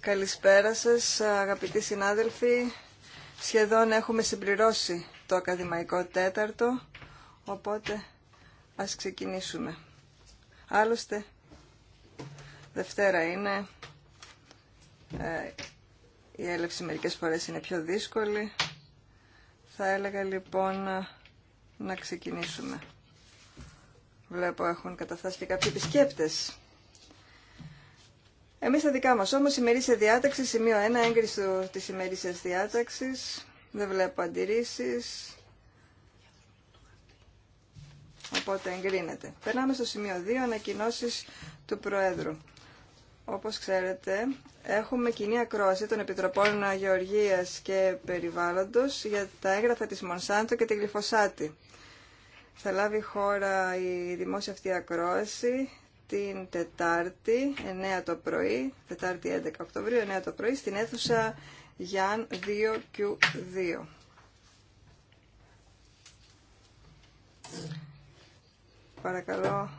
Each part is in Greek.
Καλησπέρα σας αγαπητοί συνάδελφοι. Σχεδόν έχουμε συμπληρώσει το ακαδημαϊκό τέταρτο, οπότε ας ξεκινήσουμε. Άλλωστε, Δευτέρα είναι, ε, η έλευση μερικές φορές είναι πιο δύσκολη. Θα έλεγα λοιπόν ε, να ξεκινήσουμε. Βλέπω έχουν καταφτάσει και κάποιοι επισκέπτες. Εμείς τα δικά μας όμως, ημερήσια διάταξη, σημείο 1, έγκριση της ημερήσιας διάταξης. Δεν βλέπω αντιρρήσεις. Οπότε εγκρίνεται. Περνάμε στο σημείο 2, ανακοινώσει του Προέδρου. Όπως ξέρετε, έχουμε κοινή ακρόαση των Επιτροπών Γεωργίας και Περιβάλλοντος για τα έγγραφα της Μονσάντο και τη Γλυφοσάτη. Θα λάβει χώρα η δημόσια αυτή ακρόαση την Τετάρτη, 9 το πρωί, Τετάρτη 11 Οκτωβρίου, 9 το πρωί, στην αίθουσα Γιάν 2Q2. Παρακαλώ,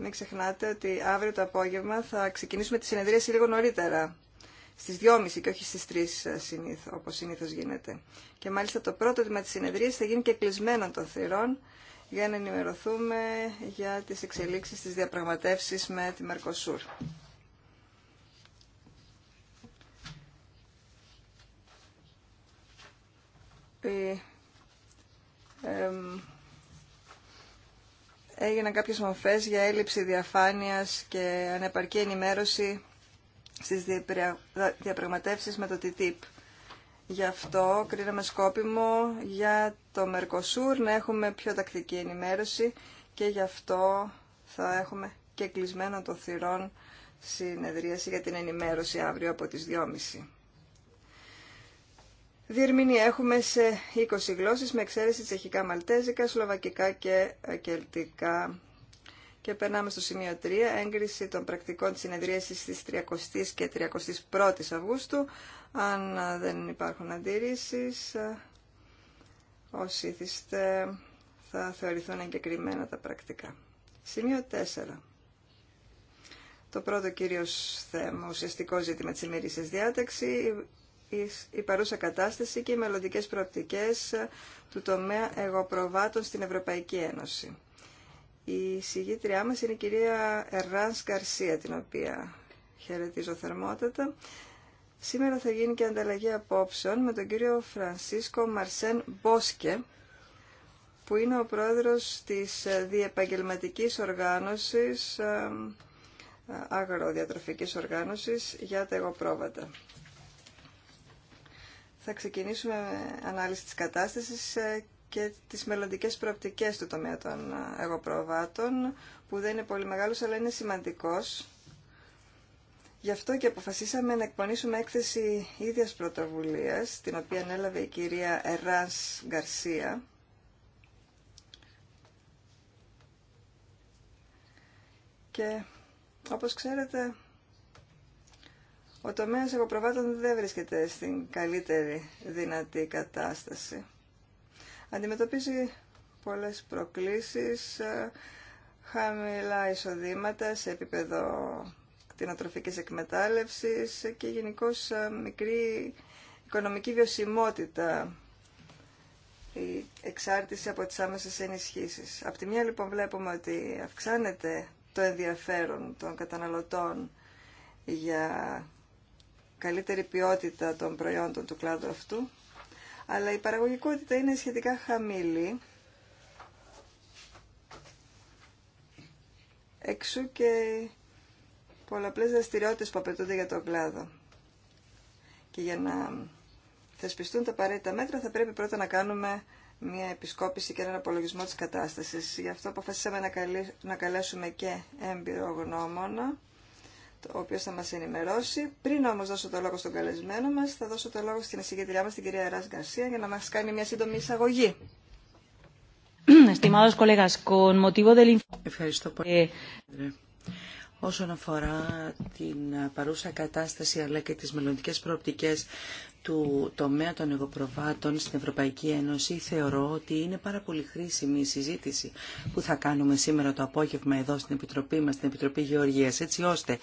μην ξεχνάτε ότι αύριο το απόγευμα θα ξεκινήσουμε τη συνεδρίαση λίγο νωρίτερα, στις 2.30 και όχι στις 3 ε, συνήθω, όπως συνήθως γίνεται. Και μάλιστα το πρώτο τμήμα της συνεδρίας θα γίνει και κλεισμένο των θηρών, για να ενημερωθούμε για τις εξελίξεις της διαπραγματεύσεις με τη Μερκοσούρ. Ε, έγιναν κάποιες μορφές για έλλειψη διαφάνειας και ανεπαρκή ενημέρωση στις διαπραγματεύσεις με το TTIP. Γι' αυτό κρίναμε σκόπιμο για το Μερκοσούρ να έχουμε πιο τακτική ενημέρωση και γι' αυτό θα έχουμε και κλεισμένο το θυρών συνεδρίαση για την ενημέρωση αύριο από τις 2.30. Διερμηνή έχουμε σε 20 γλώσσες με εξαίρεση τσεχικά, μαλτέζικα, σλοβακικά και ε, κελτικά. Και περνάμε στο σημείο 3, έγκριση των πρακτικών της συνεδρίασης στις 30 και 31 Αυγούστου. Αν δεν υπάρχουν αντιρρήσεις, όσοι ήθιστε θα θεωρηθούν εγκεκριμένα τα πρακτικά. Σημείο 4. Το πρώτο κύριο θέμα, ουσιαστικό ζήτημα τη ημερήσιας διάταξη, η παρούσα κατάσταση και οι μελλοντικέ προοπτικές του τομέα εγωπροβάτων στην Ευρωπαϊκή Ένωση. Η συγγήτριά μα είναι η κυρία Εράνς Καρσία, την οποία χαιρετίζω θερμότατα. Σήμερα θα γίνει και ανταλλαγή απόψεων με τον κύριο Φρανσίσκο Μαρσέν Μπόσκε, που είναι ο πρόεδρος της ε, διεπαγγελματικής οργάνωσης ε, ε, αγροδιατροφικής οργάνωσης για τα εγωπρόβατα. Θα ξεκινήσουμε με ανάλυση της κατάστασης και τις μελλοντικές προοπτικές του τομέα των εγωπροβάτων, που δεν είναι πολύ μεγάλος αλλά είναι σημαντικός Γι' αυτό και αποφασίσαμε να εκπονήσουμε έκθεση ίδιας πρωτοβουλίας, την οποία ανέλαβε η κυρία Εράνς Γκαρσία. Και όπως ξέρετε, ο τομέας εγωπροβάτων δεν βρίσκεται στην καλύτερη δυνατή κατάσταση. Αντιμετωπίζει πολλές προκλήσεις, ε, χαμηλά εισοδήματα σε επίπεδο κτηνοτροφικής εκμετάλλευσης και γενικώ ε, μικρή οικονομική βιωσιμότητα η εξάρτηση από τις άμεσες ενισχύσεις. Απ' τη μία λοιπόν βλέπουμε ότι αυξάνεται το ενδιαφέρον των καταναλωτών για καλύτερη ποιότητα των προϊόντων του κλάδου αυτού, αλλά η παραγωγικότητα είναι σχετικά χαμηλή, εξού και πολλαπλές δραστηριότητες που απαιτούνται για τον κλάδο. Και για να θεσπιστούν τα απαραίτητα μέτρα θα πρέπει πρώτα να κάνουμε μια επισκόπηση και έναν απολογισμό της κατάστασης. Γι' αυτό αποφασίσαμε να καλέσουμε και έμπειρο γνώμονα, ο οποίος θα μας ενημερώσει. Πριν όμως δώσω το λόγο στον καλεσμένο μας, θα δώσω το λόγο στην εισηγητριά μας, την κυρία Ράς Γκαρσία, για να μας κάνει μια σύντομη εισαγωγή. Ευχαριστώ πολύ. Ε, όσον αφορά την παρούσα κατάσταση αλλά και τις μελλοντικές προοπτικές του τομέα των εγωπροβάτων στην Ευρωπαϊκή Ένωση θεωρώ ότι είναι πάρα πολύ χρήσιμη η συζήτηση που θα κάνουμε σήμερα το απόγευμα εδώ στην Επιτροπή μας, στην Επιτροπή Γεωργίας, έτσι ώστε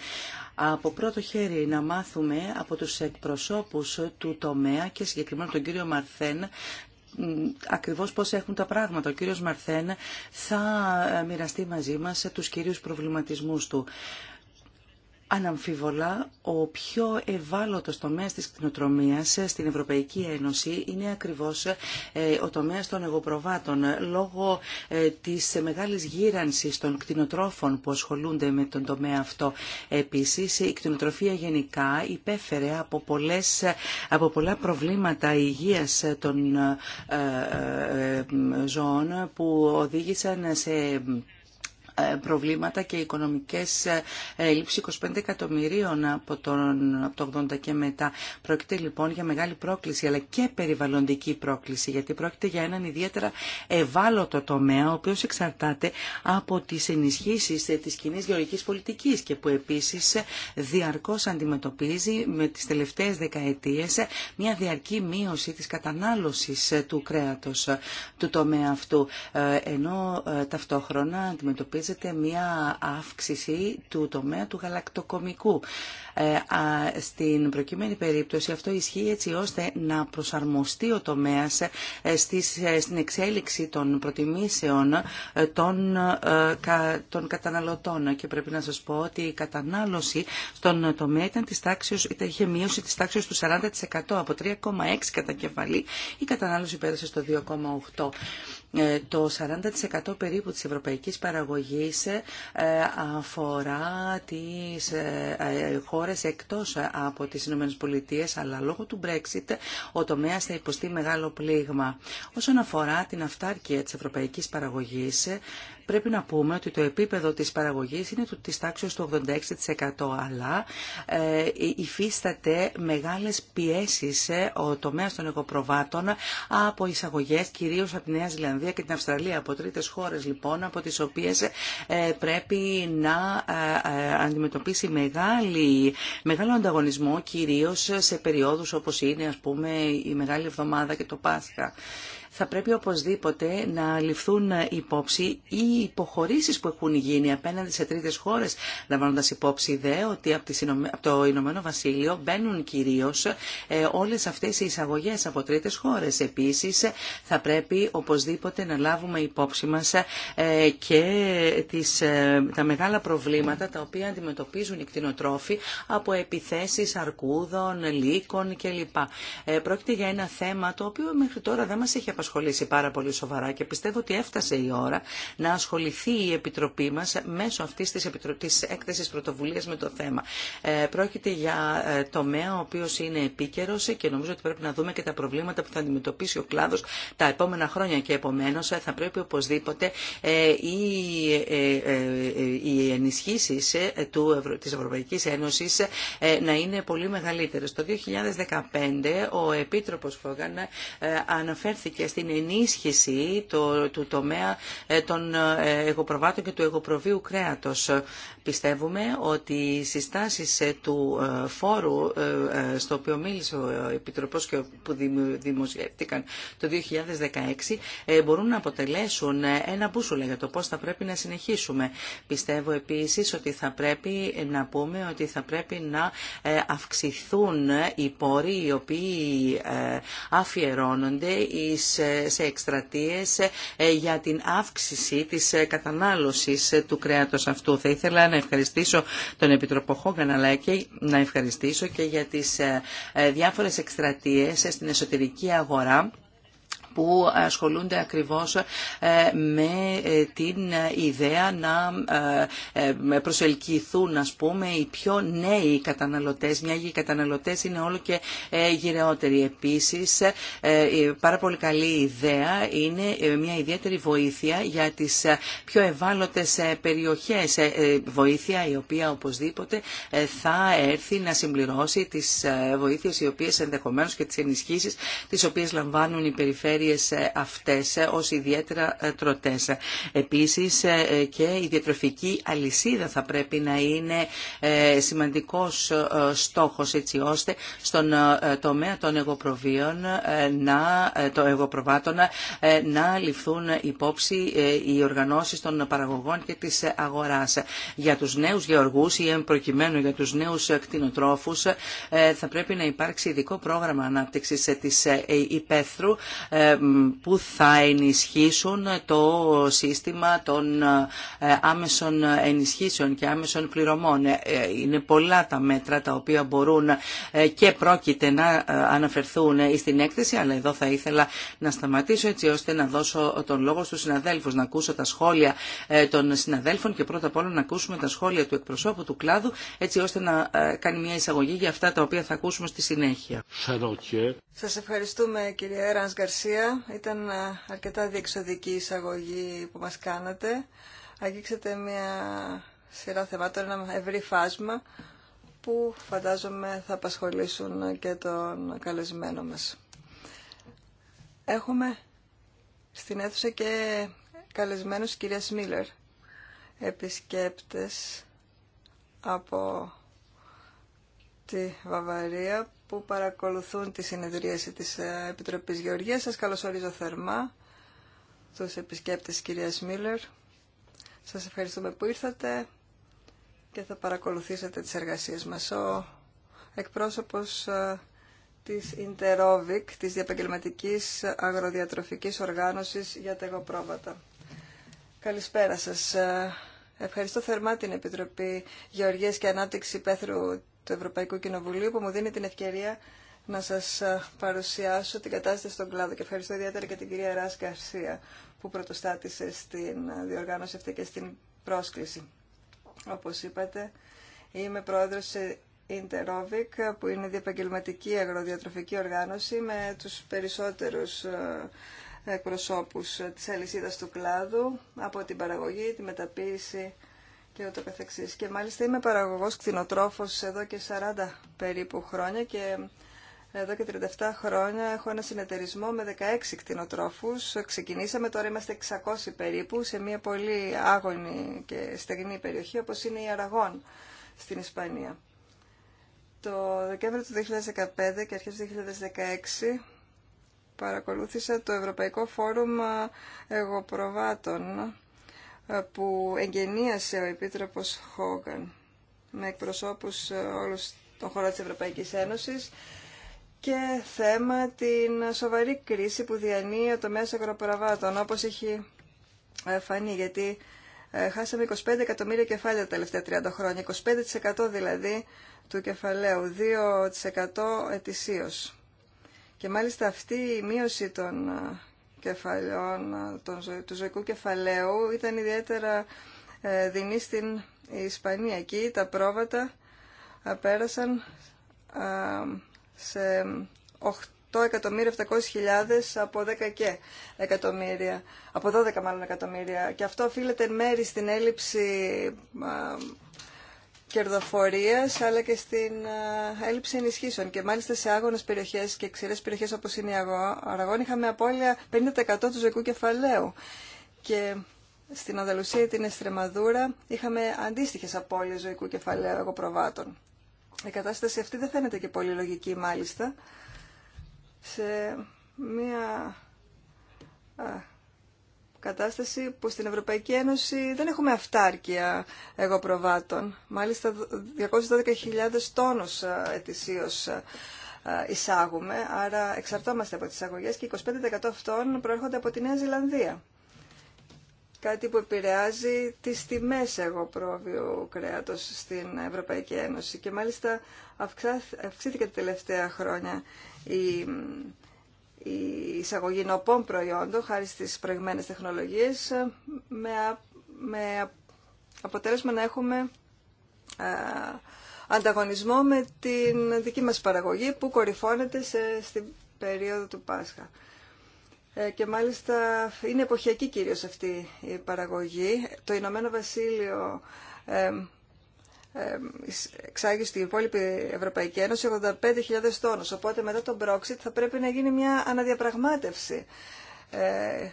από πρώτο χέρι να μάθουμε από τους εκπροσώπους του τομέα και συγκεκριμένα τον κύριο Μαρθέν ακριβώς πώς έχουν τα πράγματα. Ο κύριος Μαρθένα θα μοιραστεί μαζί μας τους κυρίους προβληματισμούς του. Αναμφιβολά, ο πιο ευάλωτος τομέας της κτηνοτρομίας στην Ευρωπαϊκή Ένωση είναι ακριβώς ε, ο τομέας των εγωπροβάτων. Λόγω ε, της μεγάλης γύρανσης των κτηνοτρόφων που ασχολούνται με τον τομέα αυτό. Επίσης, η κτηνοτροφία γενικά υπέφερε από, πολλές, από πολλά προβλήματα υγείας των ε, ζώων που οδήγησαν σε ε, προβλήματα και οικονομικές ε, λήψεις 25 εκατομμυρίων από, τον, από το 80 και μετά. Πρόκειται λοιπόν για μεγάλη πρόκληση αλλά και περιβαλλοντική πρόκληση γιατί πρόκειται για έναν ιδιαίτερα ευάλωτο τομέα ο οποίος εξαρτάται από τις ενισχύσεις ε, της κοινή γεωργικής πολιτικής και που επίσης διαρκώς αντιμετωπίζει με τις τελευταίες δεκαετίες μια διαρκή μείωση της κατανάλωσης του κρέατος του τομέα αυτού ενώ ταυτόχρονα αντιμετωπίζει σχετίζεται μια αύξηση του τομέα του γαλακτοκομικού. Ε, στην προκειμένη περίπτωση αυτό ισχύει έτσι ώστε να προσαρμοστεί ο τομέας ε, ε, στην εξέλιξη των προτιμήσεων των καταναλωτών. Και πρέπει να σας πω ότι η κατανάλωση στον τομέα ήταν της τάξης, είχε μείωση της τάξης του 40% από 3,6 κατά κεφαλή. Η κατανάλωση πέρασε στο 2,8. Ε, το 40% περίπου της ευρωπαϊκής παραγωγής ε, αφορά τις ε, χώρες εκτός από τις Ηνωμένες Πολιτείες, αλλά λόγω του Brexit ο τομέας θα υποστεί μεγάλο πλήγμα. Όσον αφορά την αυτάρκεια της ευρωπαϊκής παραγωγής, πρέπει να πούμε ότι το επίπεδο της παραγωγής είναι της τάξης του 86% αλλά ε, υφίσταται μεγάλες πιέσεις ο τομέας των εγωπροβάτων από εισαγωγές κυρίως από τη Νέα Ζηλανδία και την Αυστραλία από τρίτες χώρες λοιπόν από τις οποίες ε, πρέπει να ε, αντιμετωπίσει μεγάλη, μεγάλο ανταγωνισμό κυρίως σε περιόδους όπως είναι ας πούμε η Μεγάλη Εβδομάδα και το Πάσχα θα πρέπει οπωσδήποτε να ληφθούν υπόψη οι υποχωρήσεις που έχουν γίνει απέναντι σε τρίτες χώρες, λαμβάνοντας υπόψη δε ότι από το Ηνωμένο Βασίλειο μπαίνουν κυρίως ε, όλες αυτές οι εισαγωγές από τρίτες χώρες. Επίσης θα πρέπει οπωσδήποτε να λάβουμε υπόψη μας ε, και τις, ε, τα μεγάλα προβλήματα τα οποία αντιμετωπίζουν οι κτηνοτρόφοι από επιθέσεις αρκούδων, λύκων κλπ. Πρόκειται για ένα θέμα το οποίο μέχρι τώρα δεν μας έχει απασχολήσει πάρα πολύ σοβαρά και πιστεύω ότι έφτασε η ώρα να ασχοληθεί η Επιτροπή μας μέσω αυτής της, έκθεση έκθεσης πρωτοβουλίας με το θέμα. Ε, πρόκειται για ε, τομέα ο οποίος είναι επίκαιρο και νομίζω ότι πρέπει να δούμε και τα προβλήματα που θα αντιμετωπίσει ο κλάδος τα επόμενα χρόνια και επομένως ε, θα πρέπει οπωσδήποτε οι ενισχύσεις της Ευρωπαϊκής Ένωσης να είναι πολύ μεγαλύτερες. Το 2015 ο Επίτροπος Φόγαν αναφέρθηκε στην ενίσχυση το, του τομέα ε, των ε, εγωπροβάτων και του εγωπροβίου κρέατος. Πιστεύουμε ότι οι συστάσεις ε, του φόρου στο οποίο μίλησε ο Επιτροπός και που δημοσιεύτηκαν το 2016 μπορούν να αποτελέσουν ένα μπούσουλα για το πώς θα πρέπει να συνεχίσουμε. Πιστεύω επίσης ότι θα πρέπει να πούμε ότι θα πρέπει να αυξηθούν οι πόροι οι οποίοι αφιερώνονται εις ε, σε εκστρατείες ε, ε, για την αύξηση της κατανάλωσης του κρέατος αυτού. Θα ήθελα να ευχαριστήσω τον Επιτροποχό Γαναλάκη να ευχαριστήσω και για τις διάφορες εκστρατείες στην εσωτερική αγορά που ασχολούνται ακριβώς ε, με ε, την ε, ιδέα να προσελκυθούν ας πούμε οι πιο νέοι καταναλωτές, μια και οι καταναλωτές είναι όλο και γυρεότεροι. Επίσης πάρα πολύ καλή ιδέα είναι μια ιδιαίτερη βοήθεια για τις πιο ευάλωτες περιοχές, βοήθεια η οποία οπωσδήποτε θα έρθει να συμπληρώσει τις βοήθειες οι οποίες ενδεχομένως και τις ενισχύσεις τις οποίες λαμβάνουν οι περιφέρειες λεπτομέρειες ε, αυτές ε, ως ιδιαίτερα ε, τρωτές. Επίσης και η διατροφική αλυσίδα θα πρέπει να είναι σημαντικός στόχος έτσι ώστε στον τομέα των εγωπροβίων να, το εγωπροβάτων να ληφθούν υπόψη οι οργανώσει των παραγωγών και της αγοράς. Για τους νέους γεωργούς ή προκειμένου για τους νέους κτηνοτρόφους θα πρέπει να υπάρξει ειδικό πρόγραμμα ανάπτυξης της υπαίθρου που θα ενισχύσουν το σύστημα των ε, άμεσων ενισχύσεων και άμεσων πληρωμών. Ε, ε, είναι πολλά τα μέτρα τα οποία μπορούν και πρόκειται να αναφερθούν στην έκθεση, αλλά εδώ θα ήθελα να σταματήσω έτσι ώστε να δώσω τον λόγο στους συναδέλφους, να ακούσω τα σχόλια των συναδέλφων και πρώτα απ' όλα να ακούσουμε τα σχόλια του εκπροσώπου του κλάδου, έτσι ώστε να κάνει μια εισαγωγή για αυτά τα οποία θα ακούσουμε στη συνέχεια. Σας ευχαριστούμε κύριε Έρανς Γκαρσία. Ήταν ε, αρκετά διεξοδική εισαγωγή που μας κάνατε. Αγγίξατε μια σειρά θεμάτων, ένα ευρύ φάσμα που φαντάζομαι θα απασχολήσουν και τον καλεσμένο μας. Έχουμε στην αίθουσα και καλεσμένους κυρία Μίλλερ, επισκέπτες από τη Βαβαρία που παρακολουθούν τη συνεδρίαση της ε, Επιτροπής Γεωργίας. Σας καλωσορίζω θερμά τους επισκέπτες της κυρίας Μίλλερ. Σας ευχαριστούμε που ήρθατε και θα παρακολουθήσετε τις εργασίες μας. Ο εκπρόσωπος ε, της InterOvic, της Διαπαγγελματικής Αγροδιατροφικής Οργάνωσης για τα εγωπρόβατα. Καλησπέρα σας. Ε, ευχαριστώ θερμά την Επιτροπή Γεωργίας και Ανάπτυξη Πέθρου του Ευρωπαϊκού Κοινοβουλίου που μου δίνει την ευκαιρία να σας παρουσιάσω την κατάσταση στον κλάδο και ευχαριστώ ιδιαίτερα και την κυρία Ράς Γκαρσία που πρωτοστάτησε στην διοργάνωση αυτή και στην πρόσκληση. Όπως είπατε, είμαι πρόεδρος σε Interovic που είναι διεπαγγελματική αγροδιατροφική οργάνωση με τους περισσότερους εκπροσώπους της αλυσίδας του κλάδου από την παραγωγή, τη μεταποίηση και ούτω καθεξής. Και μάλιστα είμαι παραγωγός κτηνοτρόφος εδώ και 40 περίπου χρόνια και εδώ και 37 χρόνια έχω ένα συνεταιρισμό με 16 κτηνοτρόφους. Ξεκινήσαμε, τώρα είμαστε 600 περίπου σε μια πολύ άγωνη και στεγνή περιοχή όπως είναι η Αραγών στην Ισπανία. Το Δεκέμβριο του 2015 και αρχές του 2016 παρακολούθησα το Ευρωπαϊκό Φόρουμ Εγωπροβάτων ε, που εγγενίασε ο Επίτροπος Χόγκαν με εκπροσώπους ε, όλους των χωρών της Ευρωπαϊκής Ένωσης και θέμα την σοβαρή κρίση που διανύει ο τομέας αγροπραβάτων, όπως έχει ε, φανεί, γιατί χάσαμε 25 εκατομμύρια κεφάλαια τα τελευταία 30 χρόνια, 25% δηλαδή του κεφαλαίου, 2% ετησίως. Και μάλιστα αυτή η μείωση των κεφαλιών του ζωικού κεφαλαίου ήταν ιδιαίτερα ε, δεινή στην Ισπανία. Εκεί τα πρόβατα ε, πέρασαν ε, σε 8.700.000 από 10 εκατομμύρια, από 12 μάλλον εκατομμύρια. Και αυτό οφείλεται μέρη στην έλλειψη κερδοφορίας αλλά και στην ε, έλλειψη ενισχύσεων. Και μάλιστα σε άγωνες περιοχές και ξηρές περιοχές όπως είναι η Αραγών είχαμε απώλεια 50% του ζωικού κεφαλαίου. Και στην Ανδαλουσία την Εστρεμαδούρα είχαμε αντίστοιχες απώλειες ζωικού κεφαλαίου προβάτων. Η κατάσταση αυτή δεν φαίνεται και πολύ λογική μάλιστα. Σε μία ε, κατάσταση που στην Ευρωπαϊκή Ένωση δεν έχουμε αυτάρκεια εγωπροβάτων. Μάλιστα 212.000 τόνους ε, ετησίως ε, εισάγουμε, άρα εξαρτώμαστε από τις εισαγωγές και 25% αυτών προέρχονται από τη Νέα Ζηλανδία. Κάτι που επηρεάζει τις τιμές εγωπρόβιου κρέατος στην Ευρωπαϊκή Ένωση και μάλιστα αυξήθηκε τα τελευταία χρόνια η η εισαγωγή νοπών προϊόντων χάρη στις προηγμένες τεχνολογίες με, αποτέλεσμα να έχουμε ανταγωνισμό με την δική μας παραγωγή που κορυφώνεται σε, στην περίοδο του Πάσχα. Ε, και μάλιστα είναι εποχιακή κυρίως αυτή η παραγωγή. Το Ηνωμένο Βασίλειο ε, εξάγει στην υπόλοιπη Ευρωπαϊκή Ένωση 85.000 τόνους. Οπότε μετά τον Brexit θα πρέπει να γίνει μια αναδιαπραγμάτευση ε,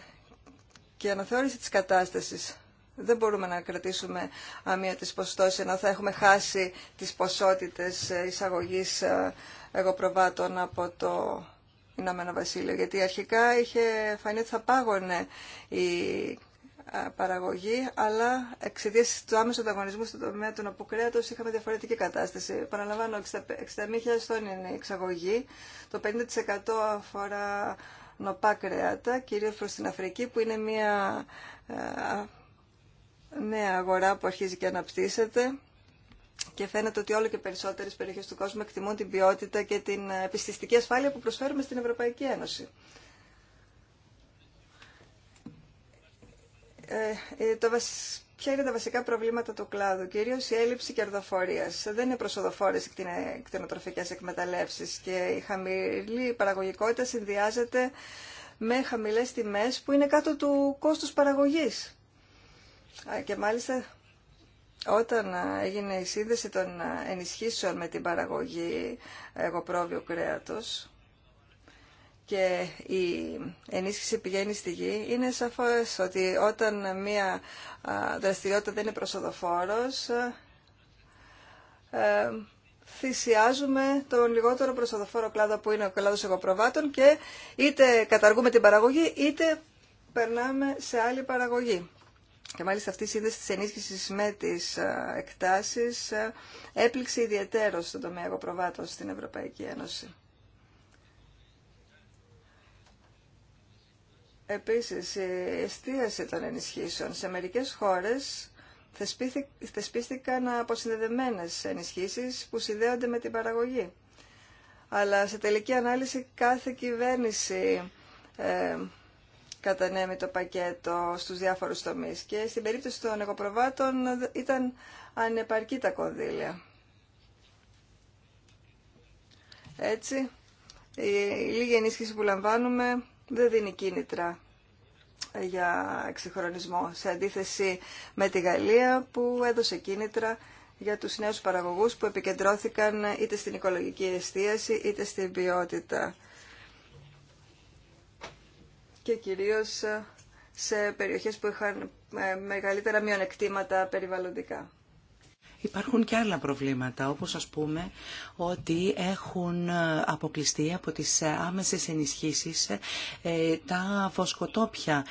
και αναθεώρηση της κατάστασης. Δεν μπορούμε να κρατήσουμε αμία τις ποσοστώσεις ενώ θα έχουμε χάσει τις ποσότητες ε, εισαγωγής ε, εγωπροβάτων από το Ηνωμένο Βασίλειο. Γιατί αρχικά είχε φανεί ότι θα πάγωνε η ε, παραγωγή, αλλά εξαιτία του άμεσου ανταγωνισμού στον τομέα του νοποκρέατο είχαμε διαφορετική κατάσταση. Παραλαμβάνω, 60.000 τόνοι είναι η εξαγωγή, το 50% αφορά νοπά κρέατα, κυρίως προς την Αφρική, που είναι μια ε, νέα αγορά που αρχίζει και αναπτύσσεται και φαίνεται ότι όλο και περισσότερες περιοχές του κόσμου εκτιμούν την ποιότητα και την ε, επιστηστική ασφάλεια που προσφέρουμε στην Ευρωπαϊκή Ένωση. Ε, ε, το ποια είναι τα βασικά προβλήματα του κλάδου, κυρίω η έλλειψη κερδοφορία. Δεν είναι προσοδοφόρε οι κτηνοτροφικέ εκμεταλλεύσει και η χαμηλή παραγωγικότητα συνδυάζεται με χαμηλέ τιμέ που είναι κάτω του κόστου παραγωγή. Και μάλιστα όταν έγινε η σύνδεση των ενισχύσεων με την παραγωγή εγωπρόβιου κρέατος, και η ενίσχυση πηγαίνει στη γη, είναι σαφώς ότι όταν μία δραστηριότητα δεν είναι προσοδοφόρος, ε, θυσιάζουμε τον λιγότερο προσοδοφόρο κλάδο που είναι ο κλάδος εγωπροβάτων και είτε καταργούμε την παραγωγή είτε περνάμε σε άλλη παραγωγή. Και μάλιστα αυτή η σύνδεση της ενίσχυσης με τις εκτάσεις ε, έπληξε ιδιαίτερο στον τομέα εγωπροβάτων στην Ευρωπαϊκή Ένωση. Επίσης, η εστίαση των ενισχύσεων. Σε μερικές χώρες θεσπίστηκαν αποσυνδεδεμένες ενισχύσεις που συνδέονται με την παραγωγή. Αλλά σε τελική ανάλυση κάθε κυβέρνηση ε, κατανέμει το πακέτο στους διάφορους τομείς και στην περίπτωση των εγωπροβάτων ήταν ανεπαρκή τα κονδύλια. Έτσι, η λίγη ενίσχυση που λαμβάνουμε δεν δίνει κίνητρα ε, για εξυγχρονισμό, σε αντίθεση με τη Γαλλία που έδωσε κίνητρα για τους νέους παραγωγούς που επικεντρώθηκαν είτε στην οικολογική εστίαση είτε στην ποιότητα και κυρίως ε, σε περιοχές που είχαν ε, μεγαλύτερα μειονεκτήματα περιβαλλοντικά. Υπάρχουν και άλλα προβλήματα, όπως ας πούμε ότι έχουν αποκλειστεί από τις άμεσες ενισχύσεις ε, τα φωσκοτόπια,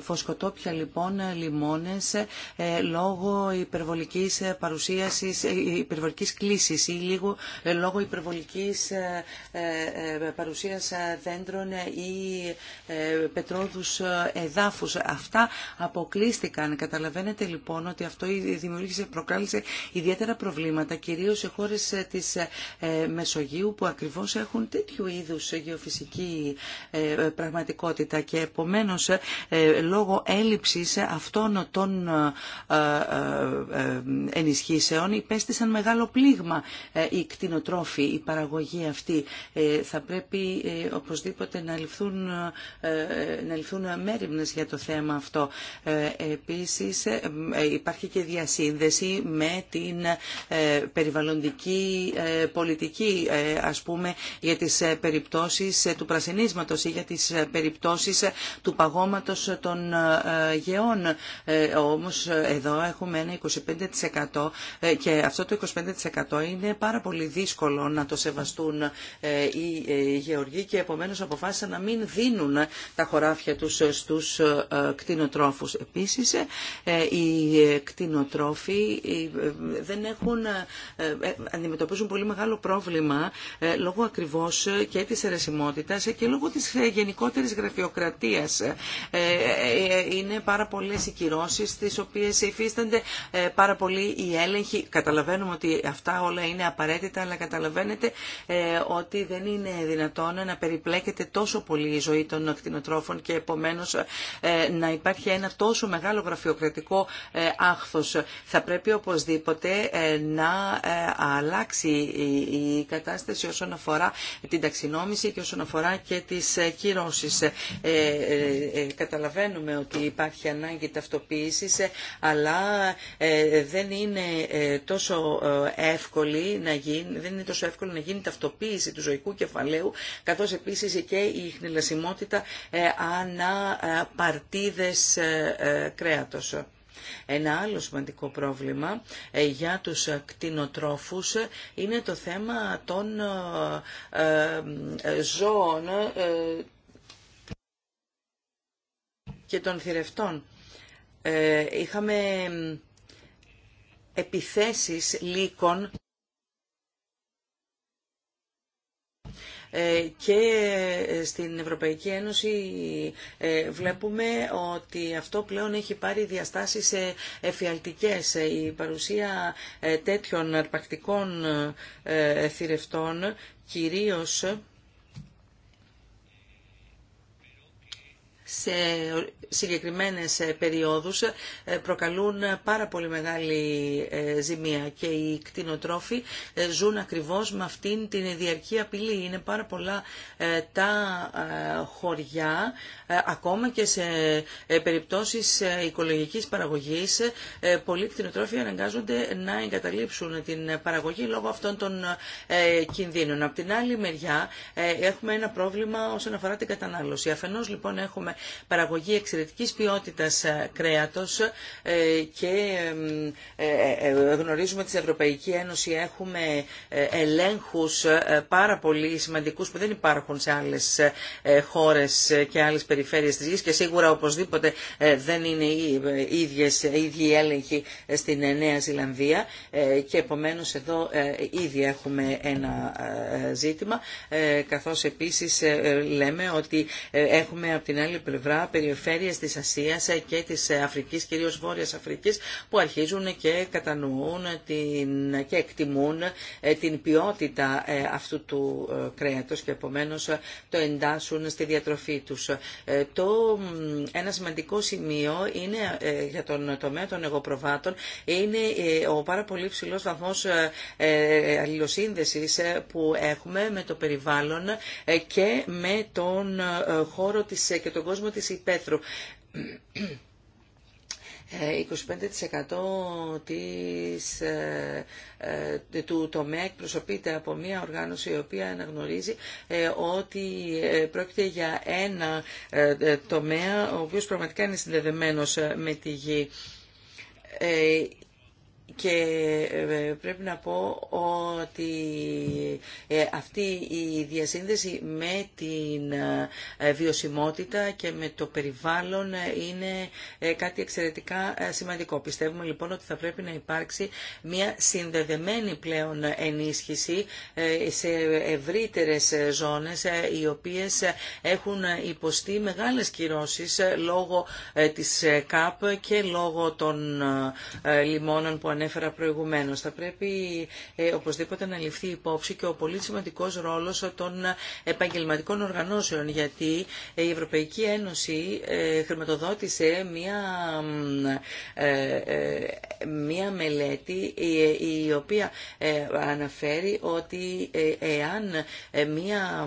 φωσκοτόπια ε, λοιπόν λιμόνες ε, λόγω υπερβολικής παρουσίασης, υπερβολικής κλίσης ή λίγο, λόγω υπερβολικής παρουσίας δέντρων ή πετρόδους εδάφους. Αυτά αποκλείστηκαν. Καταλαβαίνετε λοιπόν ότι αυτό δημιούργησε, προκάλεσε ιδιαίτερα προβλήματα, κυρίως σε χώρες ε, της ε, ε, Μεσογείου που ακριβώς έχουν τέτοιου είδους γεωφυσική πραγματικότητα και επομένως λόγω έλλειψης αυτών των ενισχύσεων υπέστησαν μεγάλο πλήγμα οι κτηνοτρόφοι, η παραγωγή αυτή. Θα πρέπει οπωσδήποτε να ληφθούν, να ληφθούν μέρημνες για το θέμα αυτό. Επίσης υπάρχει και διασύνδεση με την ε, περιβαλλοντική ε, πολιτική, ε, ας πούμε, για τις περιπτώσεις του πρασινίσματος ή για τις περιπτώσεις του παγώματος των γεών. Όμως εδώ έχουμε ένα 25% και αυτό το 25% είναι πάρα πολύ δύσκολο να το σεβαστούν οι γεωργοί και επομένως αποφάσισαν να μην δίνουν τα χωράφια τους στους κτηνοτρόφους. Επίσης, οι κτηνοτρόφοι δεν έχουν, ε, ε, αντιμετωπίζουν πολύ μεγάλο πρόβλημα ε, λόγω ακριβώς και της αιρεσιμότητας και λόγω της γενικότερης γραφειοκρατίας. Είναι πάρα πολλές οι κυρώσεις τις οποίες υφίστανται πάρα πολύ οι έλεγχοι. Καταλαβαίνουμε ότι αυτά όλα είναι απαραίτητα αλλά καταλαβαίνετε ότι δεν είναι δυνατόν να περιπλέκεται τόσο πολύ η ζωή των ακτινοτρόφων και επομένως να υπάρχει ένα τόσο μεγάλο γραφειοκρατικό άχθος. Θα πρέπει οπωσδήποτε οπωσδήποτε ε, να ε, αλλάξει η κατάσταση όσον αφορά την ταξινόμηση και όσον αφορά και τις ε, κυρώσεις. Καταλαβαίνουμε ότι υπάρχει ανάγκη ταυτοποίησης, αλλά δεν είναι τόσο εύκολη να γίνει, δεν είναι τόσο εύκολο να γίνει ταυτοποίηση του ζωικού κεφαλαίου, καθώς επίσης και η χνηλασιμότητα ανά παρτίδες κρέατος. Ένα άλλο σημαντικό πρόβλημα ε, για τους ε, κτηνοτρόφους ε, είναι το θέμα των ζώων και των θηρευτών. Είχαμε επιθέσεις λύκων Ε, και ε, στην Ευρωπαϊκή Ένωση ε, βλέπουμε ότι αυτό πλέον έχει πάρει διαστάσεις εφιαλτικές. Η παρουσία τέτοιων αρπακτικών θηρευτών κυρίως σε συγκεκριμένες ε, περιόδους ε, προκαλούν πάρα πολύ μεγάλη ε, ζημία και οι κτηνοτρόφοι ζουν ακριβώς με αυτήν την διαρκή απειλή. Είναι πάρα πολλά τα χωριά, ακόμα και σε περιπτώσεις οικολογικής παραγωγής, πολλοί κτηνοτρόφοι αναγκάζονται να εγκαταλείψουν την παραγωγή λόγω αυτών των κινδύνων. Απ' την άλλη μεριά έχουμε ένα πρόβλημα όσον αφορά την κατανάλωση. Αφενός λοιπόν έχουμε παραγωγή εξαιρετικής ποιότητας ε, κρέατος ε, και ε, γνωρίζουμε ότι στην Ευρωπαϊκή Ένωση έχουμε ελέγχους πάρα πολύ σημαντικούς που δεν υπάρχουν σε άλλες χώρες και άλλες περιφέρειες της γης και σίγουρα οπωσδήποτε δεν είναι οι ίδιες, οι ίδιοι έλεγχοι στην Νέα Ζηλανδία και επομένως εδώ ήδη έχουμε ένα ζήτημα καθώς επίσης λέμε ότι έχουμε από την άλλη πλευρά περιφέρειες της Ασίας και της Αφρικής, κυρίως Βόρειας Αφρικής, που αρχίζουν και κατανοούν την, και εκτιμούν ε, την ποιότητα ε, αυτού του ε, κρέατος και επομένως το εντάσσουν στη διατροφή τους. Το, ένα σημαντικό σημείο είναι για τον τομέα των εγωπροβάτων είναι ο πάρα πολύ ψηλός βαθμός αλληλοσύνδεσης που έχουμε με το περιβάλλον και με τον χώρο της και τον κόσμο κόσμο της 25% ε, της, ε, ε, του τομέα εκπροσωπείται από μια οργάνωση η οποία αναγνωρίζει ότι πρόκειται για ένα τομέα ο οποίος πραγματικά είναι συνδεδεμένος με τη γη και ε, πρέπει να πω ότι ε, αυτή η διασύνδεση με την ε, βιωσιμότητα και με το περιβάλλον είναι κάτι εξαιρετικά σημαντικό. Πιστεύουμε λοιπόν ότι θα πρέπει να υπάρξει μια συνδεδεμένη πλέον ενίσχυση σε ευρύτερες ζώνες οι οποίες έχουν υποστεί μεγάλες κυρώσεις λόγω της ΚΑΠ και λόγω των λιμώνων που ανέφερα προηγουμένως. Θα πρέπει ε, οπωσδήποτε να ληφθεί υπόψη και ο πολύ σημαντικό ρόλος των επαγγελματικών οργανώσεων, γιατί η Ευρωπαϊκή Ένωση ε, χρηματοδότησε μία, ε, ε, μία μελέτη η, οποία αναφέρει ότι εάν μία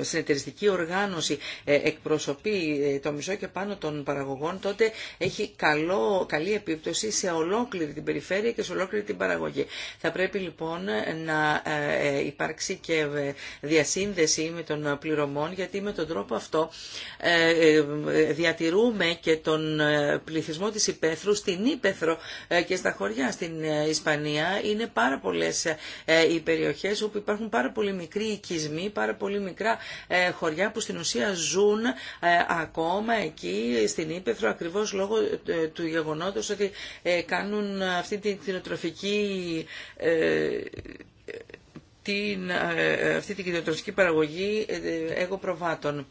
συνεταιριστική οργάνωση εκπροσωπεί το μισό και πάνω των παραγωγών, τότε έχει καλό, καλή επίπτωση σε ολόκληρη την περιφέρεια και σε ολόκληρη την παραγωγή. Θα πρέπει λοιπόν να ε, ε, υπάρξει και ε, διασύνδεση με τον πληρωμών γιατί με τον τρόπο αυτό διατηρούμε και τον πληθυσμό της υπαίθρου στην Ήπεθρο και στα χωριά στην Ισπανία. Είναι πάρα πολλές οι περιοχές όπου υπάρχουν πάρα πολύ μικροί οικισμοί, πάρα πολύ μικρά χωριά που στην ουσία ζουν ακόμα εκεί στην Ήπεθρο ακριβώς λόγω του γεγονότος ότι κάνουν αυτή την κτηνοτροφική ε, την, ε, αυτή την κτηνοτροφική παραγωγή ε, εγώ προβάτων.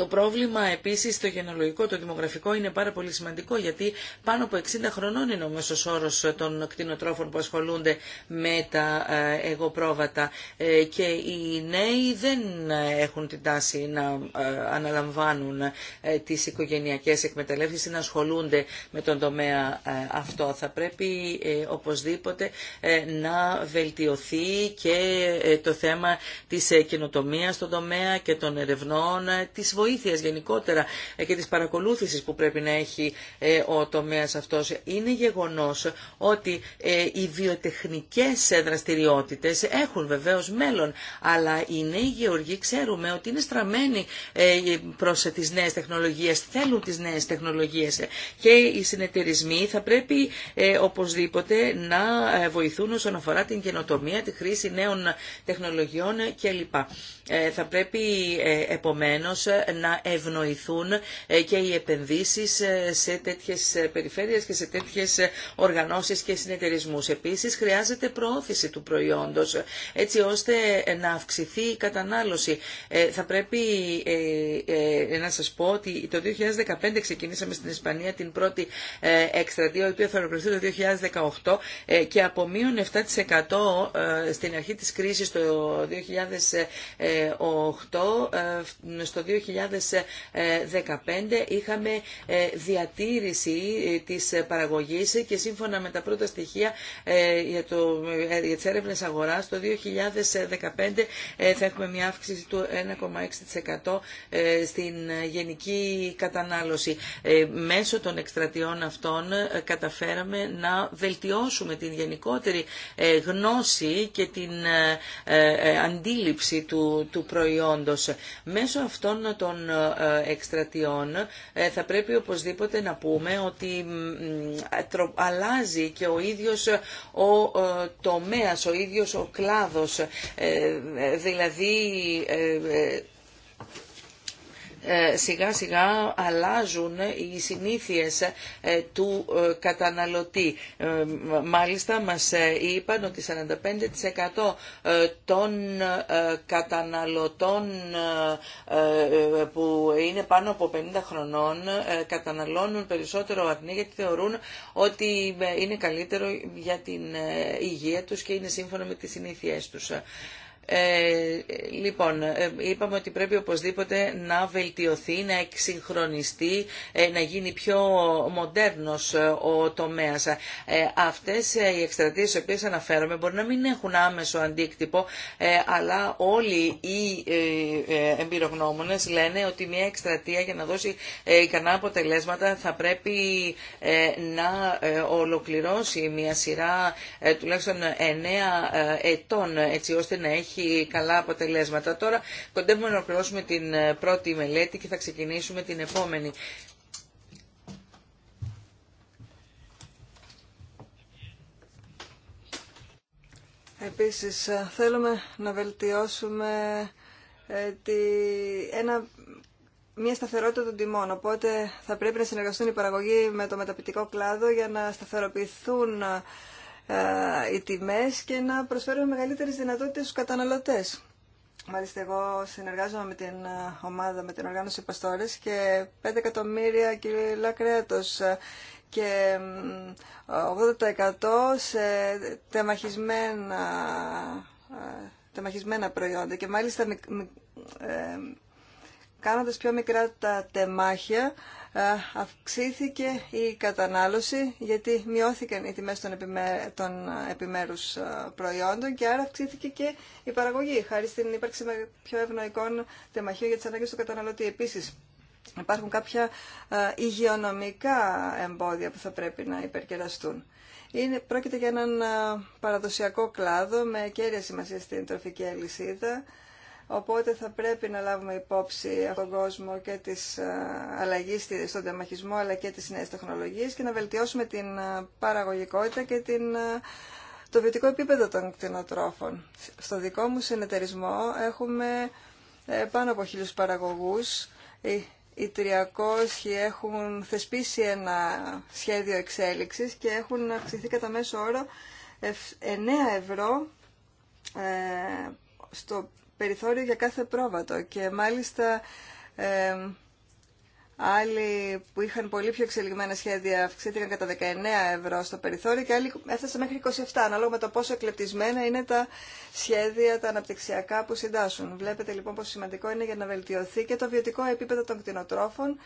Το πρόβλημα επίσης το γενολογικό, το δημογραφικό είναι πάρα πολύ σημαντικό γιατί πάνω από 60 χρονών είναι ο μέσος όρος των κτηνοτρόφων που ασχολούνται με τα ε, εγωπρόβατα ε, και οι νέοι δεν έχουν την τάση να ε, αναλαμβάνουν τις οικογενειακές εκμεταλλεύσεις ή να ασχολούνται με τον τομέα αυτό. Θα πρέπει οπωσδήποτε να βελτιωθεί και το θέμα της καινοτομία στον τομέα και των ερευνών, της βοήθειας γενικότερα ε, και της παρακολούθησης που πρέπει να έχει ε, ο τομέας αυτός. Είναι γεγονός ότι ε, οι βιοτεχνικές δραστηριότητε έχουν βεβαίως μέλλον, αλλά οι νέοι γεωργοί ξέρουμε ότι είναι στραμμένοι προς τις νέες τεχνολογίες, θέλουν τις νέες τεχνολογίες και οι συνεταιρισμοί θα πρέπει οπωσδήποτε να βοηθούν όσον αφορά την καινοτομία, τη χρήση νέων τεχνολογιών κλπ. Θα πρέπει επομένως να ευνοηθούν ε, και οι επενδύσεις ε, σε τέτοιες ε, περιφέρειες και σε τέτοιες οργανώσεις και συνεταιρισμούς. Επίσης χρειάζεται προώθηση του προϊόντος έτσι ώστε να αυξηθεί η κατανάλωση. Θα πρέπει να σας πω ότι το 2015 ξεκινήσαμε στην Ισπανία την πρώτη εκστρατεία, η οποία θα ολοκληρωθεί το 2018 και από μείον 7% στην αρχή της κρίσης το 2008 στο 2015 είχαμε ε, διατήρηση ε, της παραγωγής και σύμφωνα με τα πρώτα στοιχεία ε, για, το, για τις έρευνες αγοράς το 2015 θα έχουμε μια αύξηση του 1,6% στην γενική κατανάλωση. Μέσω των εκστρατιών αυτών καταφέραμε να βελτιώσουμε την γενικότερη γνώση και την αντίληψη του, του προϊόντος. Μέσω αυτών των των ε, εκστρατιών ε, θα πρέπει οπωσδήποτε να πούμε ότι αλλάζει και ο ίδιος ο ε, τομέας, ο ίδιος ο κλάδος. Δηλαδή ε, σιγά σιγά αλλάζουν οι συνήθειες ε, του ε, καταναλωτή. Μάλιστα μας είπαν ότι 45% των καταναλωτών που είναι πάνω από 50 χρονών καταναλώνουν περισσότερο αρνή γιατί θεωρούν ότι είναι καλύτερο για την υγεία τους και είναι σύμφωνα με τις συνήθειές τους. Ε, λοιπόν, ε, είπαμε ότι πρέπει οπωσδήποτε να βελτιωθεί, να εξυγχρονιστεί, ε, να γίνει πιο μοντέρνος ε, ο τομέας. Ε, αυτές οι εκστρατείες στις οποίες αναφέρομαι μπορεί να μην έχουν άμεσο αντίκτυπο, αλλά όλοι οι εμπειρογνώμονες λένε ότι μια εκστρατεία για να δώσει ικανά αποτελέσματα θα πρέπει να ολοκληρώσει μια σειρά τουλάχιστον 9 ετών, έτσι ώστε να έχει έχει καλά αποτελέσματα. Τώρα κοντεύουμε να ολοκληρώσουμε την ε, πρώτη μελέτη και θα ξεκινήσουμε την επόμενη. Επίσης, ε, θέλουμε να βελτιώσουμε ε, τη, ένα, μια σταθερότητα των τιμών. Οπότε θα πρέπει να συνεργαστούν οι παραγωγοί με το μεταπητικό κλάδο για να σταθεροποιηθούν ε, οι τιμέ και να προσφέρουμε μεγαλύτερες δυνατότητες στους καταναλωτές. Μάλιστα, εγώ συνεργάζομαι με την ε, ομάδα, με την οργάνωση Παστόρες και 5 εκατομμύρια κιλά κρέατος ε, και 80% σε τεμαχισμένα, τεμαχισμένα προϊόντα και μάλιστα κάνοντας πιο μικρά τα τεμάχια ε, αυξήθηκε η κατανάλωση γιατί μειώθηκαν οι τιμές των, επιμέ... επιμέρους ε, προϊόντων και άρα αυξήθηκε και η παραγωγή χάρη στην ύπαρξη πιο ευνοϊκών τεμαχίων για τις ανάγκες του καταναλωτή. Επίσης υπάρχουν κάποια ε, υγειονομικά εμπόδια που θα πρέπει να υπερκεραστούν. Είναι, πρόκειται για έναν παραδοσιακό κλάδο με κέρια σημασία στην τροφική αλυσίδα Οπότε θα πρέπει να λάβουμε υπόψη τον κόσμο και τη ε, αλλαγή στον τεμαχισμό αλλά και τι νέε τεχνολογίε και να βελτιώσουμε την ε, παραγωγικότητα και την, ε, το βιωτικό επίπεδο των κτηνοτρόφων. Στο δικό μου συνεταιρισμό έχουμε πάνω από χίλιου παραγωγούς. Οι, 300 έχουν θεσπίσει ένα σχέδιο εξέλιξης και έχουν αυξηθεί κατά μέσο όρο 9 ευρώ στο περιθώριο για κάθε πρόβατο και μάλιστα ε, άλλοι που είχαν πολύ πιο εξελιγμένα σχέδια αυξήθηκαν κατά 19 ευρώ στο περιθώριο και άλλοι έφτασαν μέχρι 27, ανάλογα με το πόσο εκλεπτισμένα είναι τα σχέδια, τα αναπτυξιακά που συντάσσουν. Βλέπετε λοιπόν πόσο σημαντικό είναι για να βελτιωθεί και το βιωτικό επίπεδο των κτηνοτρόφων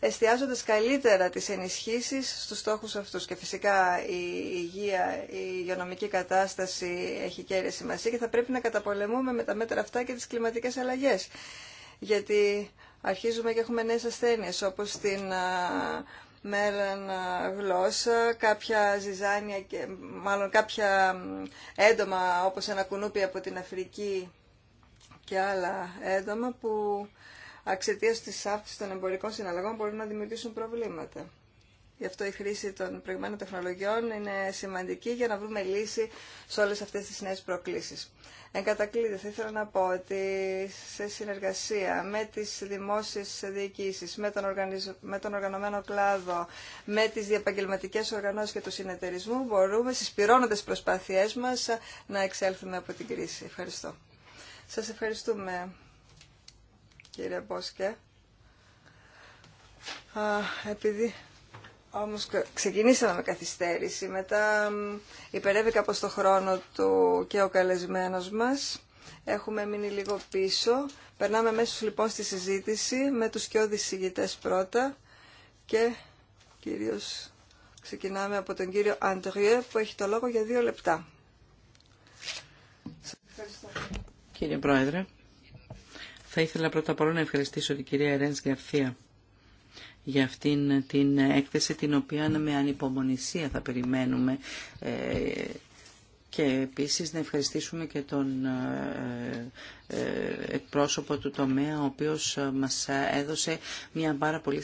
εστιάζοντας καλύτερα τις ενισχύσεις στους στόχους αυτούς. Και φυσικά η υγεία, η υγειονομική κατάσταση έχει κέρια σημασία και θα πρέπει να καταπολεμούμε με τα μέτρα αυτά και τις κλιματικές αλλαγές. Γιατί αρχίζουμε και έχουμε νέες ασθένειες όπως την μέραν γλώσσα, κάποια ζυζάνια και μάλλον κάποια έντομα όπως ένα κουνούπι από την Αφρική και άλλα έντομα που εξαιτία τη αύξηση των εμπορικών συναλλαγών μπορούν να δημιουργήσουν προβλήματα. Γι' αυτό η χρήση των προηγμένων τεχνολογιών είναι σημαντική για να βρούμε λύση σε όλε αυτέ τι νέε προκλήσει. Εν κατακλείδη, θα ήθελα να πω ότι σε συνεργασία με τι δημόσιε διοικήσει, με τον, οργανωμένο κλάδο, με τι διαπαγγελματικέ οργανώσει και του συνεταιρισμού, μπορούμε, τι προσπάθειές μα να εξέλθουμε από την κρίση. Ευχαριστώ. Σα ευχαριστούμε κύριε Μπόσκε. επειδή όμως ξεκινήσαμε με καθυστέρηση, μετά υπερεύει από το χρόνο του και ο καλεσμένος μας. Έχουμε μείνει λίγο πίσω. Περνάμε αμέσω λοιπόν στη συζήτηση με τους και ηγητές πρώτα και κυρίως ξεκινάμε από τον κύριο Αντριέ που έχει το λόγο για δύο λεπτά. Κύριε Πρόεδρε, θα ήθελα πρώτα απ' όλα να ευχαριστήσω την κυρία Ερένς Γκαρθία για αυτήν την έκθεση την οποία με ανυπομονησία θα περιμένουμε ε, και επίσης να ευχαριστήσουμε και τον ε, ε, εκπρόσωπο του τομέα ο οποίος ε, μας έδωσε μια πάρα πολύ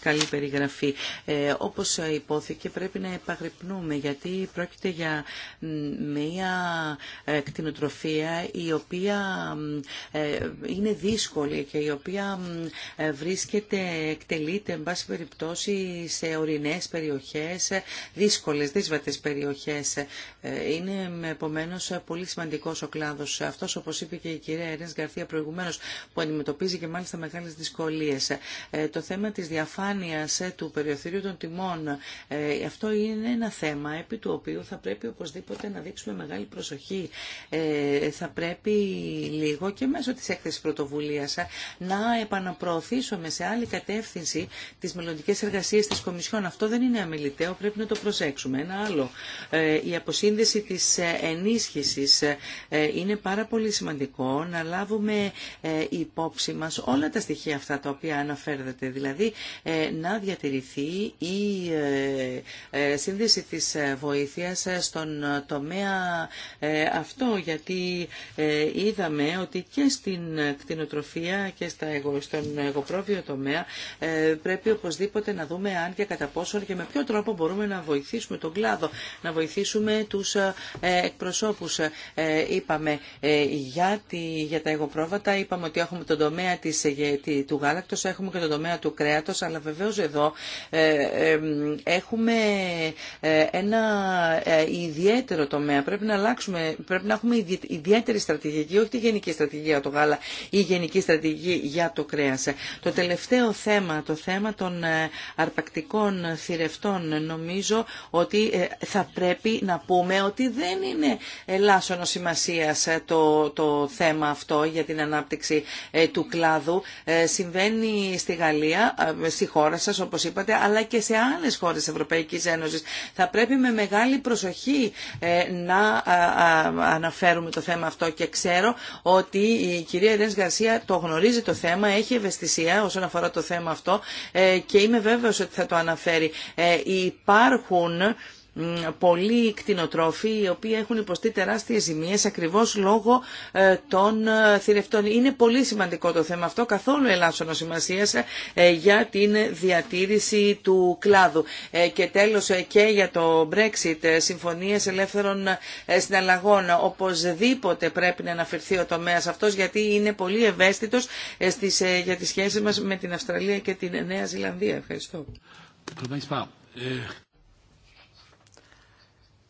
καλή περιγραφή. Ε, όπως υπόθηκε πρέπει να επαγρυπνούμε γιατί πρόκειται για μια κτηνοτροφία η οποία είναι δύσκολη και η οποία βρίσκεται, εκτελείται εν πάση περιπτώσει σε ορεινές περιοχές, δύσκολες, δύσβατες περιοχές. Είναι επομένως πολύ σημαντικός ο κλάδος αυτός ο όπω είπε και η κυρία Ερένς Γκαρθία προηγουμένω που αντιμετωπίζει και μάλιστα μεγάλες δυσκολίες. Ε, το θέμα της διαφάνειας ε, του περιοθυρίου των τιμών, ε, αυτό είναι ένα θέμα επί του οποίου θα πρέπει οπωσδήποτε να δείξουμε μεγάλη προσοχή. Θα πρέπει λίγο και μέσω της έκθεσης πρωτοβουλίας να επαναπροωθήσουμε σε άλλη κατεύθυνση τις μελλοντικέ εργασίε τη Κομισιόν. Αυτό δεν είναι αμεληταίο, πρέπει να το προσέξουμε. Ένα άλλο, η αποσύνδεση της ενίσχυσης είναι πάρα πολύ σημαντικό να λάβουμε ε, υπόψη μας όλα τα στοιχεία αυτά τα οποία αναφέρεται δηλαδή ε, να διατηρηθεί η ε, σύνδεση της βοήθειας στον τομέα αυτό, γιατί είδαμε ότι και στην κτηνοτροφία και στα στον εγωπρόβιο τομέα πρέπει οπωσδήποτε να δούμε αν και κατά πόσο και με ποιο τρόπο μπορούμε να βοηθήσουμε τον κλάδο, να βοηθήσουμε τους εκπροσώπους. Είπαμε για, για τα εγωπρόβατα είπαμε ότι έχουμε τον τομέα της, ε, του γάλακτος, έχουμε και τον τομέα του κρέατος, αλλά βεβαίως εδώ ε, έχουμε ε, ένα ιδιαίτερο τομέα. Πρέπει να αλλάξουμε, πρέπει να έχουμε ιδιαίτερη στρατηγική, όχι τη γενική στρατηγική για το γάλα ή γενική στρατηγική για το κρέας. Το τελευταίο θέμα, το θέμα των αρπακτικών θηρευτών, νομίζω ότι θα πρέπει να πούμε ότι δεν είναι ελάσσονο σημασία το, το θέμα αυτό για την ανάπτυξη ε, του κλάδου ε, συμβαίνει στη Γαλλία, ε, στη χώρα σας όπως είπατε, αλλά και σε άλλες χώρες της Ευρωπαϊκής Ένωσης. Θα πρέπει με μεγάλη προσοχή να αναφέρουμε το θέμα αυτό και ξέρω ότι η κυρία Ερένς Γαρσία το γνωρίζει το θέμα, έχει ευαισθησία όσον αφορά το θέμα αυτό και είμαι βέβαιος ότι θα το αναφέρει. Υπάρχουν πολλοί κτηνοτρόφοι οι οποίοι έχουν υποστεί τεράστιες ζημίες ακριβώς λόγω ε, των ε, θηρευτών. Είναι πολύ σημαντικό το θέμα αυτό, καθόλου ελάσσονο σημασία ε, για την διατήρηση του κλάδου. Και τέλος και για το Brexit, συμφωνίες ελεύθερων συναλλαγών. Οπωσδήποτε πρέπει να αναφερθεί ο τομέας αυτός γιατί είναι πολύ ευαίσθητος στις, για τις σχέσεις μας με την Αυστραλία και την Νέα Ζηλανδία. Ευχαριστώ.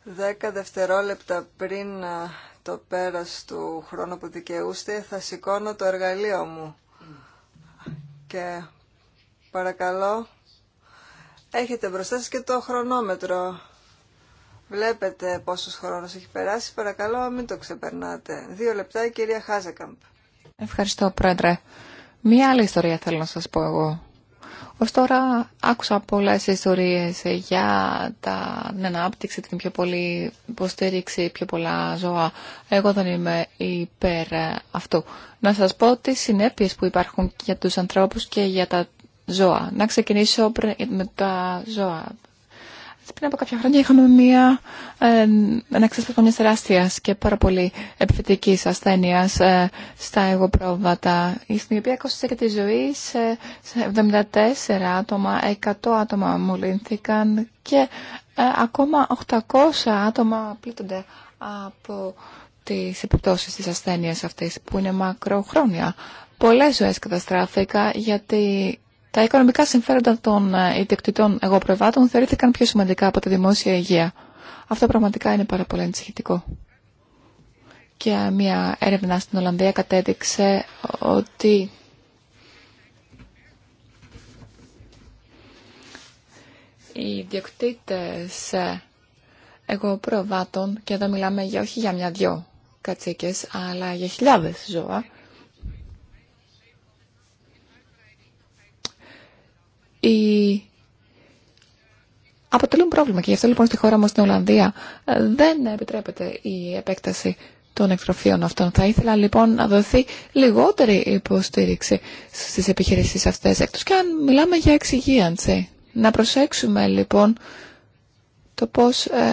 Δέκα δευτερόλεπτα πριν το πέρας του χρόνου που δικαιούστε θα σηκώνω το εργαλείο μου. Και παρακαλώ, έχετε μπροστά σας και το χρονόμετρο. Βλέπετε πόσος χρόνος έχει περάσει, παρακαλώ μην το ξεπερνάτε. Δύο λεπτά η κυρία Χάζεκαμπ. Ευχαριστώ πρόεδρε. Μία άλλη ιστορία θέλω να σας πω εγώ. Ως τώρα άκουσα πολλές ιστορίες για τα, την ανάπτυξη, την πιο πολύ υποστήριξη, πιο πολλά ζώα. Εγώ δεν είμαι υπέρ ε, αυτού. Να σας πω τις συνέπειες που υπάρχουν για τους ανθρώπους και για τα ζώα. Να ξεκινήσω με τα ζώα. Πριν από κάποια χρόνια είχαμε μια, ε, ένα ξέσπασμα μια τεράστια και πάρα πολύ επιθετική ασθένεια ε, στα εγωπρόβατα, στην οποία κόστησε και τη ζωή σε, 74 άτομα, 100 άτομα μολύνθηκαν και ε, ακόμα 800 άτομα πλήττονται από τις επιπτώσεις της ασθένειας αυτής που είναι μακροχρόνια. Πολλές ζωές καταστράφηκα γιατί τα οικονομικά συμφέροντα των ε, ιδιοκτητών εγωπρεβάτων θεωρήθηκαν πιο σημαντικά από τη δημόσια υγεία. Αυτό πραγματικά είναι πάρα πολύ ανησυχητικό. Και ε, μια έρευνα στην Ολλανδία κατέδειξε ότι οι ιδιοκτήτες ε, εγωπρεβάτων, και εδώ μιλάμε για, όχι για μια-δυο κατσίκες, αλλά για χιλιάδες ζώα, αποτελούν πρόβλημα. Και γι' αυτό λοιπόν στη χώρα μας στην Ολλανδία ε, δεν επιτρέπεται η επέκταση των εκτροφίων αυτών. Θα ήθελα λοιπόν να δοθεί λιγότερη υποστήριξη στις επιχειρήσεις αυτές, εκτός και αν μιλάμε για εξυγίανση. Να προσέξουμε λοιπόν το πώς ε,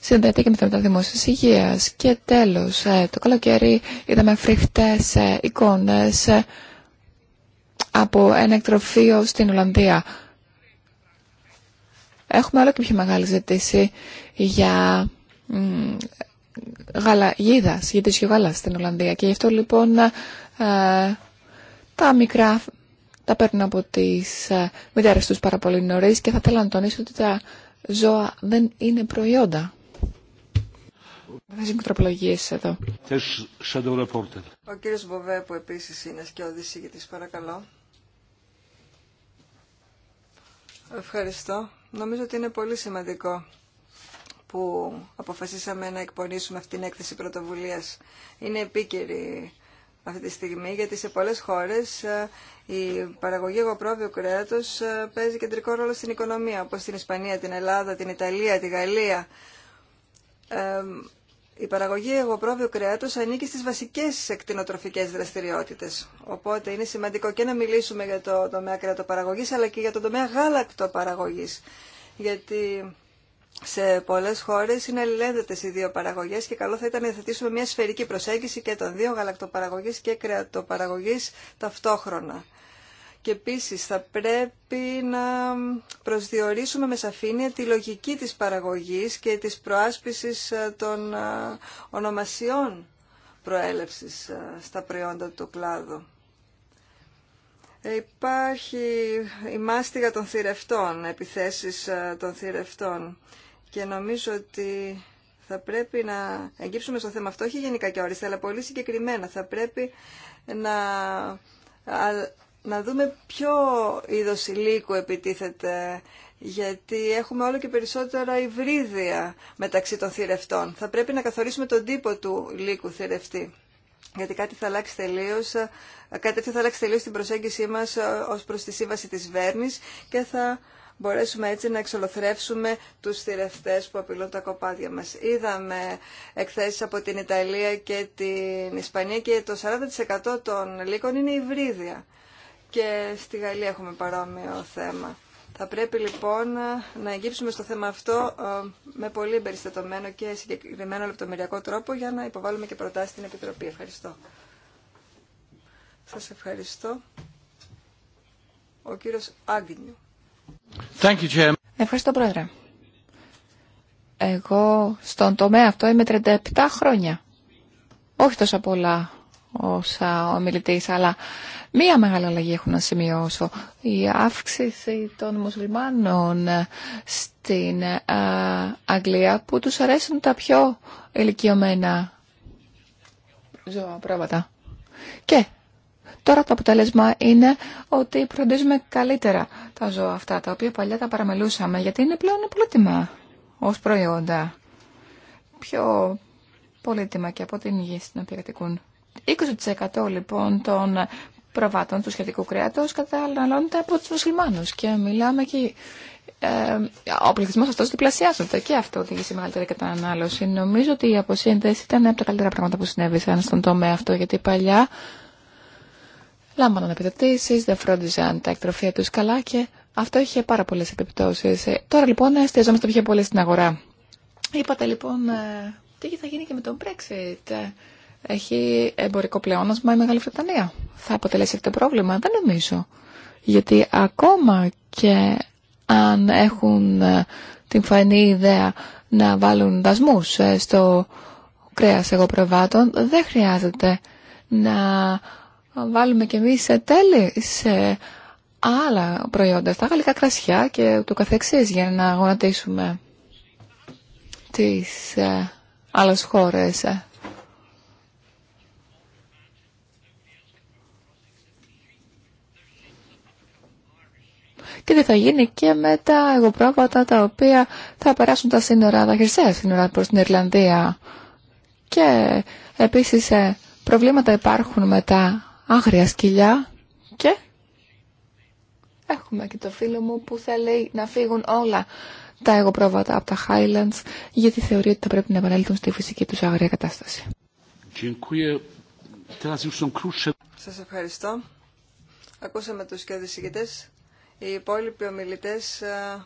συνδέεται και με θέματα δημόσιας υγείας. Και τέλος, ε, το καλοκαίρι είδαμε φρικτές ε, εικόνε, από ένα εκτροφείο στην Ολλανδία. Έχουμε όλο και πιο μεγάλη ζήτηση για γάλα γίδας, και γάλα στην Ολλανδία και γι' αυτό λοιπόν ε, τα μικρά τα παίρνουν από τις ε, μητέρες τους πάρα πολύ νωρίς και θα θέλω να τονίσω ότι τα ζώα δεν είναι προϊόντα. Δεν εδώ. Ο κύριος Βοβέ που επίσης είναι και ηγητής, παρακαλώ. Ευχαριστώ. Νομίζω ότι είναι πολύ σημαντικό που αποφασίσαμε να εκπονήσουμε αυτήν την έκθεση πρωτοβουλίας. Είναι επίκαιρη αυτή τη στιγμή, γιατί σε πολλές χώρες ε, η παραγωγή εγωπρόβιου κρέατος ε, παίζει κεντρικό ρόλο στην οικονομία, όπως στην Ισπανία, την Ελλάδα, την Ιταλία, τη Γαλλία. Ε, η παραγωγή εγωπρόβιου κρέατος ανήκει στις βασικές εκτινοτροφικές δραστηριότητες. Οπότε είναι σημαντικό και να μιλήσουμε για το τομέα κρεατοπαραγωγή, αλλά και για το τομέα γάλακτοπαραγωγή. Γιατί σε πολλές χώρες είναι αλληλένδετε οι δύο παραγωγές και καλό θα ήταν να θετήσουμε μια σφαιρική προσέγγιση και των δύο γαλακτοπαραγωγή και κρεατοπαραγωγή ταυτόχρονα. Και επίση θα πρέπει να προσδιορίσουμε με σαφήνεια τη λογική της παραγωγής και της προάσπισης ε, των ε, ονομασιών προέλευσης ε, στα προϊόντα του κλάδου. Υπάρχει η μάστιγα των θηρευτών, επιθέσεις των θηρευτών και νομίζω ότι θα πρέπει να εγκύψουμε στο θέμα αυτό, όχι γενικά και όριστα, αλλά πολύ συγκεκριμένα. Θα πρέπει να να δούμε ποιο είδος υλίκου επιτίθεται, γιατί έχουμε όλο και περισσότερα υβρίδια μεταξύ των θηρευτών. Θα πρέπει να καθορίσουμε τον τύπο του υλίκου θηρευτή. Γιατί κάτι θα αλλάξει τελείω, κάτι θα αλλάξει τελείω την προσέγγιση μα ε, ω προ τη σύμβαση τη Βέρνη και θα μπορέσουμε έτσι να εξολοθρεύσουμε τους θηρευτές που απειλούν τα κοπάδια μας. Είδαμε εκθέσεις από την Ιταλία και την Ισπανία και το 40% των λύκων είναι υβρίδια. Και στη Γαλλία έχουμε παρόμοιο θέμα. Θα πρέπει λοιπόν να εγγύψουμε στο θέμα αυτό ε, με πολύ εμπεριστατωμένο και συγκεκριμένο λεπτομεριακό τρόπο για να υποβάλουμε και προτάσεις στην Επιτροπή. Ευχαριστώ. Σας ευχαριστώ. Ο κύριος Άγνιου. Ευχαριστώ πρόεδρε. Εγώ στον τομέα αυτό είμαι 37 χρόνια. Όχι τόσα πολλά όσα ο αλλά μία μεγάλη αλλαγή έχω να σημειώσω. Η αύξηση των μουσουλμάνων στην ε, Αγγλία που τους αρέσουν τα πιο ηλικιωμένα ζώα πράγματα Και τώρα το αποτέλεσμα είναι ότι προντίζουμε καλύτερα τα ζώα αυτά, τα οποία παλιά τα παραμελούσαμε, γιατί είναι πλέον πολύτιμα ως προϊόντα. Πιο πολύτιμα και από την υγεία στην οποία 20% λοιπόν των προβάτων του σχετικού κρέατος καταναλώνεται από τους μουσουλμάνους και μιλάμε και ε, ο πληθυσμός αυτός διπλασιάζεται και αυτό οδηγεί σε μεγαλύτερη κατανάλωση. Νομίζω ότι η αποσύνδεση ήταν από τα καλύτερα πράγματα που συνέβησαν στον τομέα αυτό γιατί παλιά λάμπαναν επιδοτήσει, δεν φρόντιζαν τα εκτροφία τους καλά και αυτό είχε πάρα πολλές επιπτώσεις. Ε, τώρα λοιπόν εστιαζόμαστε πιο πολύ στην αγορά. Είπατε λοιπόν ε, τι θα γίνει και με τον Brexit έχει εμπορικό πλεόνασμα η Μεγάλη Βρετανία. Θα αποτελέσει αυτό το πρόβλημα. Δεν νομίζω. Γιατί ακόμα και αν έχουν ε, την φανή ιδέα να βάλουν δασμούς ε, στο κρέας εγώ προβάτων, δεν χρειάζεται να βάλουμε κι εμείς σε τέλη σε άλλα προϊόντα, στα γαλλικά κρασιά και το καθεξής για να γονατίσουμε τις ε, άλλες χώρες. και τι θα γίνει και με τα εγωπρόβατα τα οποία θα περάσουν τα σύνορα, τα χρυσαία σύνορα προς την Ιρλανδία. Και επίσης ε, προβλήματα υπάρχουν με τα άγρια σκυλιά και έχουμε και το φίλο μου που θέλει να φύγουν όλα τα εγωπρόβατα από τα Highlands γιατί θεωρεί ότι θα πρέπει να επανέλθουν στη φυσική τους άγρια κατάσταση. Σας ευχαριστώ. Ακούσαμε τους και συγκεκριτές. Οι υπόλοιποι ομιλητές ε,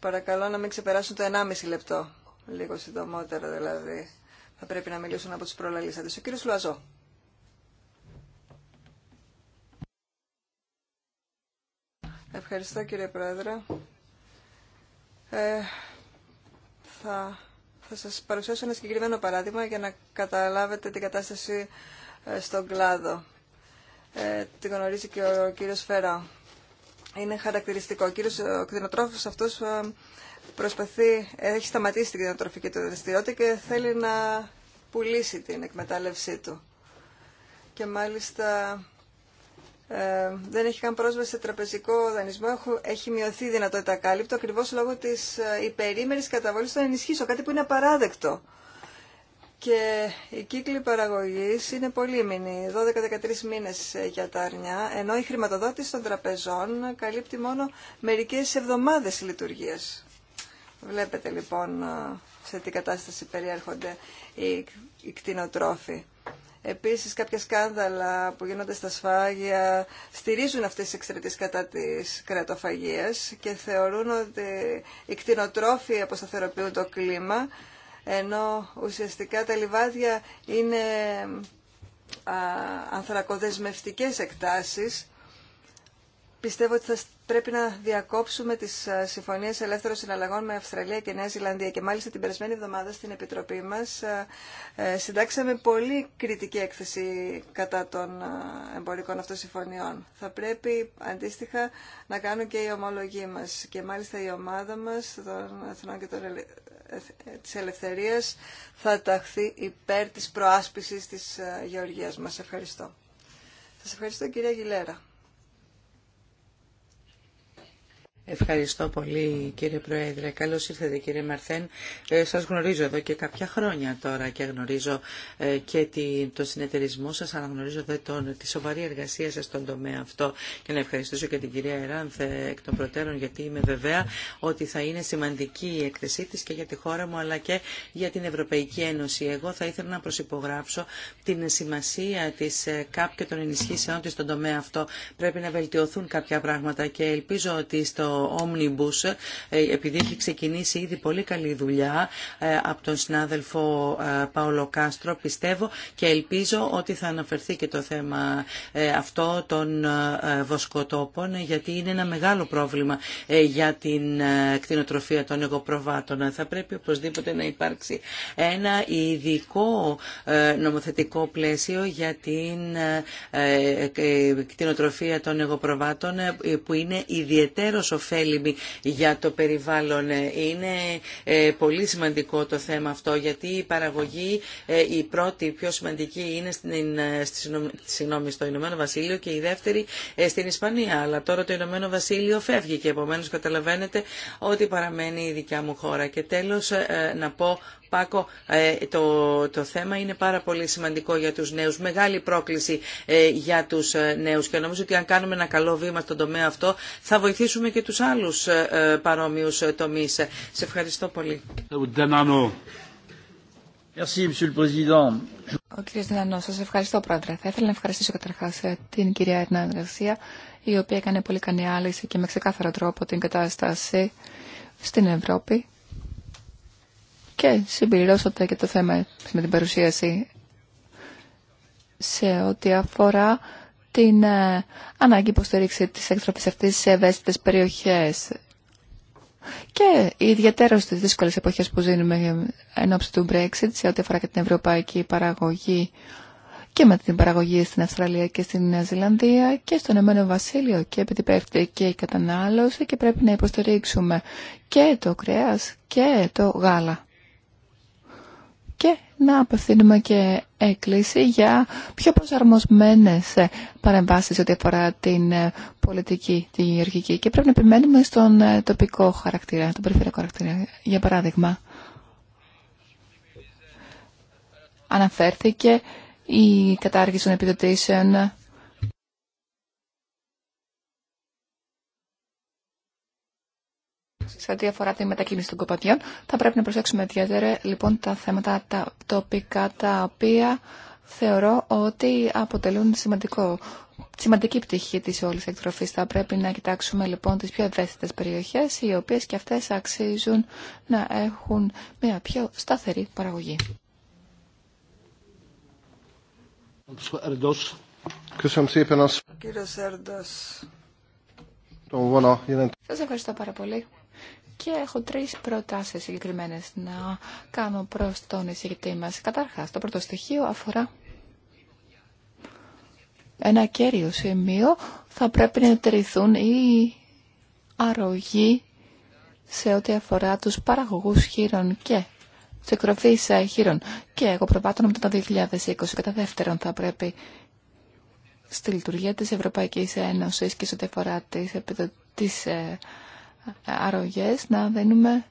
παρακαλώ να μην ξεπεράσουν το 1,5 λεπτό. Λίγο συντομότερα δηλαδή. Θα πρέπει να μιλήσουν από τους προλαλήσαντες. Ο κύριος Λουαζό. Ευχαριστώ κύριε Πρόεδρε. Ε, θα, θα σας παρουσιάσω ένα συγκεκριμένο παράδειγμα για να καταλάβετε την κατάσταση ε, στον κλάδο. Ε, γνωρίζει και ο κύριος Φέρα είναι χαρακτηριστικό. Ο κύριος ο κτηνοτρόφος αυτός ε, προσπαθεί, έχει σταματήσει την κτηνοτροφική του δραστηριότητα και θέλει να πουλήσει την εκμετάλλευσή του. Και μάλιστα ε, δεν έχει καν πρόσβαση σε τραπεζικό δανεισμό, έχει μειωθεί η δυνατότητα κάλυπτο ακριβώ λόγω της ε, υπερήμερης καταβολής των ενισχύσεων, κάτι που είναι απαράδεκτο. Και οι κύκλοι παραγωγής είναι πολύμηνοι, 12-13 μήνες για τα αρνιά, ενώ η χρηματοδότηση των τραπεζών καλύπτει μόνο μερικές εβδομάδες λειτουργίας. Βλέπετε λοιπόν σε τι κατάσταση περιέρχονται οι, οι κτηνοτρόφοι. Επίσης κάποια σκάνδαλα που γίνονται στα σφάγια στηρίζουν αυτές τις εξαιρετικές κατά της κρατοφαγίας και θεωρούν ότι οι κτηνοτρόφοι αποσταθεροποιούν το κλίμα ενώ ουσιαστικά τα λιβάδια είναι ανθρακοδεσμευτικές εκτάσεις, πιστεύω ότι θα πρέπει να διακόψουμε τις συμφωνίες ελεύθερων συναλλαγών με Αυστραλία και Νέα Ζηλανδία. Και μάλιστα την περασμένη εβδομάδα στην Επιτροπή μας ε, συντάξαμε πολύ κριτική έκθεση κατά των εμπορικών αυτών συμφωνιών. Θα πρέπει αντίστοιχα να κάνουν και οι ομολογοί μας. Και μάλιστα η ομάδα μας των Εθνών και των της ελευθερίας θα ταχθεί υπέρ της προάσπισης της ε, γεωργίας μας. Ευχαριστώ. Σας ευχαριστώ κυρία Γιλέρα. Ευχαριστώ πολύ κύριε Πρόεδρε. Καλώς ήρθατε κύριε Μαρθέν. Ε, σας γνωρίζω εδώ και κάποια χρόνια τώρα και γνωρίζω ε, και τη, το συνεταιρισμό σας, αλλά γνωρίζω τον, τη σοβαρή εργασία σας στον τομέα αυτό. Και να ευχαριστήσω και την κυρία Εράνθε εκ των προτέρων, γιατί είμαι βεβαία ότι θα είναι σημαντική η έκθεσή της και για τη χώρα μου, αλλά και για την Ευρωπαϊκή Ένωση. Εγώ θα ήθελα να προσυπογράψω την σημασία της ε, ΚΑΠ των ενισχύσεών της στον τομέα αυτό. Πρέπει να βελτιωθούν κάποια πράγματα και ελπίζω ότι στο Omnibus, ε, επειδή έχει ξεκινήσει ήδη πολύ καλή δουλειά ε, από τον συνάδελφο ε, Παολο Κάστρο, πιστεύω και ελπίζω ότι θα αναφερθεί και το θέμα αυτό των βοσκοτόπων, γιατί είναι ένα μεγάλο πρόβλημα για την κτηνοτροφία των εγωπροβάτων. Θα πρέπει οπωσδήποτε να υπάρξει ένα ειδικό νομοθετικό πλαίσιο για την κτηνοτροφία των εγωπροβάτων που είναι ιδιαίτερο ωφέλιμη για το περιβάλλον. Είναι ε, πολύ σημαντικό το θέμα αυτό γιατί η παραγωγή, ε, η πρώτη, πιο σημαντική είναι στην, ε, συγνώμη, στο Ηνωμένο Βασίλειο και η δεύτερη στην Ισπανία. Αλλά τώρα το Ηνωμένο Βασίλειο φεύγει και επομένως καταλαβαίνετε ότι παραμένει η δικιά μου χώρα. Και τέλος να πω Πάκο, ε, το, θέμα είναι πάρα πολύ σημαντικό για τους νέους, μεγάλη πρόκληση ε, για τους ε, νέους και νομίζω ότι αν κάνουμε ένα καλό βήμα στον τομέα αυτό θα βοηθήσουμε και τους άλλους παρόμοιους τομείς. Σε ευχαριστώ πολύ. Ο κ. Δυνανό, σα ευχαριστώ, Πρόεδρε. Θα ήθελα να ευχαριστήσω καταρχά την κυρία Ερνά Γαρσία, η οποία έκανε πολύ κανένα άλυση και με ξεκάθαρο τρόπο την κατάσταση στην Ευρώπη και συμπληρώσατε και το θέμα με την παρουσίαση σε ό,τι αφορά την ε, ανάγκη υποστήριξη της εκτροπής αυτής σε ευαίσθητες περιοχές. Και ιδιαίτερα στις δύσκολες εποχές που ζήνουμε εν ώψη του Brexit, σε ό,τι αφορά και την ευρωπαϊκή παραγωγή και με την παραγωγή στην Αυστραλία και στην Νέα Ζηλανδία και στον Εμένο Βασίλειο και επειδή πέφτει και η κατανάλωση και πρέπει να υποστηρίξουμε και το κρέας και το γάλα και να απευθύνουμε και έκκληση για πιο προσαρμοσμένες παρεμβάσεις ό,τι αφορά την ε, πολιτική, τη γεωργική και πρέπει να επιμένουμε στον ε, τοπικό χαρακτήρα, τον περιφερειακό χαρακτήρα. Για παράδειγμα, αναφέρθηκε η κατάργηση των επιδοτήσεων σε ό,τι αφορά τη μετακίνηση των κοπαδιών. Θα πρέπει να προσέξουμε ιδιαίτερα λοιπόν τα θέματα τα τοπικά τα οποία θεωρώ ότι αποτελούν σημαντικό, σημαντική πτυχή της όλης εκτροφής. Θα πρέπει να κοιτάξουμε λοιπόν τις πιο ευαίσθητες περιοχές οι οποίες και αυτές αξίζουν να έχουν μια πιο σταθερή παραγωγή. Σα ευχαριστώ πάρα πολύ. Και έχω τρεις προτάσεις συγκεκριμένε να κάνω προς τον εισηγητή μας. Καταρχάς, το πρώτο στοιχείο αφορά ένα κέριο σημείο. Θα πρέπει να τηρηθούν οι αρρωγοί σε ό,τι αφορά τους παραγωγούς χείρων και εκτροφής ε, χείρων. Και εγώ προβάτω μετά το 2020. Κατά δεύτερον θα πρέπει στη λειτουργία της Ευρωπαϊκής Ένωσης και σε ό,τι αφορά τις, ε, αρρωγές να δίνουμε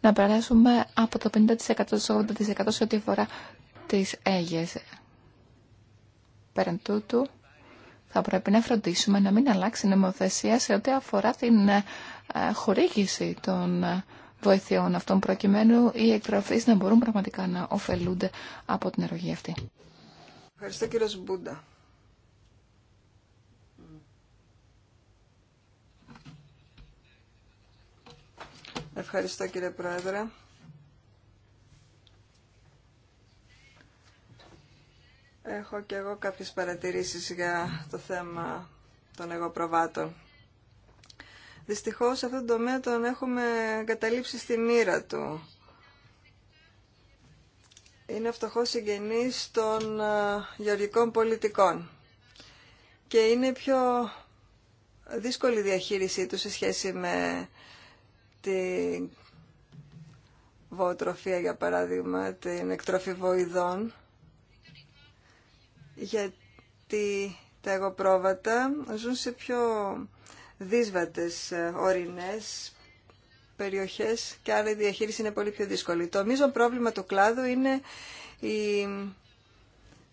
να περάσουμε από το 50% στο 80% σε ό,τι αφορά τις Αίγες. Πέραν τούτου, θα πρέπει να φροντίσουμε να μην αλλάξει η νομοθεσία σε ό,τι αφορά την ε, χορήγηση των ε, βοηθειών αυτών, προκειμένου οι εκτροφείς να μπορούν πραγματικά να ωφελούνται από την αρρωγή αυτή. Ευχαριστώ κύριε Μπούντα. Ευχαριστώ κύριε Πρόεδρε. Έχω και εγώ κάποιες παρατηρήσεις για το θέμα των εγωπροβάτων. Δυστυχώς αυτόν τον τομέα τον έχουμε καταλήψει στη μοίρα του. Είναι φτωχό συγγενής των ε, γεωργικών πολιτικών και είναι πιο δύσκολη διαχείρισή του σε σχέση με την βοοτροφία, για παράδειγμα, την εκτροφή βοηδών, γιατί τα εγωπρόβατα ζουν σε πιο δύσβατες ε, ορεινές περιοχές και άρα η διαχείριση είναι πολύ πιο δύσκολη. Το μείζον πρόβλημα του κλάδου είναι η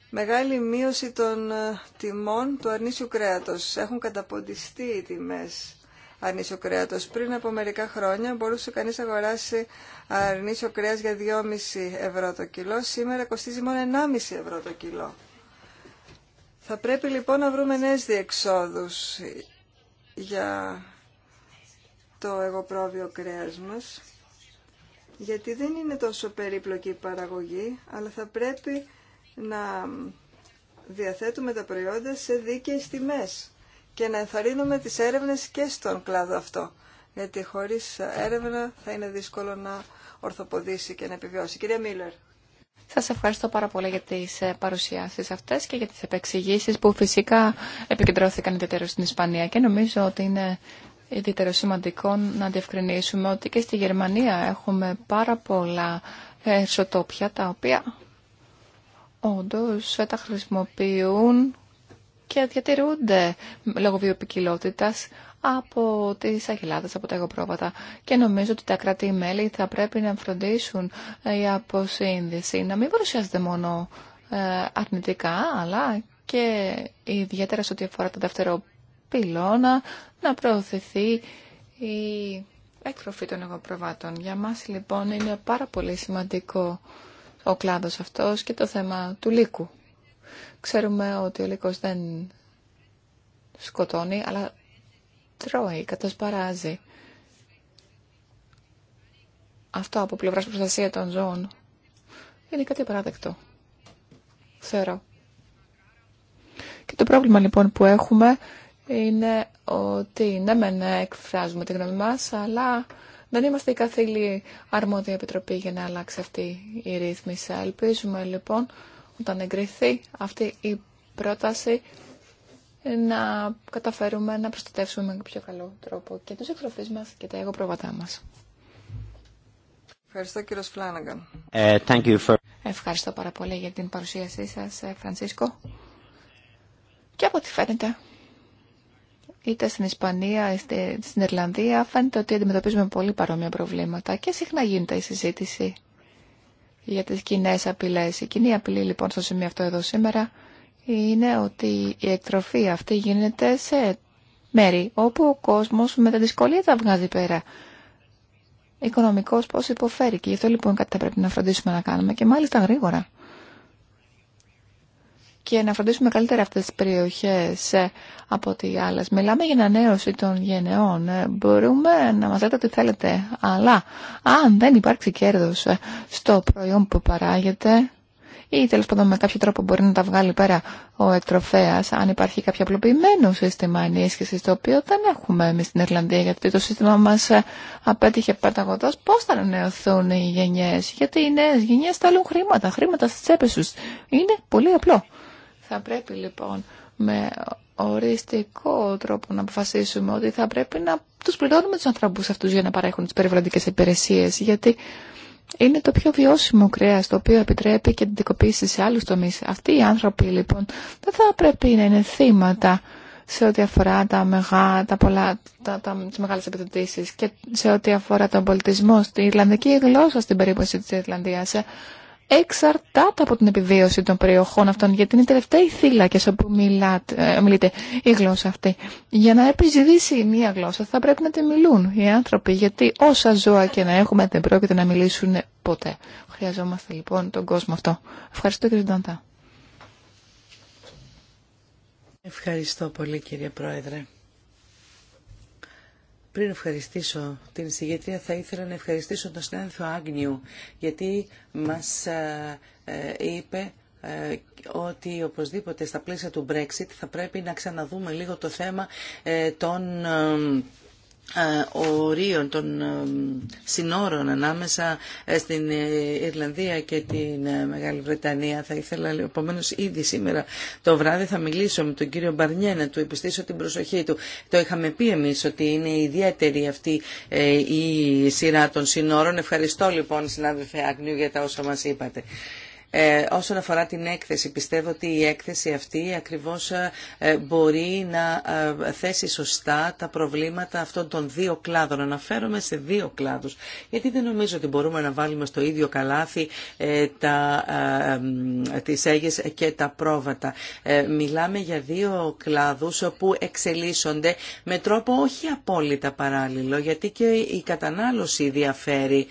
μεγάλη μείωση των ε, τιμών του αρνήσιου κρέατος. Έχουν καταποντιστεί οι τιμές αρνήσιο κρέατος. Πριν από μερικά χρόνια μπορούσε κανείς να αγοράσει αρνήσιο κρέας για 2,5 ευρώ το κιλό. Σήμερα κοστίζει μόνο 1,5 ευρώ το κιλό. Θα πρέπει λοιπόν να βρούμε νέες διεξόδους για το εγωπρόβιο κρέας μας γιατί δεν είναι τόσο περίπλοκη η παραγωγή, αλλά θα πρέπει να διαθέτουμε τα προϊόντα σε δίκαιες τιμές και να ενθαρρύνουμε τις έρευνες και στον κλάδο αυτό. Γιατί χωρίς έρευνα θα είναι δύσκολο να ορθοποδήσει και να επιβιώσει. Κυρία Μίλλερ. Σας ευχαριστώ πάρα πολύ για τι ε, παρουσιάσει αυτές και για τις επεξηγήσεις που φυσικά επικεντρώθηκαν ιδιαίτερα στην Ισπανία και νομίζω ότι είναι ιδιαίτερα σημαντικό να διευκρινίσουμε ότι και στη Γερμανία έχουμε πάρα πολλά εσωτόπια τα οποία όντω τα χρησιμοποιούν και διατηρούνται λόγω βιοπικιλότητας από τι αγελάδε, από τα εγωπρόβατα. Και νομίζω ότι τα κράτη-μέλη θα πρέπει να φροντίσουν ε, η αποσύνδεση, να μην παρουσιάζεται μόνο ε, αρνητικά, αλλά και ιδιαίτερα σε ό,τι αφορά τον δεύτερο πυλώνα, να προωθηθεί η έκτροφη των εγωπροβάτων. Για μας λοιπόν είναι πάρα πολύ σημαντικό ο κλάδος αυτός και το θέμα του λύκου. Ξέρουμε ότι ο λύκος δεν σκοτώνει, αλλά τρώει, κατασπαράζει. Αυτό από πλευράς προστασία των ζώων είναι κάτι παράδεκτο. Θεωρώ. Και το πρόβλημα λοιπόν που έχουμε είναι ότι ναι μεν εκφράζουμε τη γνώμη μας, αλλά δεν είμαστε η καθήλη αρμόδια επιτροπή για να αλλάξει αυτή η ρύθμιση. Ελπίζουμε λοιπόν όταν εγκριθεί αυτή η πρόταση να καταφέρουμε να προστατεύσουμε με πιο καλό τρόπο και τους εκτροφείς μας και τα εγωπροβατά μας. Ευχαριστώ κύριο Φλάνναγκαν. Ε, Ευχαριστώ πάρα πολύ για την παρουσίασή σας, ε, Φρανσίσκο. Και από ό,τι φαίνεται, είτε στην Ισπανία είτε στην Ιρλανδία, φαίνεται ότι αντιμετωπίζουμε πολύ παρόμοια προβλήματα και συχνά γίνεται η συζήτηση για τις κοινέ απειλές. Η κοινή απειλή λοιπόν στο σημείο αυτό εδώ σήμερα είναι ότι η εκτροφή αυτή γίνεται σε μέρη όπου ο κόσμος με τα δυσκολία τα βγάζει πέρα. Οικονομικός πώς υποφέρει και γι' αυτό λοιπόν κάτι θα πρέπει να φροντίσουμε να κάνουμε και μάλιστα γρήγορα και να φροντίσουμε καλύτερα αυτές τις περιοχές ε, από ό,τι άλλες. Μιλάμε για ανανέωση των γενεών. Ε, μπορούμε να μας λέτε ό,τι θέλετε, αλλά αν δεν υπάρξει κέρδος ε, στο προϊόν που παράγεται ή τέλο πάντων με κάποιο τρόπο μπορεί να τα βγάλει πέρα ο εκτροφέα, αν υπάρχει κάποιο απλοποιημένο σύστημα ενίσχυση, το οποίο δεν έχουμε εμεί στην Ιρλανδία, γιατί το σύστημα μα απέτυχε παταγωδό. Πώ θα ανανεωθούν οι γενιέ, γιατί οι νέε γενιέ θέλουν χρήματα, χρήματα στι τσέπε του. Είναι πολύ απλό. Θα πρέπει λοιπόν με οριστικό τρόπο να αποφασίσουμε ότι θα πρέπει να τους πληρώνουμε τους ανθρώπους αυτούς για να παρέχουν τις περιβαλλοντικές υπηρεσίες γιατί είναι το πιο βιώσιμο κρέας το οποίο επιτρέπει και την δικοποίηση σε άλλους τομείς. Αυτοί οι άνθρωποι λοιπόν δεν θα πρέπει να είναι θύματα σε ό,τι αφορά τα μεγά, τα πολλά, τα, τα, τις μεγάλες επιδοτήσεις και σε ό,τι αφορά τον πολιτισμό, στην Ιρλανδική γλώσσα στην περίπτωση της Ιρλανδίας εξαρτάται από την επιβίωση των περιοχών αυτών, γιατί είναι οι τελευταίοι θύλακες όπου μιλάτε, ε, η γλώσσα αυτή. Για να επιζητήσει μία γλώσσα θα πρέπει να τη μιλούν οι άνθρωποι, γιατί όσα ζώα και να έχουμε δεν πρόκειται να μιλήσουν ποτέ. Χρειαζόμαστε λοιπόν τον κόσμο αυτό. Ευχαριστώ κύριε Νταντά. Ευχαριστώ πολύ κύριε Πρόεδρε. Πριν ευχαριστήσω την συγγετρία θα ήθελα να ευχαριστήσω τον συνάδελφο Άγνιου γιατί μας ε, ε, είπε ε, ότι οπωσδήποτε στα πλαίσια του Brexit θα πρέπει να ξαναδούμε λίγο το θέμα των ε, ορίων των ε, συνόρων ανάμεσα ε, στην Ιρλανδία και την Μεγάλη Βρετανία. Θα ήθελα επομένω ήδη σήμερα το βράδυ θα μιλήσω με τον κύριο Μπαρνιέ να του επιστήσω την προσοχή του. Το είχαμε πει εμεί ότι είναι ιδιαίτερη αυτή η σειρά των συνόρων. Ευχαριστώ λοιπόν συνάδελφε Αγνίου για τα όσα μας είπατε. Ε, όσον αφορά την έκθεση, πιστεύω ότι η έκθεση αυτή ακριβώς ε, ε, μπορεί να θέσει σωστά τα προβλήματα αυτών των δύο κλάδων. Αναφέρομαι σε δύο κλάδους, γιατί δεν νομίζω ότι μπορούμε να βάλουμε στο ίδιο καλάθι τα, τις έγες και τα πρόβατα. Μιλάμε για δύο κλάδους που εξελίσσονται με τρόπο όχι απόλυτα παράλληλο, γιατί και η κατανάλωση διαφέρει.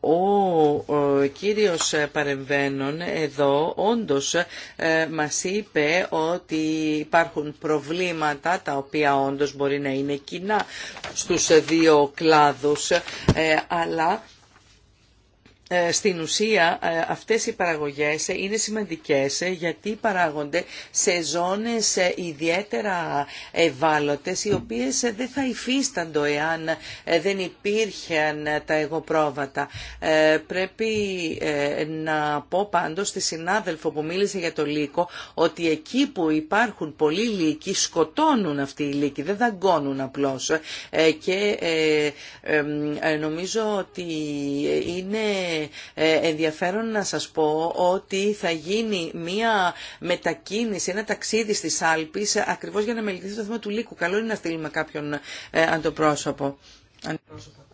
Ο κύριος παρεμβαίνει εδώ όντως ε, μας είπε ότι υπάρχουν προβλήματα τα οποία όντως μπορεί να είναι κοινά στους δύο κλάδους ε, αλλά ε, στην ουσία ε, αυτές οι παραγωγές είναι σημαντικές ε, γιατί παράγονται σε ζώνες ιδιαίτερα ευάλωτες οι οποίες δεν θα υφίσταντο εάν δεν υπήρχαν τα εγωπρόβατα. Πρέπει να πω πάντως στη συνάδελφο που μίλησε για το λύκο ότι εκεί που υπάρχουν πολλοί λύκοι σκοτώνουν αυτοί οι λύκοι, δεν δαγκώνουν απλώς και νομίζω ότι είναι ε, ενδιαφέρον να σας πω ότι θα γίνει μία μετακίνηση, ένα ταξίδι στις Άλπεις ακριβώς για να μελετηθεί το θέμα του λύκου. Καλό είναι να στείλουμε κάποιον ε, αντοπρόσωπο.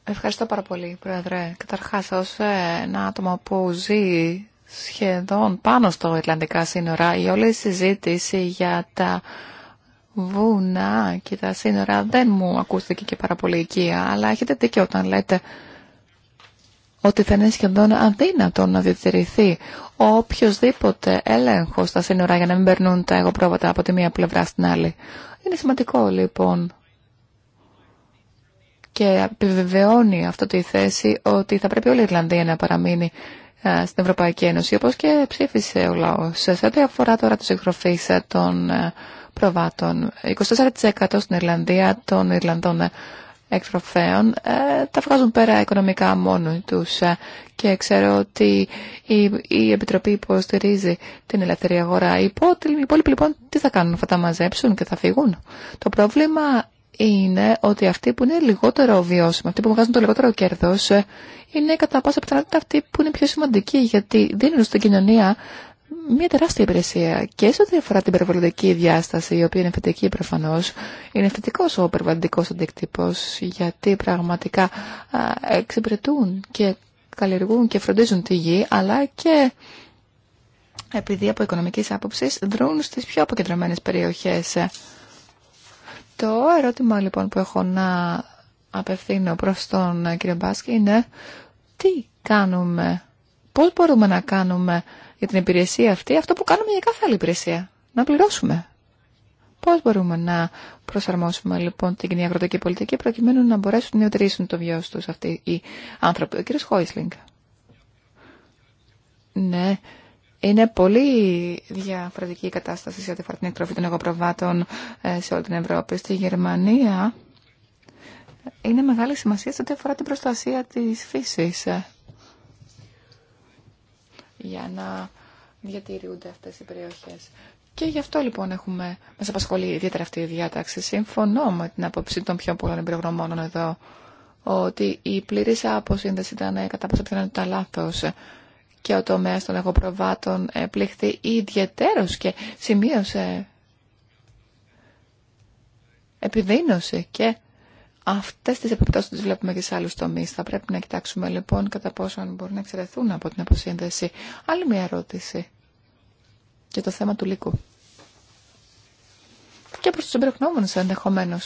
Ευχαριστώ πάρα πολύ, Πρόεδρε. Καταρχάς, ως ε, ένα άτομο που ζει σχεδόν πάνω στο Ιρλανδικά σύνορα, η όλη η συζήτηση για τα βουνά και τα σύνορα δεν μου ακούστηκε και πάρα πολύ οικία, αλλά έχετε δίκιο όταν λέτε ότι θα είναι σχεδόν αδύνατο να διατηρηθεί οποιοδήποτε έλεγχο στα σύνορα για να μην περνούν τα εγωπρόβατα από τη μία πλευρά στην άλλη. Είναι σημαντικό λοιπόν και επιβεβαιώνει αυτό τη θέση ότι θα πρέπει όλη η Ιρλανδία να παραμείνει στην Ευρωπαϊκή Ένωση, όπως και ψήφισε ο λαός. Σε ό,τι αφορά τώρα τους εκτροφείς των ε, προβάτων, 24% στην Ιρλανδία των Ιρλανδών ε, εκτροφέων ε, τα βγάζουν πέρα οικονομικά μόνο τους ε, και ξέρω ότι η, η Επιτροπή υποστηρίζει την ελεύθερη αγορά. Οι υπόλοιποι, λοιπόν τι θα κάνουν, θα τα μαζέψουν και θα φύγουν. Το πρόβλημα είναι ότι αυτοί που είναι λιγότερο βιώσιμοι, αυτοί που βγάζουν το λιγότερο κέρδος, ε, είναι κατά πάσα πιθανότητα αυτοί που είναι πιο σημαντικοί, γιατί δίνουν στην κοινωνία μια τεράστια υπηρεσία και σε ό,τι αφορά την περιβαλλοντική διάσταση, η οποία είναι θετική προφανώ, είναι θετικό ο περιβαλλοντικό αντίκτυπο, γιατί πραγματικά εξυπηρετούν και καλλιεργούν και φροντίζουν τη γη, αλλά και επειδή από οικονομική άποψη δρούν στις πιο αποκεντρωμένε περιοχέ. Το ερώτημα λοιπόν που έχω να απευθύνω προ τον κύριο Μπάσκι είναι τι κάνουμε, πώ μπορούμε να κάνουμε για την υπηρεσία αυτή αυτό που κάνουμε για κάθε άλλη υπηρεσία. Να πληρώσουμε. Πώ μπορούμε να προσαρμόσουμε λοιπόν την κοινή αγροτική πολιτική προκειμένου να μπορέσουν να ιδρύσουν το βιό του αυτοί οι άνθρωποι. Ο κύριος Χόισλινγκ. Ναι, είναι πολύ διαφορετική η κατάσταση σε ό,τι αφορά την εκτροφή των εγωπροβάτων ε, σε όλη την Ευρώπη. Στη Γερμανία είναι μεγάλη σημασία σε ό,τι αφορά την προστασία τη φύση για να διατηρούνται αυτές οι περιοχές. Και γι' αυτό λοιπόν έχουμε, μας απασχολεί ιδιαίτερα αυτή η διάταξη. Συμφωνώ με την άποψη των πιο πολλών εμπειρογνωμόνων εδώ ότι η πλήρης αποσύνδεση ήταν ε, κατά πάσα πιθανότητα λάθος και ο τομέας των εγωπροβάτων πληχθεί ιδιαίτερω και σημείωσε επιδείνωση και Αυτές τις επιπτώσεις τις βλέπουμε και σε άλλους τομείς. Θα πρέπει να κοιτάξουμε λοιπόν κατά πόσο μπορούν να εξαιρεθούν από την αποσύνδεση. Άλλη μια ερώτηση για το θέμα του λύκου. Και προς τους εμπειρογνώμονες ενδεχομένω.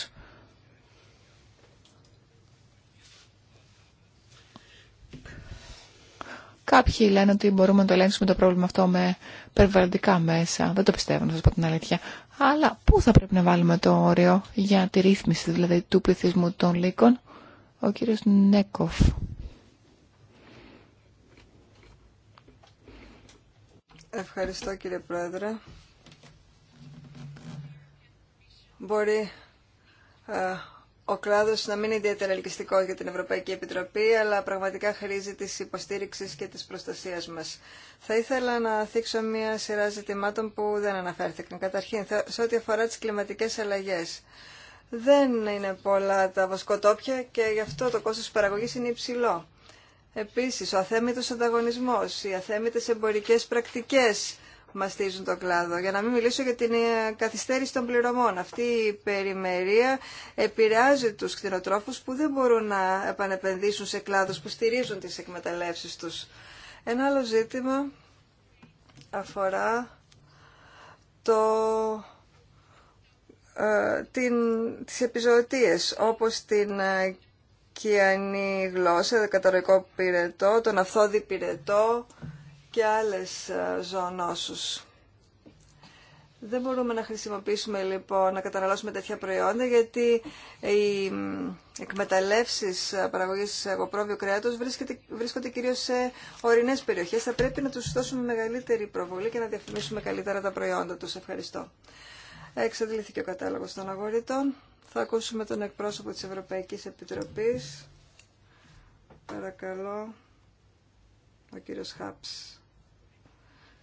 Κάποιοι λένε ότι μπορούμε να το ελέγξουμε το πρόβλημα αυτό με περιβαλλοντικά μέσα. Δεν το πιστεύω, να σα πω την αλήθεια. Αλλά πού θα πρέπει να βάλουμε το όριο για τη ρύθμιση δηλαδή, του πληθυσμού των λύκων, ο κύριος Νέκοφ. Ευχαριστώ κύριε Πρόεδρε. Μπορεί ε, ο κλάδος να μην είναι ιδιαίτερα ελκυστικό για την Ευρωπαϊκή Επιτροπή, αλλά πραγματικά χρήζει της υποστήριξης και της προστασίας μας. Θα ήθελα να θίξω μια σειρά ζητημάτων που δεν αναφέρθηκαν. Καταρχήν, σε ό,τι αφορά τις κλιματικές αλλαγές. Δεν είναι πολλά τα βοσκοτόπια και γι' αυτό το κόστος παραγωγής είναι υψηλό. Επίσης, ο αθέμητος ανταγωνισμός, οι αθέμητες εμπορικές πρακτικές, μαστίζουν τον κλάδο. Για να μην μιλήσω για την ε, καθυστέρηση των πληρωμών. Αυτή η περιμερία επηρεάζει τους κτηνοτρόφους που δεν μπορούν να επανεπενδύσουν σε κλάδους που στηρίζουν τις εκμεταλλεύσεις τους. Ένα άλλο ζήτημα αφορά το, ε, την, τις επιζωτίες, όπως την ε, κιανή γλώσσα, το καταρροϊκό πυρετό, τον αυθόδη πυρετό, και άλλες ε, ζωονόσους. Δεν μπορούμε να χρησιμοποιήσουμε λοιπόν, να καταναλώσουμε τέτοια προϊόντα γιατί οι εκμεταλλεύσεις ε, παραγωγής αγοπρόβιου κρέατος βρίσκονται κυρίως σε ορεινέ περιοχές. Θα πρέπει να τους δώσουμε μεγαλύτερη προβολή και να διαφημίσουμε καλύτερα τα προϊόντα τους. Ευχαριστώ. Εξαντλήθηκε ο κατάλογος των αγορητών. Θα ακούσουμε τον εκπρόσωπο της Ευρωπαϊκής Επιτροπής. Παρακαλώ, ο κύριο Χάψ.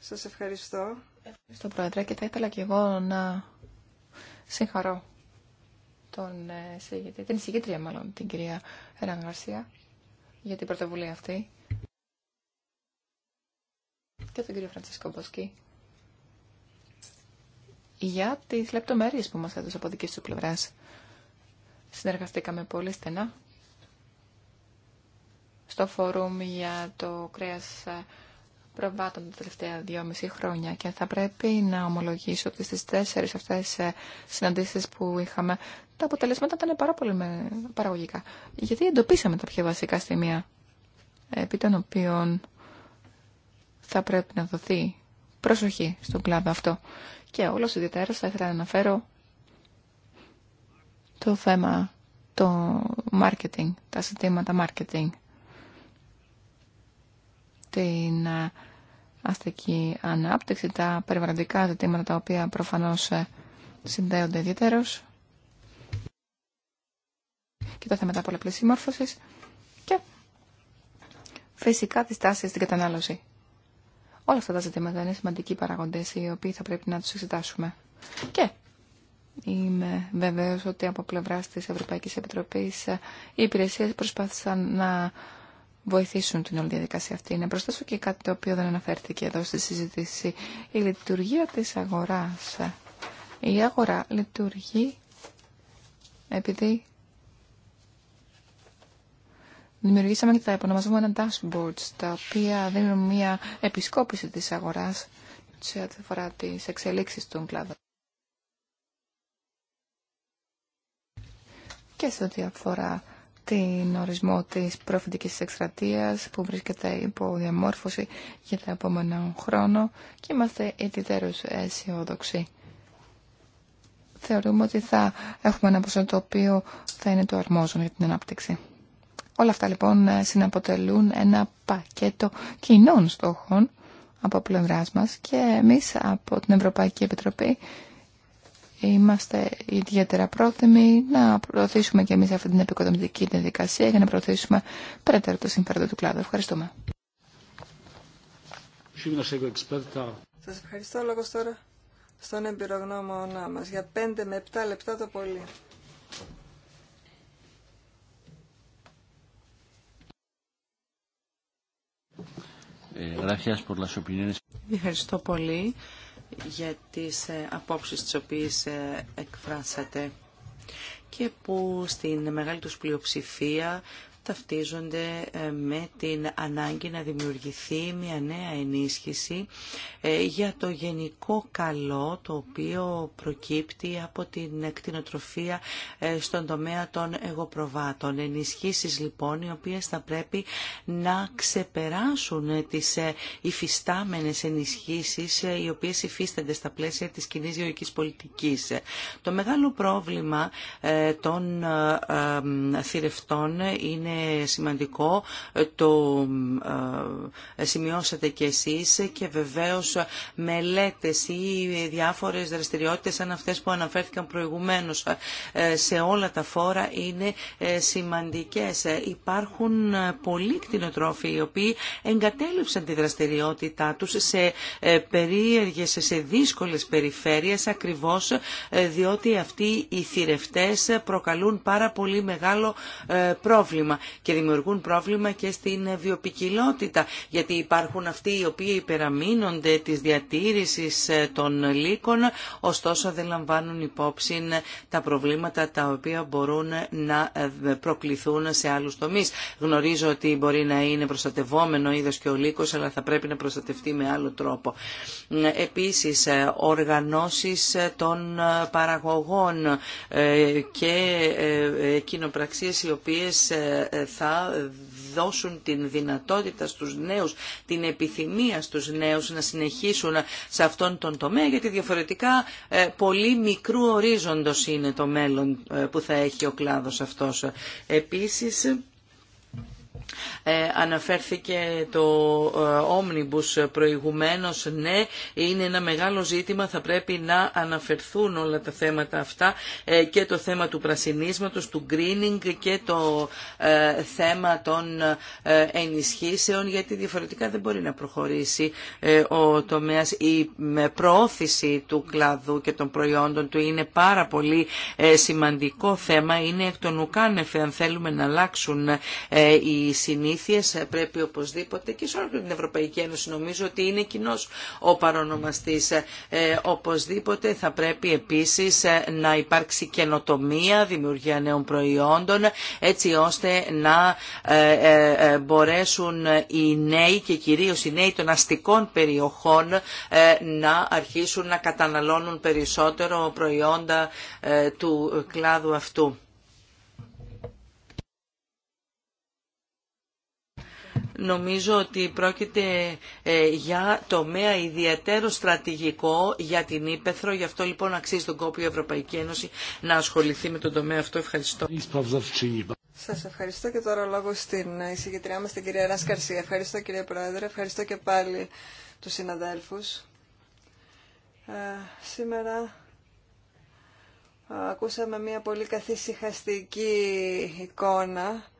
Σας ευχαριστώ. Ευχαριστώ, Πρόεδρε, και θα ήθελα και εγώ να συγχαρώ τον ε, την συγκήτρια μάλλον, την κυρία Ραγγαρσία, για την πρωτοβουλία αυτή. Και τον κύριο Φραντσίσκο Μποσκή για τις λεπτομέρειες που μας έδωσε από δική του πλευράς. Συνεργαστήκαμε πολύ στενά στο φόρουμ για το κρέας ε, προβάτων τα τελευταία δυόμιση χρόνια και θα πρέπει να ομολογήσω ότι στις τέσσερις αυτές ε, συναντήσεις που είχαμε τα αποτελέσματα ήταν πάρα πολύ παραγωγικά. Γιατί εντοπίσαμε τα πιο βασικά σημεία επί των οποίων θα πρέπει να δοθεί προσοχή στον κλάδο αυτό. Και όλος ιδιαίτερα θα ήθελα να αναφέρω το θέμα το marketing, τα ζητήματα marketing την ε, αστική ανάπτυξη, τα περιβαλλοντικά ζητήματα τα οποία προφανώς ε, συνδέονται ιδιαίτερως και τα θέματα πολλαπλής συμμόρφωσης και φυσικά τις τάσεις στην κατανάλωση. Όλα αυτά τα ζητήματα είναι σημαντικοί παραγοντές οι οποίοι θα πρέπει να τους εξετάσουμε. Και είμαι βεβαίως ότι από πλευράς της Ευρωπαϊκής Επιτροπής ε, οι υπηρεσίες προσπάθησαν να βοηθήσουν την όλη διαδικασία αυτή. Να προσθέσω και κάτι το οποίο δεν αναφέρθηκε εδώ στη συζήτηση. Η λειτουργία της αγοράς. Η αγορά λειτουργεί επειδή δημιουργήσαμε και τα επωνομαζόμενα dashboards, τα οποία δίνουν μια επισκόπηση της αγοράς σε ό,τι αφορά τις εξελίξεις των κλάδου. Και σε ό,τι αφορά την ορισμό της προφητικής εκστρατείας που βρίσκεται υπό διαμόρφωση για τα επόμενα χρόνο και είμαστε ιδιαίτερως αισιόδοξοι. Θεωρούμε ότι θα έχουμε ένα ποσό το οποίο θα είναι το αρμόζον για την ανάπτυξη. Όλα αυτά λοιπόν συναποτελούν ένα πακέτο κοινών στόχων από πλευράς μας και εμείς από την Ευρωπαϊκή Επιτροπή Είμαστε ιδιαίτερα πρόθυμοι να προωθήσουμε και εμείς αυτή την επικοδομητική διαδικασία για να προωθήσουμε περαιτέρω το συμφέρον του κλάδου. Ευχαριστούμε. Σας ευχαριστώ λόγος τώρα στον εμπειρογνώμονά μας για 5 με 7 λεπτά το πολύ. Ε, ευχαριστώ πολύ για τις ε, απόψεις τις οποίες ε, εκφράσατε και που στην μεγάλη τους πλειοψηφία ταυτίζονται ε, με την ανάγκη να δημιουργηθεί μια νέα ενίσχυση ε, για το γενικό καλό το οποίο προκύπτει από την εκτινοτροφία ε, στον τομέα των εγωπροβάτων. Ενισχύσεις λοιπόν οι οποίες θα πρέπει να ξεπεράσουν τις υφιστάμενες ενισχύσεις οι οποίες υφίστανται στα πλαίσια της κοινή γεωργικής πολιτικής. Το μεγάλο πρόβλημα των θηρευτών είναι είναι σημαντικό, το ε, σημειώσατε και εσείς και βεβαίως μελέτες ή διάφορες δραστηριότητες σαν αυτές που αναφέρθηκαν προηγουμένως ε, σε όλα τα φόρα είναι ε, σημαντικές. Υπάρχουν πολλοί κτηνοτρόφοι οι οποίοι εγκατέλειψαν τη δραστηριότητά τους σε περίεργες, σε δύσκολες περιφέρειες ακριβώς διότι αυτοί οι θηρευτές προκαλούν πάρα πολύ μεγάλο πρόβλημα και δημιουργούν πρόβλημα και στην βιοπικιλότητα γιατί υπάρχουν αυτοί οι οποίοι υπεραμείνονται της διατήρησης ε, των λύκων ωστόσο δεν λαμβάνουν υπόψη ε, τα προβλήματα τα οποία μπορούν ε, να προκληθούν σε άλλους τομείς. Γνωρίζω ότι μπορεί να είναι προστατευόμενο είδος και ο λύκος αλλά θα πρέπει να προστατευτεί με άλλο τρόπο. Επίσης οργανώσεις των παραγωγών και κοινοπραξίες οι οποίες θα δώσουν την δυνατότητα στους νέους, την επιθυμία στους νέους να συνεχίσουν σε αυτόν τον τομέα, γιατί διαφορετικά ε, πολύ μικρού ορίζοντος είναι το μέλλον ε, που θα έχει ο κλάδος αυτός. Επίσης, ε, αναφέρθηκε το ε, Omnibus προηγουμένως. Ναι, είναι ένα μεγάλο ζήτημα. Θα πρέπει να αναφερθούν όλα τα θέματα αυτά ε, και το θέμα του πρασινίσματος, του greening και το θέμα των ενισχύσεων γιατί διαφορετικά δεν μπορεί να προχωρήσει ο τομέας. Η προώθηση του κλάδου και των προϊόντων του είναι πάρα πολύ σημαντικό θέμα. Είναι εκ των ουκάνεφε αν θέλουμε να αλλάξουν οι συνήθειες ε, πρέπει οπωσδήποτε και σε όλη την Ευρωπαϊκή Ένωση νομίζω ότι είναι κοινό ο παρονομαστής. Ε, ε, οπωσδήποτε θα πρέπει επίσης να υπάρξει καινοτομία, δημιουργία νέων προϊόντων έτσι ώστε να μπορέσουν οι νέοι και κυρίως οι νέοι των αστικών περιοχών να αρχίσουν να καταναλώνουν περισσότερο προϊόντα του κλάδου αυτού. Νομίζω ότι πρόκειται ε, για τομέα ιδιαίτερο στρατηγικό για την Ήπεθρο. Γι' αυτό λοιπόν αξίζει τον κόπο η Ευρωπαϊκή Ένωση να ασχοληθεί με τον τομέα αυτό. Ευχαριστώ. Σας ευχαριστώ και τώρα λόγο στην εισηγητριά μα, την κυρία Ράσκαρση. Ευχαριστώ κύριε Πρόεδρε, ευχαριστώ και πάλι του συναδέλφου. Ε, σήμερα ε, ακούσαμε μια πολύ καθησυχαστική εικόνα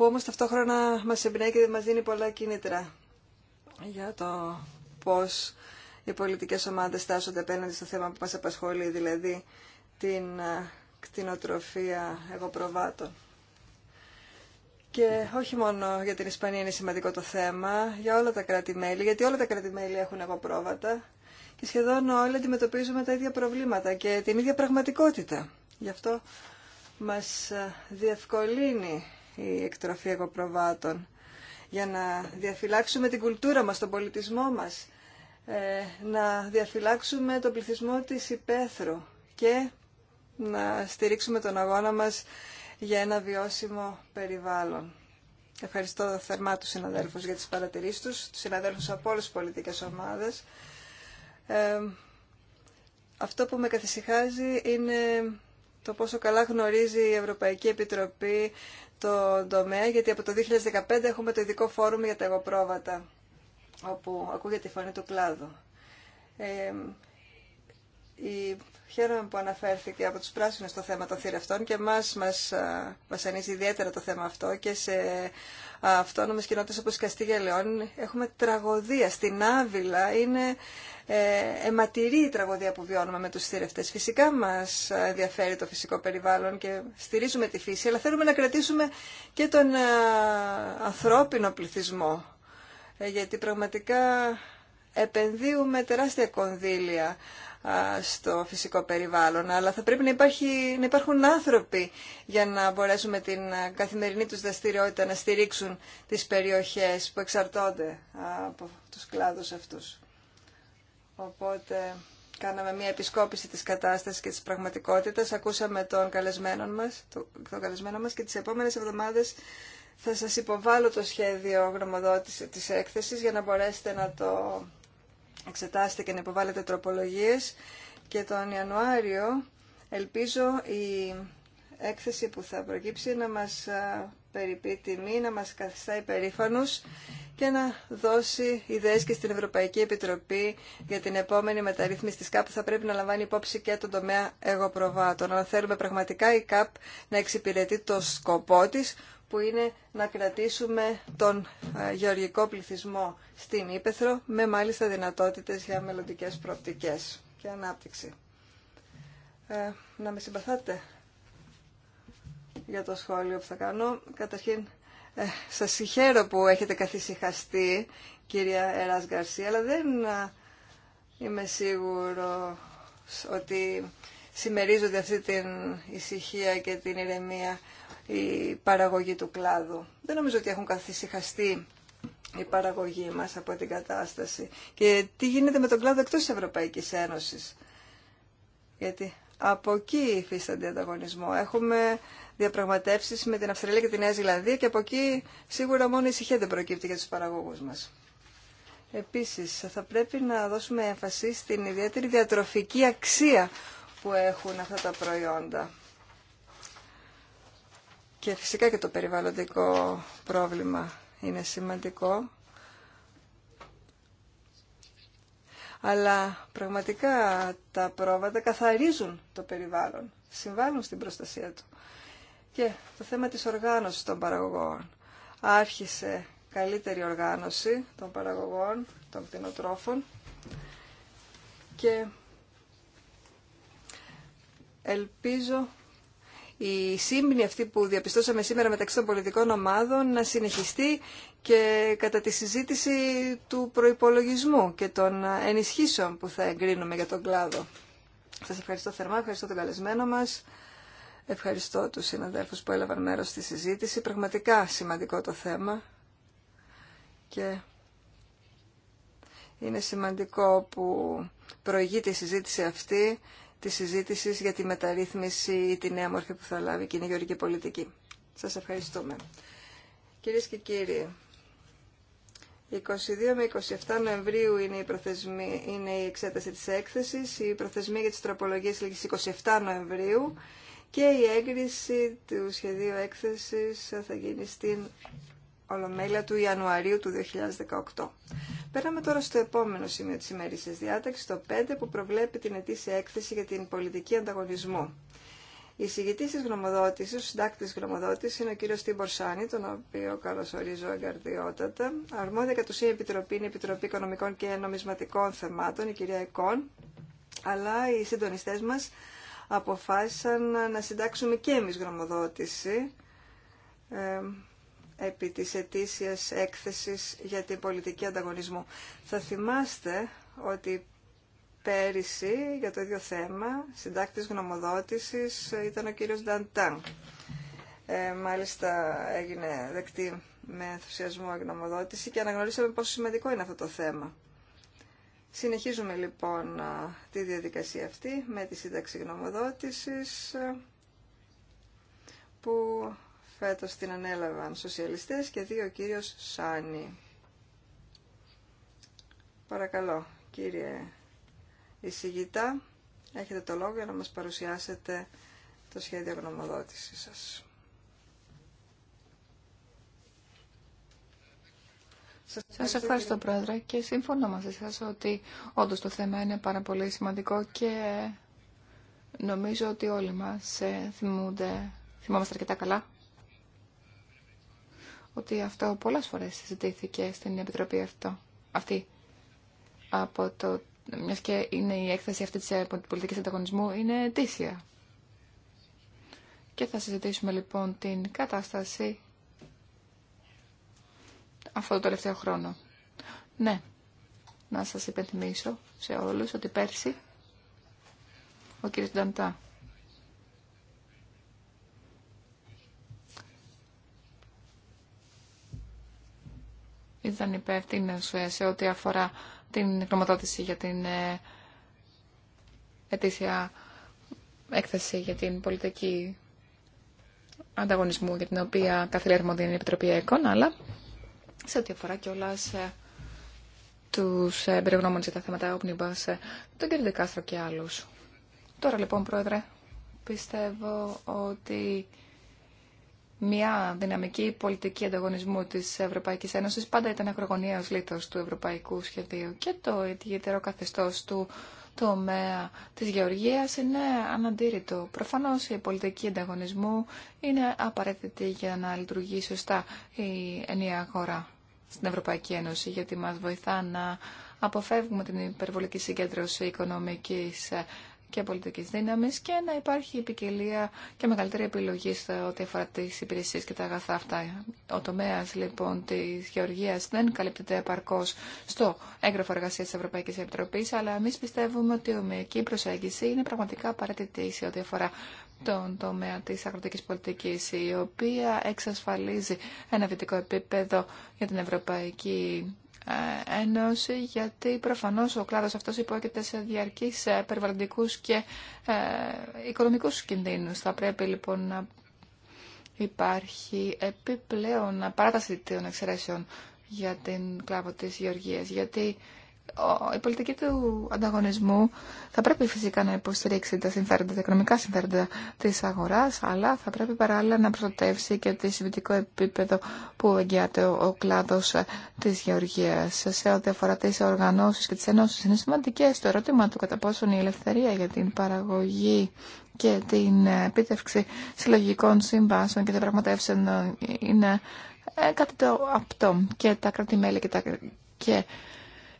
που όμως ταυτόχρονα μας εμπνέει και μας δίνει πολλά κίνητρα για το πώς οι πολιτικές ομάδες τάσσονται απέναντι στο θέμα που μας απασχολεί, δηλαδή την ε, κτηνοτροφία εγωπροβάτων. Και όχι μόνο για την Ισπανία είναι σημαντικό το θέμα, για όλα τα κράτη-μέλη, γιατί όλα τα κράτη-μέλη έχουν εγωπρόβατα και σχεδόν όλοι αντιμετωπίζουμε τα ίδια προβλήματα και την ίδια πραγματικότητα. Γι' αυτό μας ε, διευκολύνει η εκτροφή εγωπροβάτων για να διαφυλάξουμε την κουλτούρα μας, τον πολιτισμό μας, ε, να διαφυλάξουμε τον πληθυσμό της υπαίθρου και να στηρίξουμε τον αγώνα μας για ένα βιώσιμο περιβάλλον. Ευχαριστώ θερμά τους συναδέλφους για τις παρατηρήσεις τους, τους συναδέλφους από όλες τις πολιτικές ομάδες. Ε, αυτό που με καθησυχάζει είναι το πόσο καλά γνωρίζει η Ευρωπαϊκή Επιτροπή το τομέα, γιατί από το 2015 έχουμε το ειδικό φόρουμ για τα εγωπρόβατα, όπου ακούγεται η φωνή του κλάδου. Ε, η... Χαίρομαι που αναφέρθηκε από τους πράσινους το θέμα των θηρευτών και μας, μας βασανίζει ιδιαίτερα το θέμα αυτό και σε αυτόνομες κοινότητες όπως Καστίγια Λεών έχουμε τραγωδία. Στην Άβυλα είναι ε, αιματηρή η τραγωδία που βιώνουμε με τους θηρευτές. Φυσικά μας ενδιαφέρει το φυσικό περιβάλλον και στηρίζουμε τη φύση, αλλά θέλουμε να κρατήσουμε και τον ανθρώπινο πληθυσμό. Ε, γιατί πραγματικά επενδύουμε τεράστια κονδύλια στο φυσικό περιβάλλον, αλλά θα πρέπει να, υπάρχει, να υπάρχουν άνθρωποι για να μπορέσουμε την καθημερινή τους δραστηριότητα να στηρίξουν τις περιοχές που εξαρτώνται από τους κλάδους αυτούς. Οπότε κάναμε μια επισκόπηση της κατάστασης και της πραγματικότητας, ακούσαμε τον καλεσμένο μας, τον καλεσμένο μας και τις επόμενες εβδομάδες θα σας υποβάλω το σχέδιο γνωμοδότηση της έκθεσης για να μπορέσετε να το εξετάσετε και να υποβάλλετε τροπολογίες και τον Ιανουάριο ελπίζω η έκθεση που θα προκύψει να μας περιπεί τιμή, να μας καθιστά υπερήφανους και να δώσει ιδέες και στην Ευρωπαϊκή Επιτροπή για την επόμενη μεταρρύθμιση της ΚΑΠ που θα πρέπει να λαμβάνει υπόψη και τον τομέα εγωπροβάτων. Αλλά θέλουμε πραγματικά η ΚΑΠ να εξυπηρετεί το σκοπό της που είναι να κρατήσουμε τον ε, γεωργικό πληθυσμό στην Ήπεθρο με μάλιστα δυνατότητες για μελλοντικές προοπτικές και ανάπτυξη. Ε, να με συμπαθάτε για το σχόλιο που θα κάνω. Καταρχήν, ε, σας συγχαίρω που έχετε καθυσυχαστεί, κυρία Εράς Γκαρσία, αλλά δεν ε, είμαι σίγουρο ότι συμμερίζονται αυτή την ησυχία και την ηρεμία η παραγωγή του κλάδου. Δεν νομίζω ότι έχουν καθυσυχαστεί η παραγωγή μας από την κατάσταση. Και τι γίνεται με τον κλάδο εκτός της Ευρωπαϊκής Ένωσης. Γιατί από εκεί υφίστανται ανταγωνισμό. Έχουμε διαπραγματεύσεις με την Αυστραλία και τη Νέα Ζηλανδία και από εκεί σίγουρα μόνο η ησυχία δεν προκύπτει για τους παραγωγούς μας. Επίσης, θα πρέπει να δώσουμε έμφαση στην ιδιαίτερη διατροφική αξία που έχουν αυτά τα προϊόντα. Και φυσικά και το περιβαλλοντικό πρόβλημα είναι σημαντικό. Αλλά πραγματικά τα πρόβατα καθαρίζουν το περιβάλλον, συμβάλλουν στην προστασία του. Και το θέμα της οργάνωσης των παραγωγών. Άρχισε καλύτερη οργάνωση των παραγωγών, των κτηνοτρόφων και ελπίζω η σύμπνη αυτή που διαπιστώσαμε σήμερα μεταξύ των πολιτικών ομάδων να συνεχιστεί και κατά τη συζήτηση του προϋπολογισμού και των ενισχύσεων που θα εγκρίνουμε για τον κλάδο. Σας ευχαριστώ θερμά, ευχαριστώ τον καλεσμένο μας, ευχαριστώ τους συναδέλφους που έλαβαν μέρος στη συζήτηση. Πραγματικά σημαντικό το θέμα και είναι σημαντικό που προηγείται η συζήτηση αυτή Τη συζήτηση για τη μεταρρύθμιση ή τη νέα μόρφη που θα λάβει η κοινή γεωργική πολιτική. Σας ευχαριστούμε. Κυρίε και κύριοι, 22 με 27 Νοεμβρίου είναι η, είναι η εξέταση της έκθεσης, η προθεσμία για τις τροπολογίες λίγης 27 Νοεμβρίου και η έγκριση του σχεδίου έκθεσης θα γίνει στην Ολομέλεια του Ιανουαρίου του 2018. Πέραμε τώρα στο επόμενο σημείο της ημερήσιας διάταξης, το 5, που προβλέπει την ετήσια έκθεση για την πολιτική ανταγωνισμού. Η συγητή τη γνωμοδότηση, ο συντάκτη γνωμοδότηση είναι ο κύριο Τίμπορ Σάνι, τον οποίο καλωσορίζω εγκαρδιότατα. Αρμόδια κατ' ουσία επιτροπή είναι η Επιτροπή Οικονομικών και Νομισματικών Θεμάτων, η κυρία Εκόν. Αλλά οι συντονιστέ μα αποφάσισαν να συντάξουμε και εμεί γνωμοδότηση. Ε, επί της ετήσιας έκθεσης για την πολιτική ανταγωνισμού. Θα θυμάστε ότι πέρυσι για το ίδιο θέμα συντάκτης γνωμοδότησης ήταν ο κύριος Νταντάν. Ε, μάλιστα έγινε δεκτή με ενθουσιασμό γνωμοδότηση και αναγνωρίσαμε πόσο σημαντικό είναι αυτό το θέμα. Συνεχίζουμε λοιπόν τη διαδικασία αυτή με τη σύνταξη γνωμοδότησης που φέτος την ανέλαβαν σοσιαλιστές και δύο κύριος Σάνι. Παρακαλώ, κύριε εισηγητά, έχετε το λόγο για να μας παρουσιάσετε το σχέδιο γνωμοδότησης σας. Σας ευχαριστώ, Πρόεδρε, και συμφωνώ μαζί σας ότι όντως το θέμα είναι πάρα πολύ σημαντικό και νομίζω ότι όλοι μας ε, θυμούνται, θυμόμαστε αρκετά καλά ότι αυτό πολλές φορές συζητήθηκε στην Επιτροπή αυτό, αυτή από το μια και είναι η έκθεση αυτή της ε, πολιτικής ανταγωνισμού, είναι αιτήσια. Και θα συζητήσουμε λοιπόν την κατάσταση αυτό το τελευταίο χρόνο. Ναι, να σας υπενθυμίσω σε όλους ότι πέρσι ο κύριος Νταντά ήταν υπεύθυνε σε ό,τι αφορά την γνωματότηση για την ε, ετήσια έκθεση για την πολιτική ανταγωνισμού για την οποία είναι την Επιτροπή ΕΚΟΝ, αλλά σε ό,τι αφορά κιόλα ε, του ε, εμπειρογνώμονε για τα θέματα όπνιμπα, τον κ. Δεκάστρο και άλλου. Τώρα λοιπόν, Πρόεδρε, πιστεύω ότι μια δυναμική πολιτική ανταγωνισμού της Ευρωπαϊκή Ένωση, πάντα ήταν ακρογωνιαίος λίθο του ευρωπαϊκού σχεδίου και το ιδιαίτερο καθεστώ του τομέα της γεωργίας είναι αναντήρητο. Προφανώ η πολιτική ανταγωνισμού είναι απαραίτητη για να λειτουργεί σωστά η ενιαία αγορά στην Ευρωπαϊκή Ένωση γιατί μα βοηθά να αποφεύγουμε την υπερβολική συγκέντρωση οικονομική και πολιτικής δύναμης και να υπάρχει επικελία και μεγαλύτερη επιλογή σε ό,τι αφορά τις υπηρεσίες και τα αγαθά αυτά. Ο τομέας λοιπόν της γεωργίας δεν καλύπτεται επαρκώς στο έγγραφο εργασίας της Ευρωπαϊκής Επιτροπής, αλλά εμείς πιστεύουμε ότι η ομοιακή προσέγγιση είναι πραγματικά απαραίτητη σε ό,τι αφορά τον τομέα της αγροτικής πολιτικής, η οποία εξασφαλίζει ένα βιωτικό επίπεδο για την ευρωπαϊκή ε, ένωση, γιατί προφανώς ο κλάδος αυτός υπόκειται σε διαρκείς ε, περιβαλλοντικούς και ε, οικονομικούς κινδύνους. Θα πρέπει λοιπόν να υπάρχει επιπλέον παράταση των εξαιρέσεων για την κλάβο της Γεωργίας, γιατί η πολιτική του ανταγωνισμού θα πρέπει φυσικά να υποστηρίξει τα συμφέροντα, τα οικονομικά συμφέροντα της αγοράς, αλλά θα πρέπει παράλληλα να προστατεύσει και το συμβητικό επίπεδο που εγγυάται ο κλάδος ε, της γεωργίας. Σε ό,τι αφορά τις οργανώσεις και τις ενώσεις, είναι σημαντικέ. το ερώτημα του κατά πόσον η ελευθερία για την παραγωγή και την ε, επίτευξη συλλογικών συμβάσεων και διαπραγματεύσεων ε, είναι κάτι το απτό και τα κρατη και τα και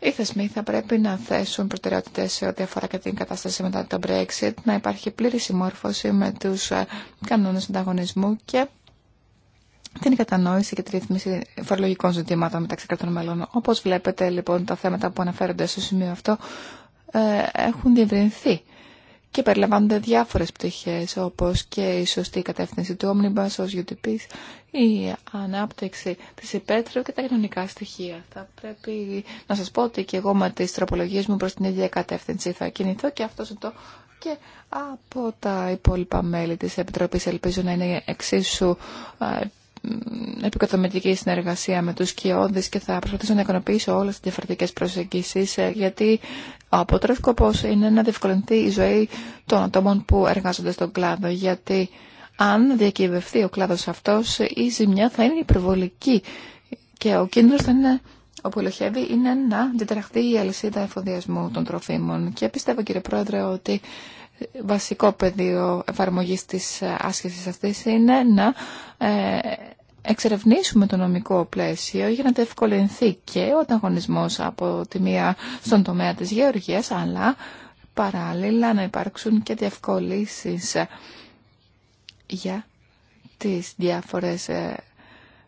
οι θεσμοί θα πρέπει να θέσουν προτεραιότητε σε ό,τι αφορά και την κατάσταση μετά το Brexit, να υπάρχει πλήρη συμμόρφωση με του ε, κανόνε ανταγωνισμού και την κατανόηση και τη ρύθμιση φορολογικών ζητημάτων μεταξύ κρατών μελών. Όπω βλέπετε, λοιπόν, τα θέματα που αναφέρονται στο σημείο αυτό ε, έχουν διευρυνθεί και περιλαμβάνονται διάφορες πτυχές όπως και η σωστή κατεύθυνση του Omnibus ως UTP, η ανάπτυξη της υπέτρου και τα κοινωνικά στοιχεία. Θα πρέπει να σας πω ότι και εγώ με τις τροπολογίες μου προς την ίδια κατεύθυνση θα κινηθώ και αυτό το και από τα υπόλοιπα μέλη της Επιτροπής ελπίζω να είναι εξίσου επικοδομητική συνεργασία με τους κοιόδης και θα προσπαθήσω να ικανοποιήσω όλες τις διαφορετικές προσεγγίσεις ε, γιατί ο απότερος είναι να διευκολυνθεί η ζωή των ατόμων που εργάζονται στον κλάδο γιατί αν διακυβευτεί ο κλάδος αυτός η ζημιά θα είναι υπερβολική και ο κίνδυνος θα είναι ελοχεύει είναι να διτραχθεί η αλυσίδα εφοδιασμού των τροφίμων. Και πιστεύω κύριε Πρόεδρε ότι βασικό πεδίο εφαρμογής της άσκησης αυτής είναι να ε, εξερευνήσουμε το νομικό πλαίσιο για να διευκολυνθεί και ο ανταγωνισμός από τη μία στον τομέα της γεωργίας, αλλά παράλληλα να υπάρξουν και διευκολύσεις για τις διάφορες ε,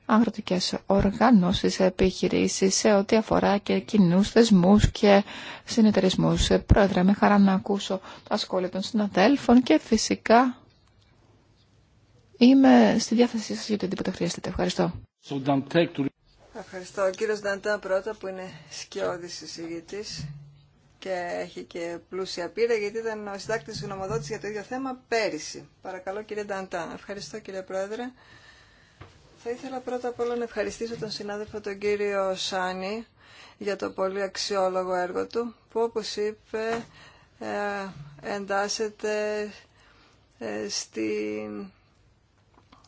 αγροτικές οργανώσεις, επιχειρήσεις σε ό,τι αφορά και κοινούς θεσμού και συνεταιρισμού. Ε, πρόεδρε, με χαρά να ακούσω τα σχόλια των συναδέλφων και φυσικά είμαι στη διάθεσή σας για οτιδήποτε χρειαστείτε. Ευχαριστώ. Ευχαριστώ. Ο κύριος Νταντάν πρώτα που είναι σκιώδης συζήτης και έχει και πλούσια πείρα γιατί ήταν ο συντάκτης γνωμοδότης για το ίδιο θέμα πέρυσι. Παρακαλώ κύριε Νταντάν. Ευχαριστώ κύριε Πρόεδρε. Θα ήθελα πρώτα απ' όλα να ευχαριστήσω τον συνάδελφο τον κύριο Σάνι για το πολύ αξιόλογο έργο του που όπως είπε ε, εντάσσεται ε, στην,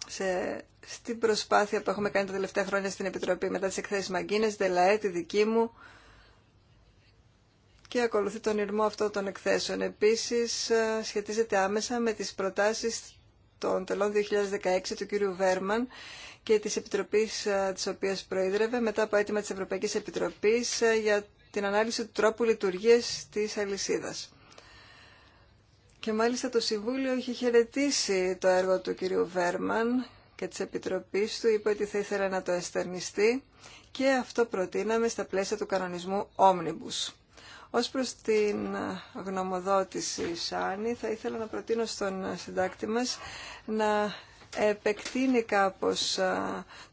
σε, στην προσπάθεια που έχουμε κάνει τα τελευταία χρόνια στην Επιτροπή μετά τις εκθέσεις Μαγκίνες, Δελαέ, τη δική μου και ακολουθεί τον ηρμό αυτό των εκθέσεων. Επίσης ε, σχετίζεται άμεσα με τις προτάσεις τον τελών 2016 του κύριου Βέρμαν και της Επιτροπής ε, της οποίας προείδρευε μετά από αίτημα της Ευρωπαϊκής Επιτροπής ε, για την ανάλυση του τρόπου λειτουργίας της αλυσίδας. Και μάλιστα το Συμβούλιο είχε χαιρετήσει το έργο του κυρίου Βέρμαν και της Επιτροπής του, είπε ότι θα ήθελε να το εστερνιστεί και αυτό προτείναμε στα πλαίσια του κανονισμού Omnibus. Ως προς την γνωμοδότηση Σάνη, θα ήθελα να προτείνω στον συντάκτη μας να επεκτείνει κάπως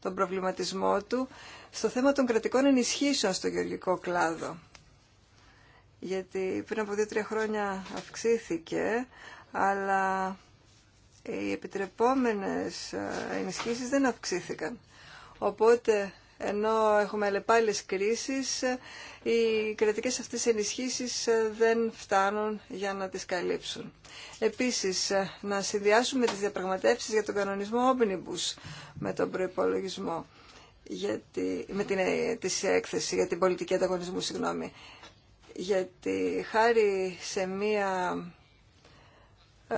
τον προβληματισμό του στο θέμα των κρατικών ενισχύσεων στο γεωργικό κλάδο. Γιατί πριν από δύο-τρία χρόνια αυξήθηκε, αλλά οι επιτρεπόμενες ενισχύσεις δεν αυξήθηκαν. Οπότε ενώ έχουμε αλλεπάλληλες κρίσεις, οι κρατικές αυτές ενισχύσεις δεν φτάνουν για να τις καλύψουν. Επίσης, να συνδυάσουμε τις διαπραγματεύσεις για τον κανονισμό Omnibus με τον προϋπολογισμό, γιατί, με την της έκθεση για την πολιτική ανταγωνισμού, συγγνώμη, γιατί χάρη σε μία ε,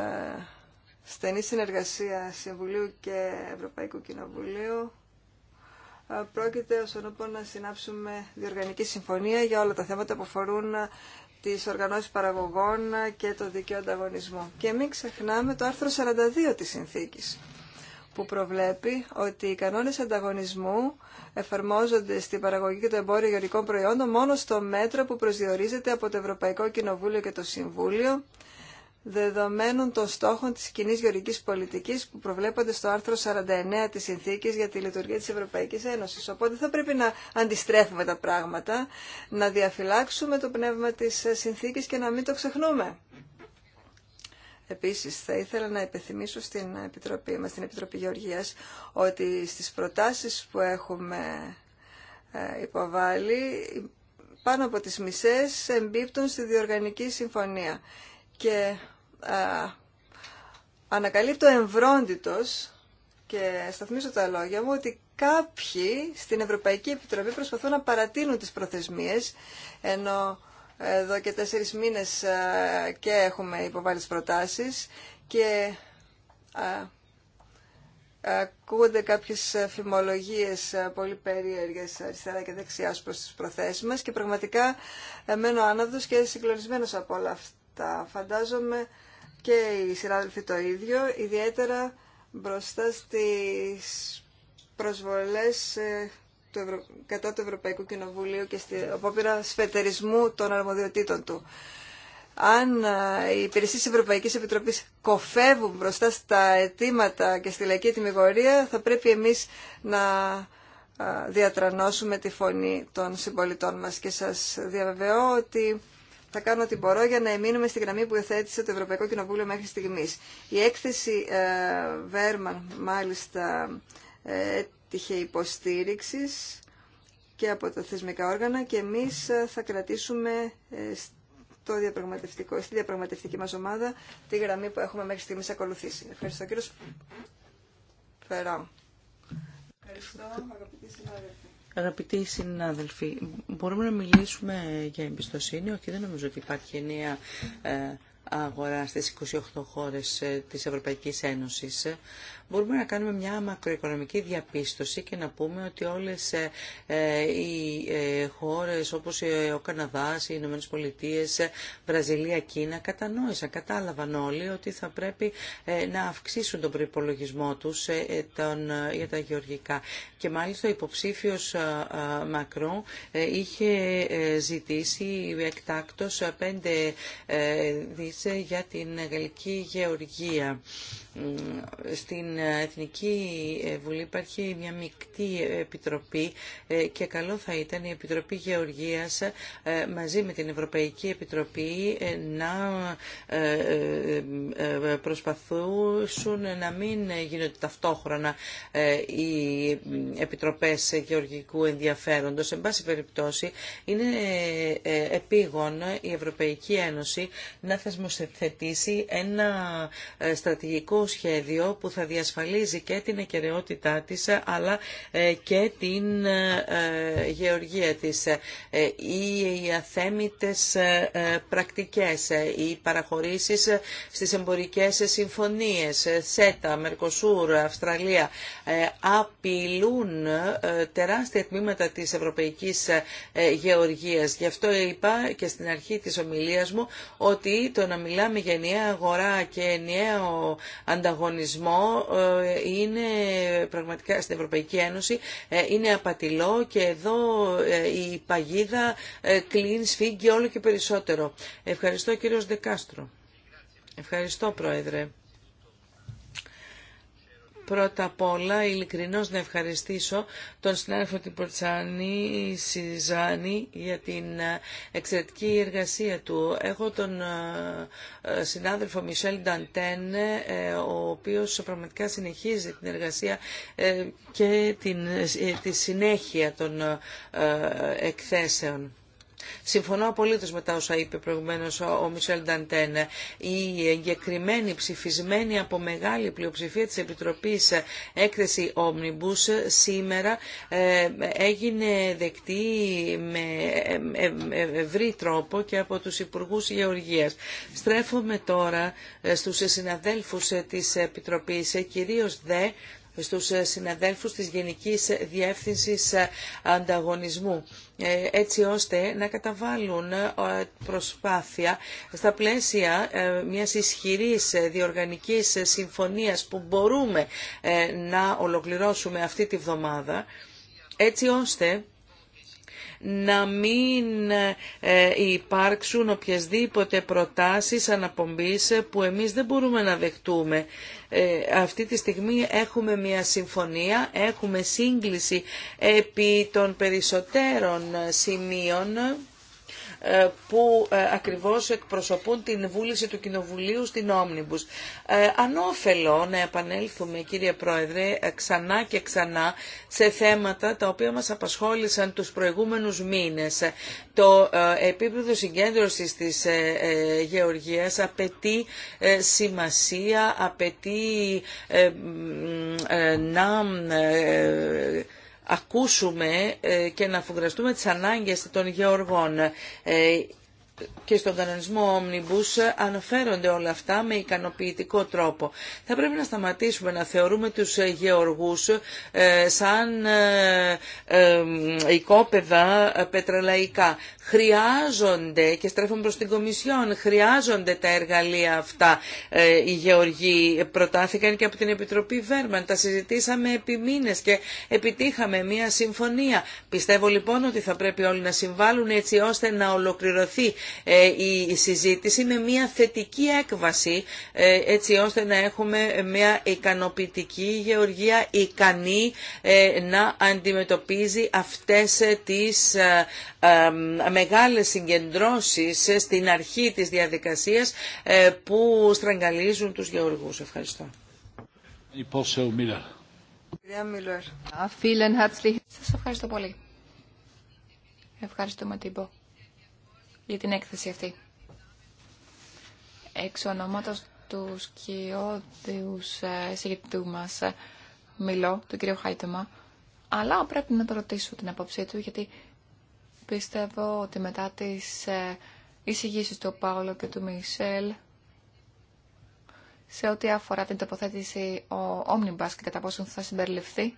στενή συνεργασία Συμβουλίου και Ευρωπαϊκού Κοινοβουλίου πρόκειται όσον ούπο να συνάψουμε διοργανική συμφωνία για όλα τα θέματα που αφορούν τις οργανώσεις παραγωγών και το δίκαιο ανταγωνισμό. Και μην ξεχνάμε το άρθρο 42 της συνθήκης που προβλέπει ότι οι κανόνες ανταγωνισμού εφαρμόζονται στην παραγωγή και το εμπόριο γεωρικών προϊόντων μόνο στο μέτρο που προσδιορίζεται από το Ευρωπαϊκό Κοινοβούλιο και το Συμβούλιο δεδομένων των στόχων της κοινή γεωργικής πολιτικής που προβλέπονται στο άρθρο 49 της Συνθήκης για τη λειτουργία της Ευρωπαϊκής Ένωσης. Οπότε θα πρέπει να αντιστρέφουμε τα πράγματα, να διαφυλάξουμε το πνεύμα της Συνθήκης και να μην το ξεχνούμε. Επίσης, θα ήθελα να επιθυμίσω στην Επιτροπή μας, στην Επιτροπή Γεωργίας, ότι στις προτάσεις που έχουμε ε, υποβάλει, πάνω από τις μισές εμπίπτουν στη διοργανική συμφωνία. Και ε, ανακαλύπτω εμβρόντιτος και σταθμίζω τα λόγια μου ότι κάποιοι στην Ευρωπαϊκή Επιτροπή προσπαθούν να παρατείνουν τις προθεσμίες ενώ εδώ και τέσσερις μήνες ε, και έχουμε υποβάλει τις προτάσεις και ε, ακούγονται κάποιες φημολογίες πολύ περίεργες αριστερά και δεξιά προς τις προθέσεις μας και πραγματικά μένω άναδος και συγκλονισμένος από όλα αυτά τα Φαντάζομαι και οι συνάδελφοι το ίδιο, ιδιαίτερα μπροστά στις προσβολές ε, του κατά του Ευρωπαϊκού Κοινοβουλίου και στην απόπειρα σφετερισμού των αρμοδιοτήτων του. Αν ε, οι υπηρεσίε τη Ευρωπαϊκή Επιτροπή κοφεύουν μπροστά στα αιτήματα και στη λαϊκή τιμιγορία, θα πρέπει εμεί να ε, διατρανώσουμε τη φωνή των συμπολιτών μας και σας διαβεβαιώ ότι θα κάνω ό,τι μπορώ για να εμείνουμε στη γραμμή που εθέτησε το Ευρωπαϊκό Κοινοβούλιο μέχρι στιγμής. Η έκθεση ε, Βέρμαν μάλιστα ε, έτυχε υποστήριξης και από τα θεσμικά όργανα και εμείς ε, θα κρατήσουμε ε, στο διαπραγματευτικό, στη διαπραγματευτική μας ομάδα τη γραμμή που έχουμε μέχρι στιγμής ακολουθήσει. Ευχαριστώ κύριο Φεράμ. Ευχαριστώ αγαπητοί συνάδελφοι. Αγαπητοί συνάδελφοι, μπορούμε να μιλήσουμε για εμπιστοσύνη. Όχι, δεν νομίζω ότι υπάρχει ενία... Ε, αγορά στις 28 χώρες ε, της Ευρωπαϊκής Ένωσης, μπορούμε να κάνουμε μια μακροοικονομική διαπίστωση και να πούμε ότι όλες ε, ε, οι χώρες όπως ο Καναδάς, οι Ηνωμένες Πολιτείες, Βραζιλία, Κίνα κατανόησαν, κατάλαβαν όλοι ότι θα πρέπει να αυξήσουν τον προϋπολογισμό τους για τα γεωργικά. Και μάλιστα ο υποψήφιος Μακρό είχε ζητήσει εκτάκτως 5 για την γαλλική γεωργία. Στην Εθνική Βουλή υπάρχει μια μεικτή επιτροπή ε, και καλό θα ήταν η Επιτροπή Γεωργίας ε, μαζί με την Ευρωπαϊκή Επιτροπή ε, να προσπαθούσουν να μην γίνονται ταυτόχρονα οι επιτροπές γεωργικού ενδιαφέροντος. Εν πάση περιπτώσει είναι επίγον η Ευρωπαϊκή Ένωση να θεσμοθετήσει ένα στρατηγικό σχέδιο που θα διασφαλίζει και την ακεραιότητά της αλλά ε, και την ε, γεωργία της. Ε, οι αθέμητες πρακτικές, οι παραχωρήσεις στις εμπορικές συμφωνίες, ΣΕΤΑ, Μερκοσούρ, Αυστραλία, απειλούν τεράστια τμήματα της ευρωπαϊκής γεωργίας. Γι' αυτό είπα και στην αρχή της ομιλίας μου ότι το να μιλάμε για ενιαία αγορά και ενιαίο ανταγωνισμό ε, είναι πραγματικά στην Ευρωπαϊκή Ένωση ε, είναι απατηλό και εδώ ε, η παγίδα κλείνει, σφίγγει όλο και περισσότερο. Ευχαριστώ κύριος Δεκάστρο. Ευχαριστώ Πρόεδρε. Πρώτα απ' όλα, ειλικρινώς να ευχαριστήσω τον συνάδελφο την Πορτσάνη Σιζάνη για την ε, εξαιρετική εργασία του. Έχω τον ε, ε, συνάδελφο Μισελ Νταντέν, ο οποίος πραγματικά συνεχίζει την εργασία και την, τη συνέχεια των εκθέσεων. Συμφωνώ απολύτως με τα όσα είπε προηγουμένως ο Μισελ Νταντέν. Η εγκεκριμένη ψηφισμένη από μεγάλη πλειοψηφία της Επιτροπής ε, έκθεση Omnibus σήμερα ε, έγινε δεκτή με ε, ευρύ τρόπο και από τους Υπουργούς Γεωργίας. Στρέφομαι τώρα στους συναδέλφους της Επιτροπής, κυρίως δε στους ε, συναδέλφους της Γενικής Διεύθυνσης ε, Ανταγωνισμού ε, έτσι ώστε να καταβάλουν προσπάθεια στα πλαίσια μια ισχυρής διοργανικής συμφωνίας που μπορούμε να ολοκληρώσουμε αυτή τη βδομάδα έτσι ώστε να μην ε, υπάρξουν οποιασδήποτε προτάσεις αναπομπής που εμείς δεν μπορούμε να δεχτούμε. Ε, αυτή τη στιγμή έχουμε μια συμφωνία, έχουμε σύγκληση επί των περισσότερων σημείων ε, που ε, ακριβώς εκπροσωπούν την βούληση του Κοινοβουλίου στην Όμνιμπους. Ε, Ανώφελο να επανέλθουμε κύριε Πρόεδρε ξανά και ξανά σε θέματα τα οποία μας απασχόλησαν τους προηγούμενους μήνες. Το επίπεδο συγκέντρωσης της γεωργίας απαιτεί σημασία, απαιτεί να ακούσουμε ε, και να αφουγκραστούμε τις ανάγκες των γεωργών. Ε, και στον κανονισμό Omnibus αναφέρονται όλα αυτά με ικανοποιητικό τρόπο. Θα πρέπει να σταματήσουμε να θεωρούμε τους γεωργούς ε, σαν ε, ε, οικόπεδα πετρελαϊκά. Χρειάζονται, και στρέφουμε προς την Κομισιόν, χρειάζονται τα εργαλεία αυτά οι γεωργοί. Προτάθηκαν και από την Επιτροπή Βέρμαν, τα συζητήσαμε επί μήνες και επιτύχαμε μία συμφωνία. Πιστεύω λοιπόν ότι θα πρέπει όλοι να συμβάλλουν έτσι ώστε να ολοκληρωθεί ε, η συζήτηση με μια θετική έκβαση ε, έτσι ώστε να έχουμε μια ικανοποιητική γεωργία ικανή ε, να αντιμετωπίζει αυτές τις μεγάλες συγκεντρώσεις στην αρχή της διαδικασίας που στραγγαλίζουν τους γεωργούς. Ευχαριστώ. Σας ευχαριστώ πολύ. Ευχαριστούμε, Τιμπο για την έκθεση αυτή. Εξ ονόματος του σκιώδιου ε, εισηγητού μα ε, μιλώ, του κύριο Χάιτεμα, αλλά πρέπει να το ρωτήσω την απόψή του, γιατί πιστεύω ότι μετά τις ε, εισηγήσεις του Πάολο και του Μισελ, σε ό,τι αφορά την τοποθέτηση ο Omnibus και κατά πόσον θα συμπεριληφθεί,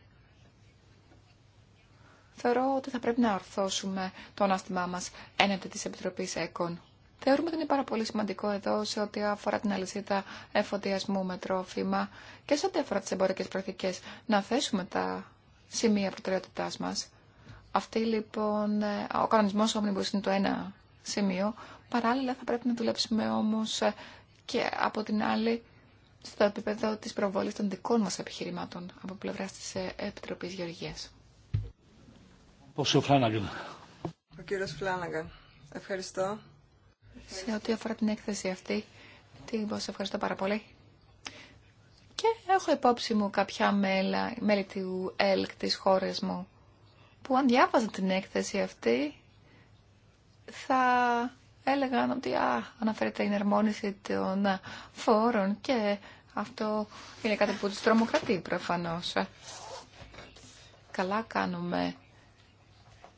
θεωρώ ότι θα πρέπει να ορθώσουμε το ανάστημά μα έναντι τη επιτροπή ΕΚΟΝ. Θεωρούμε ότι είναι πάρα πολύ σημαντικό εδώ σε ό,τι αφορά την αλυσίδα εφοδιασμού με τρόφιμα και σε ό,τι αφορά τι εμπορικέ πρακτικέ να θέσουμε τα σημεία προτεραιότητά μα. Αυτή λοιπόν, ο κανονισμός Omnibus είναι το ένα σημείο. Παράλληλα θα πρέπει να δουλέψουμε όμω και από την άλλη στο επίπεδο της προβολής των δικών μας επιχειρημάτων από πλευράς της Επιτροπής Γεωργίας. Ο κύριος Φλάναγκαν. Ευχαριστώ. Σε ό,τι αφορά την έκθεση αυτή, την σε ευχαριστώ πάρα πολύ. Και έχω υπόψη μου κάποια μέλη του ΕΛΚ της χώρας μου, που αν διάβαζαν την έκθεση αυτή, θα έλεγαν ότι α, αναφέρεται η ερμόνηση των φόρων και αυτό είναι κάτι που τους τρομοκρατεί προφανώς. Καλά κάνουμε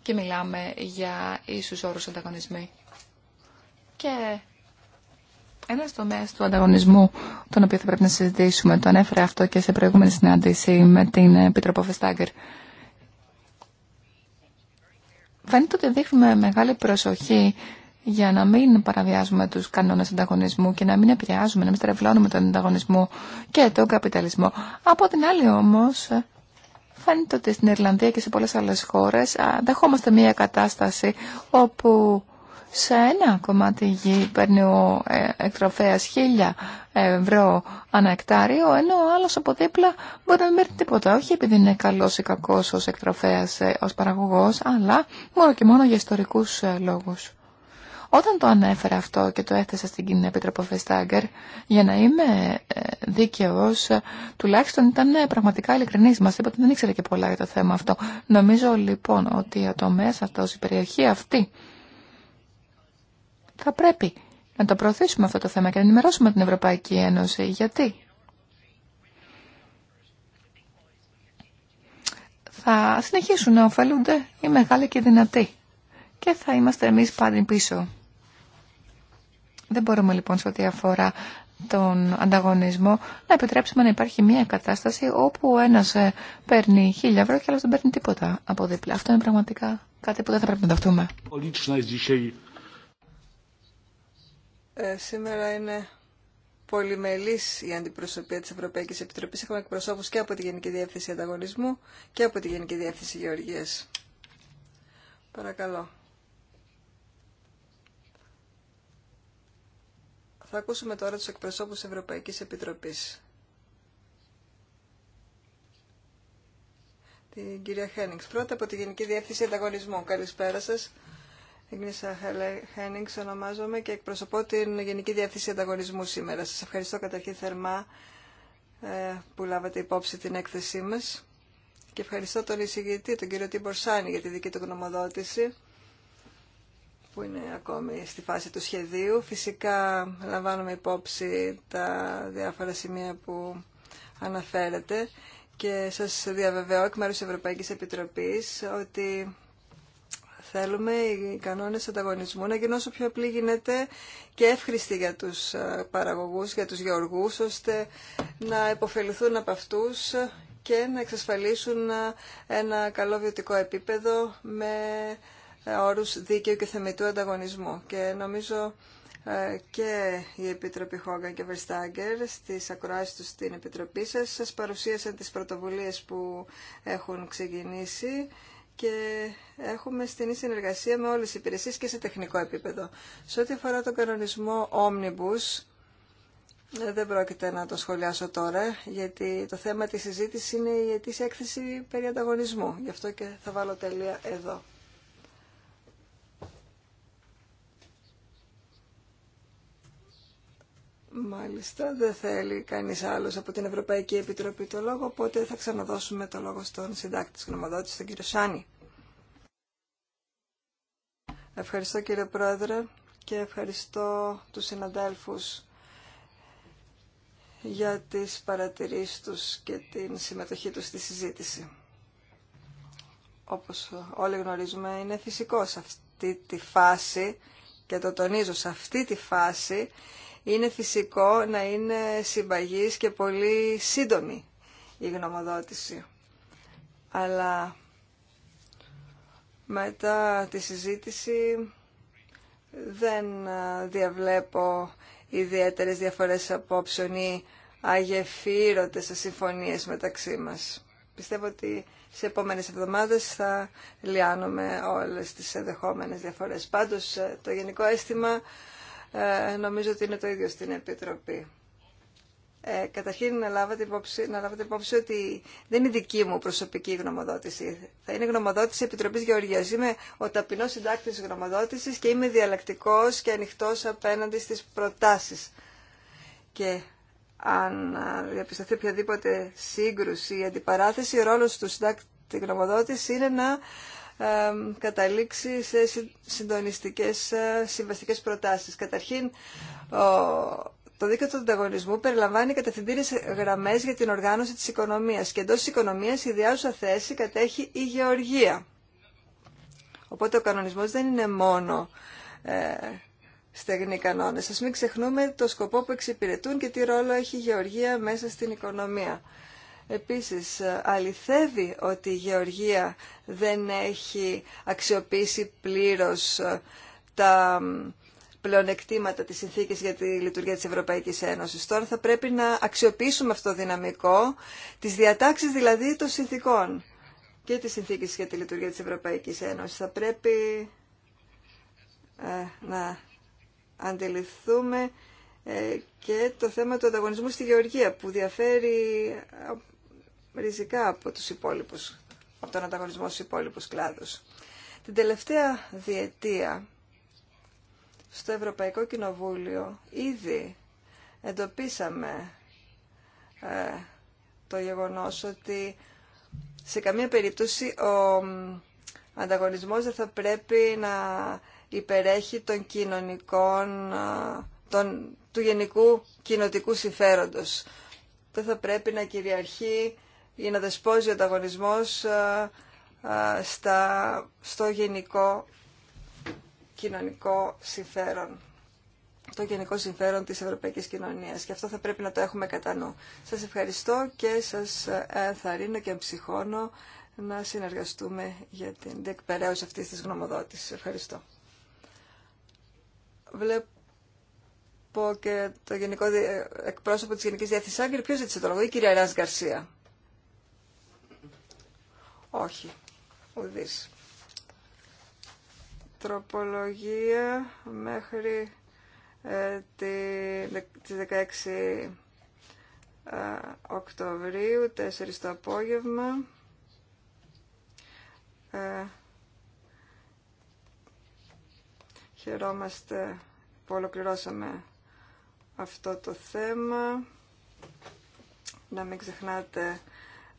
και μιλάμε για ίσους όρους ανταγωνισμού. Και ένα τομέα του ανταγωνισμού, τον οποίο θα πρέπει να συζητήσουμε, το ανέφερα αυτό και σε προηγούμενη συνάντηση με την Επιτροπό Φεστάγκερ. Φαίνεται ότι δείχνουμε μεγάλη προσοχή για να μην παραβιάζουμε τους κανόνες ανταγωνισμού και να μην επηρεάζουμε, να μην στρεβλώνουμε τον ανταγωνισμό και τον καπιταλισμό. Από την άλλη όμως Φαίνεται ότι στην Ιρλανδία και σε πολλές άλλες χώρες δεχόμαστε μια κατάσταση όπου σε ένα κομμάτι γη παίρνει ο ε, εκτροφέας χίλια ευρώ ανά εκτάριο, ενώ ο άλλος από δίπλα μπορεί να μην τίποτα. Όχι επειδή είναι καλός ή κακός ως εκτροφέας, ε, ως παραγωγός, αλλά μόνο και μόνο για ιστορικούς ε, λόγους. Όταν το ανέφερα αυτό και το έθεσα στην κοινή Επίτροπο Φεστάγκερ, για να είμαι ε, δίκαιο, ε, τουλάχιστον ήταν ε, πραγματικά ειλικρινή. Μα είπα ότι δεν ήξερε και πολλά για το θέμα αυτό. Νομίζω λοιπόν ότι ο τομέα αυτό, η περιοχή αυτή, θα πρέπει να το προωθήσουμε αυτό το θέμα και να ενημερώσουμε την Ευρωπαϊκή Ένωση. Γιατί? Θα συνεχίσουν να ωφελούνται οι μεγάλοι και οι δυνατοί. Και θα είμαστε εμείς πάντα πίσω. Δεν μπορούμε λοιπόν σε ό,τι αφορά τον ανταγωνισμό να επιτρέψουμε να υπάρχει μια κατάσταση όπου ένας ε, παίρνει χίλια ευρώ και άλλο δεν παίρνει τίποτα από δίπλα. Αυτό είναι πραγματικά κάτι που δεν θα πρέπει να δεχτούμε. Ε, σήμερα είναι πολυμελής η αντιπροσωπεία της Ευρωπαϊκής Επιτροπής. Έχουμε εκπροσώπους και από τη Γενική Διεύθυνση Ανταγωνισμού και από τη Γενική Διεύθυνση Γεωργίας. Παρακαλώ. Θα ακούσουμε τώρα τους εκπροσώπους Ευρωπαϊκής Επιτροπής. Την κυρία Χένιξ. Πρώτα από τη Γενική Διεύθυνση Ανταγωνισμού. Καλησπέρα σας. Εγγνήσα Χένιξ ονομάζομαι και εκπροσωπώ την Γενική Διεύθυνση Ανταγωνισμού σήμερα. Σας ευχαριστώ καταρχήν θερμά ε, που λάβατε υπόψη την έκθεσή μας και ευχαριστώ τον εισηγητή, τον κύριο Τιμπορσάνη, για τη δική του γνωμοδότηση που είναι ακόμη στη φάση του σχεδίου. Φυσικά λαμβάνουμε υπόψη τα διάφορα σημεία που αναφέρετε και σας διαβεβαιώ εκ μέρους της Ευρωπαϊκής Επιτροπής ότι θέλουμε οι κανόνες ανταγωνισμού να γίνουν όσο πιο απλή γίνεται και εύχριστοι για τους παραγωγούς, για τους γεωργούς, ώστε να υποφεληθούν από αυτούς και να εξασφαλίσουν ένα καλό βιωτικό επίπεδο με ε, όρους δίκαιου και θεμητού ανταγωνισμού. Και νομίζω ε, και η Επιτροπή Χόγκαν και Βερστάγκερ στις ακροάσεις τους στην Επιτροπή σας σας παρουσίασαν τις πρωτοβουλίες που έχουν ξεκινήσει και έχουμε στενή συνεργασία με όλες τις υπηρεσίες και σε τεχνικό επίπεδο. Σε ό,τι αφορά τον κανονισμό Omnibus, ε, δεν πρόκειται να το σχολιάσω τώρα, γιατί το θέμα της συζήτησης είναι η αιτήσια έκθεση περί ανταγωνισμού. Γι' αυτό και θα βάλω τελεία εδώ. Μάλιστα, δεν θέλει κανείς άλλος από την Ευρωπαϊκή Επιτροπή το λόγο, οπότε θα ξαναδώσουμε το λόγο στον συντάκτη της γνωμοδότησης, τον κύριο Σάνη. Ευχαριστώ κύριε Πρόεδρε και ευχαριστώ τους συναδέλφους για τις παρατηρήσεις τους και την συμμετοχή τους στη συζήτηση. Όπως όλοι γνωρίζουμε είναι φυσικό σε αυτή τη φάση και το τονίζω σε αυτή τη φάση είναι φυσικό να είναι συμπαγής και πολύ σύντομη η γνωμοδότηση. Αλλά μετά τη συζήτηση δεν διαβλέπω ιδιαίτερες διαφορές απόψεων ή αγεφύρωτες σε συμφωνίες μεταξύ μας. Πιστεύω ότι σε επόμενες εβδομάδες θα λιάνουμε όλες τις ενδεχόμενες διαφορές. Πάντως ε, το γενικό αίσθημα ε, νομίζω ότι είναι το ίδιο στην Επιτροπή. Ε, καταρχήν να λάβετε, υπόψη, να λάβετε ότι δεν είναι δική μου προσωπική γνωμοδότηση. Θα είναι γνωμοδότηση Επιτροπής Γεωργίας. Είμαι ο ταπεινός συντάκτης γνωμοδότησης και είμαι διαλλακτικός και ανοιχτός απέναντι στις προτάσεις. Και αν διαπιστωθεί οποιαδήποτε σύγκρουση ή αντιπαράθεση, ο ρόλος του συντάκτη γνωμοδότηση είναι να καταλήξει σε συντονιστικές ε, συμβαστικές προτάσεις. Καταρχήν, το δίκαιο του ανταγωνισμού περιλαμβάνει κατευθυντήριε γραμμέ για την οργάνωση τη οικονομία και εντό τη οικονομία η διάρουσα θέση κατέχει η γεωργία. Οπότε ο κανονισμό δεν είναι μόνο ε, στεγνοί κανόνε. Α μην ξεχνούμε το σκοπό που εξυπηρετούν και τι ρόλο έχει η γεωργία μέσα στην οικονομία. Επίσης, αληθεύει ότι η Γεωργία δεν έχει αξιοποιήσει πλήρως ε, τα πλεονεκτήματα της συνθήκης για τη λειτουργία της Ευρωπαϊκής Ένωσης. Τώρα θα πρέπει να αξιοποιήσουμε αυτό το δυναμικό, τις διατάξεις δηλαδή των συνθήκων και της συνθήκης για τη λειτουργία της Ευρωπαϊκής Ένωσης. Θα πρέπει ε, να αντιληφθούμε ε, και το θέμα του ανταγωνισμού στη Γεωργία που διαφέρει ριζικά από τον ανταγωνισμό στους υπόλοιπους κλάδους. Την τελευταία διετία στο Ευρωπαϊκό Κοινοβούλιο ήδη εντοπίσαμε ε, το γεγονός ότι σε καμία περίπτωση ο ανταγωνισμός δεν θα πρέπει να υπερέχει των κοινωνικών, ε, του γενικού κοινοτικού συμφέροντος. Δεν θα πρέπει να κυριαρχεί ή να δεσπόζει ο ανταγωνισμός ε, ε, στα, στο γενικό κοινωνικό συμφέρον το γενικό συμφέρον της ευρωπαϊκής κοινωνίας και αυτό θα πρέπει να το έχουμε κατά νου. Σας ευχαριστώ και σας ε, ενθαρρύνω και ψυχώνω να συνεργαστούμε για την διεκπαιρέωση αυτή της γνωμοδότησης. Ευχαριστώ. Βλέπω και το γενικό εκπρόσωπο της Γενικής Διεύθυνσης Άγγελ. Ποιος ζήτησε το λόγο, η κυρία Ράς Γκαρσία. Όχι. Ουδής. Τροπολογία μέχρι ε, τη, τις 16 ε, Οκτωβρίου, 4 το απόγευμα. Ε, χαιρόμαστε που ολοκληρώσαμε αυτό το θέμα. Να μην ξεχνάτε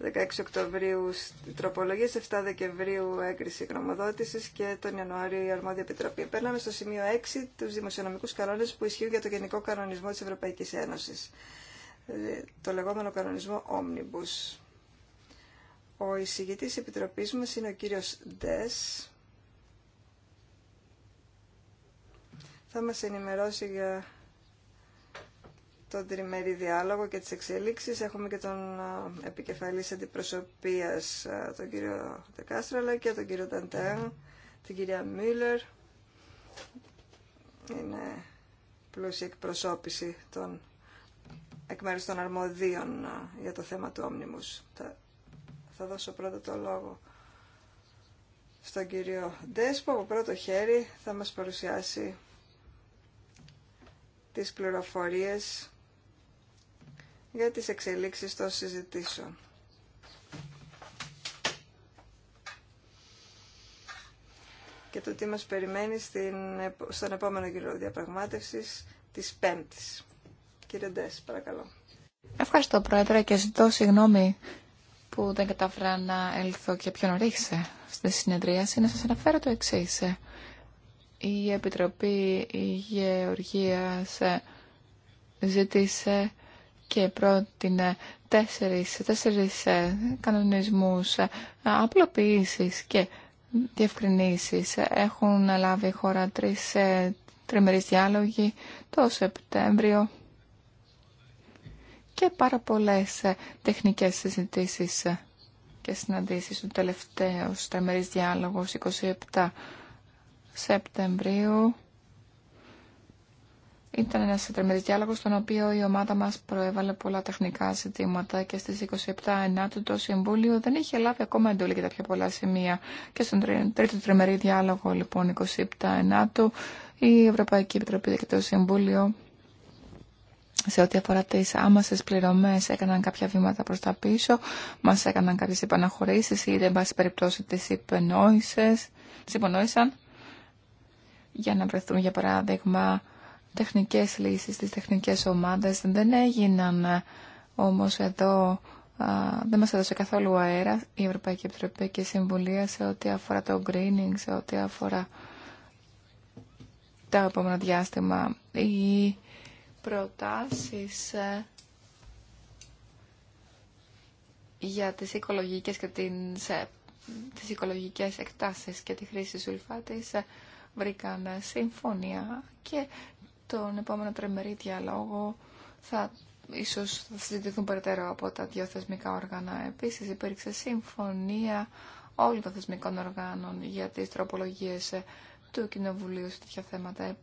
16 Οκτωβρίου τροπολογίες, 7 Δεκεμβρίου έγκριση γνωμοδότησης και τον Ιανουάριο η Αρμόδια Επιτροπή. Περνάμε στο σημείο 6, του δημοσιονομικούς κανόνε που ισχύουν για το Γενικό Κανονισμό της Ευρωπαϊκής Ένωσης, ε, το λεγόμενο κανονισμό Omnibus. Ο εισηγητής Επιτροπή μα είναι ο κύριο Ντέ. Θα μας ενημερώσει για τον τριμερή διάλογο και τις εξελίξεις. Έχουμε και τον επικεφαλής αντιπροσωπείας, τον κύριο αλλά και τον κύριο Ταντέν, την κυρία Μίλλερ. Είναι πλούσια εκπροσώπηση των εκ μέρους των αρμοδίων για το θέμα του Όμνιμους. Θα, δώσω πρώτα το λόγο στον κύριο Ντέσπο, από πρώτο χέρι θα μας παρουσιάσει τις πληροφορίες για τις εξελίξεις των συζητήσεων. και το τι μας περιμένει στην, στον επόμενο γύρο διαπραγμάτευσης της Πέμπτης. Κύριε Ντές, παρακαλώ. Ευχαριστώ Πρόεδρε και ζητώ συγγνώμη που δεν κατάφερα να έλθω και πιο νωρίς στη συνεδρίαση. Να σας αναφέρω το εξή. Η Επιτροπή Γεωργίας ζήτησε και πρότεινε τέσσερις, τέσσερις ε, κανονισμούς ε, απλοποιήσεις και διευκρινήσεις. Έχουν λάβει η χώρα τρεις ε, τριμερείς διάλογοι το Σεπτέμβριο και πάρα πολλές τεχνικές συζητήσεις και συναντήσεις. Ο τελευταίο τριμερείς διάλογος 27 Σεπτεμβρίου ήταν ένας τρεμερής διάλογος στον οποίο η ομάδα μας προέβαλε πολλά τεχνικά ζητήματα και στις 27 Ενάτου το Συμβούλιο δεν είχε λάβει ακόμα εντολή για τα πιο πολλά σημεία. Και στον τρίτο τρεμερή διάλογο λοιπόν 27 Ενάτου η Ευρωπαϊκή Επιτροπή και το Συμβούλιο σε ό,τι αφορά τι άμεσε πληρωμέ, έκαναν κάποια βήματα προ τα πίσω, μα έκαναν κάποιε επαναχωρήσει ή εν πάση περιπτώσει τι υπονόησαν για να βρεθούν για παράδειγμα τεχνικές λύσεις, τις τεχνικές ομάδες. Δεν έγιναν ε, όμως εδώ, δεν μας έδωσε καθόλου αέρα η Ευρωπαϊκή Επιτροπή και η Συμβουλία σε ό,τι αφορά το greening, σε ό,τι αφορά τα επόμενα διάστημα. Οι προτάσεις ε, για τις οικολογικές και την ε, τις οικολογικές εκτάσεις και τη χρήση σουλφάτης βρήκαν συμφωνία και τον επόμενο τρεμερή διαλόγο θα ίσως θα συζητηθούν περαιτέρω από τα δύο θεσμικά όργανα. Επίσης υπήρξε συμφωνία όλων των θεσμικών οργάνων για τις τροπολογίες του Κοινοβουλίου σε τέτοια θέματα.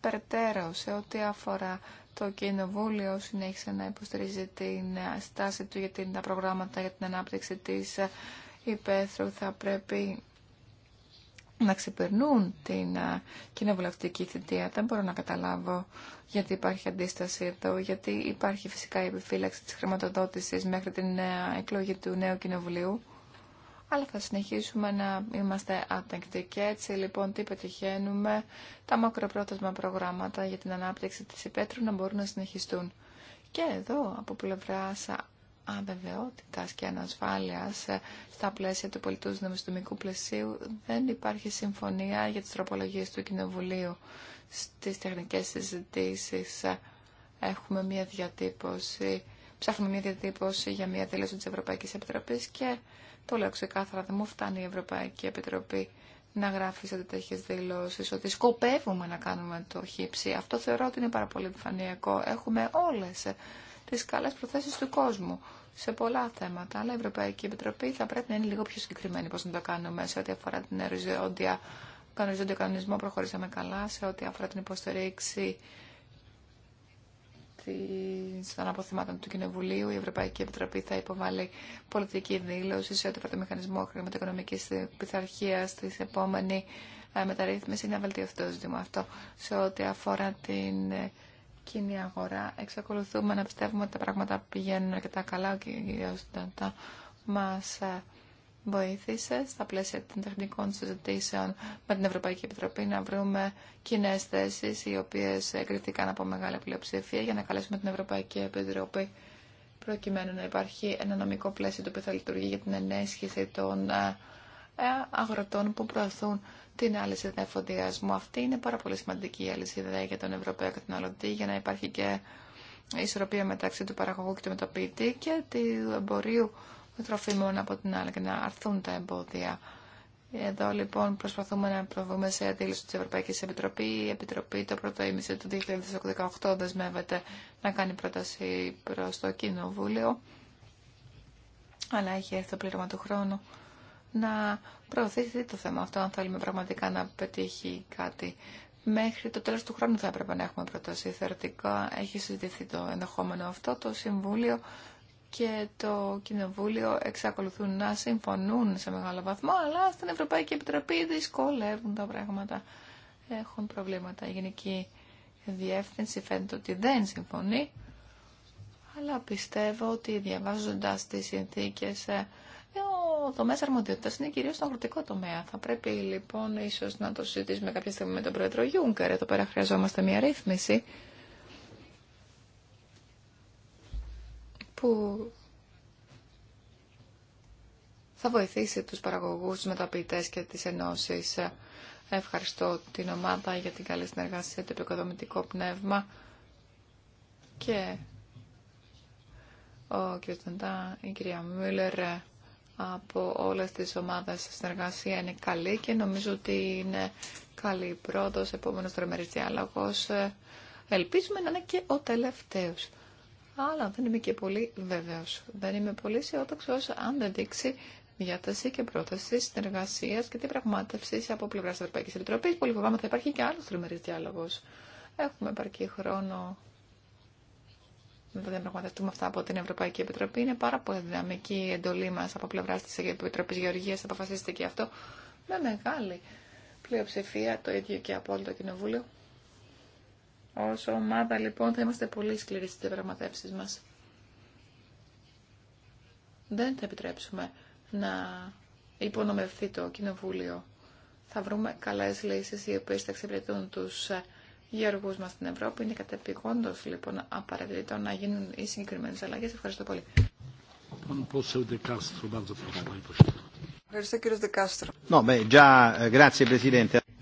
Περαιτέρω σε ό,τι αφορά το Κοινοβούλιο συνέχισε να υποστηρίζει την στάση του για τα προγράμματα για την ανάπτυξη της υπαίθρου θα πρέπει να ξεπερνούν την κοινοβουλευτική θητεία. Δεν μπορώ να καταλάβω γιατί υπάρχει αντίσταση εδώ, γιατί υπάρχει φυσικά η επιφύλαξη της χρηματοδότησης μέχρι την εκλογή του νέου κοινοβουλίου. Αλλά θα συνεχίσουμε να είμαστε άτεκτοι και έτσι λοιπόν τι πετυχαίνουμε τα μακροπρόθεσμα προγράμματα για την ανάπτυξη της υπέτρου να μπορούν να συνεχιστούν. Και εδώ από πλευρά αβεβαιότητας και ανασφάλειας ε, στα πλαίσια του πολιτού νομιστομικού πλαισίου δεν υπάρχει συμφωνία για τις τροπολογίες του Κοινοβουλίου. Στις τεχνικές συζητήσεις ε, έχουμε μια διατύπωση, ψάχνουμε μια διατύπωση για μια δήλωση της Ευρωπαϊκής Επιτροπής και το λέω ξεκάθαρα, δεν μου φτάνει η Ευρωπαϊκή Επιτροπή να γράφει σε τέτοιε δηλώσει ότι σκοπεύουμε να κάνουμε το χύψη. Αυτό θεωρώ ότι είναι πάρα πολύ επιφανειακό. Έχουμε όλε τις καλές προθέσεις του κόσμου σε πολλά θέματα, αλλά η Ευρωπαϊκή Επιτροπή θα πρέπει να είναι λίγο πιο συγκεκριμένη πώς να το κάνουμε σε ό,τι αφορά την οριζόντια κανονισμό προχωρήσαμε καλά, σε ό,τι αφορά την υποστηρίξη των αποθυμάτων του Κοινοβουλίου. Η Ευρωπαϊκή Επιτροπή θα υποβάλει πολιτική δήλωση σε ό,τι αφορά το μηχανισμό χρηματοοικονομική πειθαρχία τη επόμενη ε, μεταρρύθμιση να βελτιωθεί το αυτό. Σε ό,τι αφορά την ε, κοινή αγορά. Εξακολουθούμε να πιστεύουμε ότι τα πράγματα πηγαίνουν αρκετά καλά. Ο κ. Νταντά μας ε, βοήθησε στα πλαίσια των τεχνικών συζητήσεων με την Ευρωπαϊκή Επιτροπή να βρούμε κοινέ θέσει οι οποίε εγκριθήκαν από μεγάλη πλειοψηφία για να καλέσουμε την Ευρωπαϊκή Επιτροπή προκειμένου να υπάρχει ένα νομικό πλαίσιο το οποίο θα λειτουργεί για την ενέσχυση των ε, ε, αγροτών που προωθούν την αλυσίδα εφοδιασμού. Αυτή είναι πάρα πολύ σημαντική η αλυσίδα για τον Ευρωπαίο καταναλωτή για να υπάρχει και ισορροπία μεταξύ του παραγωγού και του μεταποιητή και του εμπορίου τροφίμων από την άλλη και να αρθούν τα εμπόδια. Εδώ λοιπόν προσπαθούμε να προβούμε σε αντίληψη της Ευρωπαϊκής Επιτροπή. Η Επιτροπή το πρώτο ήμιση του 2018 δεσμεύεται να κάνει πρόταση προς το Κοινοβούλιο. Αλλά έχει έρθει το πλήρωμα του χρόνου να προωθήσει το θέμα αυτό, αν θέλουμε πραγματικά να πετύχει κάτι. Μέχρι το τέλος του χρόνου θα έπρεπε να έχουμε προτάσει. Θεωρητικά έχει συζητηθεί το ενδεχόμενο αυτό, το Συμβούλιο και το Κοινοβούλιο εξακολουθούν να συμφωνούν σε μεγάλο βαθμό, αλλά στην Ευρωπαϊκή Επιτροπή δυσκολεύουν τα πράγματα. Έχουν προβλήματα. Η Γενική Διεύθυνση φαίνεται ότι δεν συμφωνεί, αλλά πιστεύω ότι διαβάζοντας τις συνθήκες ε, ο τομέα αρμοδιότητα είναι κυρίω στο αγροτικό τομέα. Θα πρέπει λοιπόν ίσω να το συζητήσουμε κάποια στιγμή με τον πρόεδρο Γιούγκερ. Εδώ πέρα χρειαζόμαστε μια ρύθμιση που θα βοηθήσει τους παραγωγούς, τους μεταποιητές και τις ενώσεις. Ευχαριστώ την ομάδα για την καλή συνεργασία, το επικοδομητικό πνεύμα και ο κ. Τεντά, η κυρία Μούλερ από όλες τις ομάδες συνεργασία είναι καλή και νομίζω ότι είναι καλή πρώτος, επόμενος τρομερής διάλογος. Ε, ελπίζουμε να είναι και ο τελευταίος. Αλλά δεν είμαι και πολύ βεβαίως, Δεν είμαι πολύ αισιόδοξο αν δεν δείξει διάταση και πρόταση συνεργασία και διαπραγμάτευση από πλευρά τη Ευρωπαϊκή Επιτροπή. Πολύ φοβάμαι θα υπάρχει και άλλο τριμερή διάλογο. Έχουμε επαρκή χρόνο διαπραγματευτούμε αυτά από την Ευρωπαϊκή Επιτροπή. Είναι πάρα πολύ δυναμική η εντολή μα από πλευρά τη Επιτροπή Γεωργία. Αποφασίστηκε αυτό με μεγάλη πλειοψηφία, το ίδιο και από όλο το Κοινοβούλιο. Ω ομάδα λοιπόν θα είμαστε πολύ σκληροί στι διαπραγματεύσει μα. Δεν θα επιτρέψουμε να υπονομευθεί το Κοινοβούλιο. Θα βρούμε καλές λύσεις οι οποίες θα εξυπηρετούν τους γεωργού μα στην Ευρώπη. Είναι κατεπηγόντω λοιπόν απαραίτητο να γίνουν οι συγκεκριμένε αλλαγέ. Ευχαριστώ πολύ. Ευχαριστώ κύριο Δεκάστρο.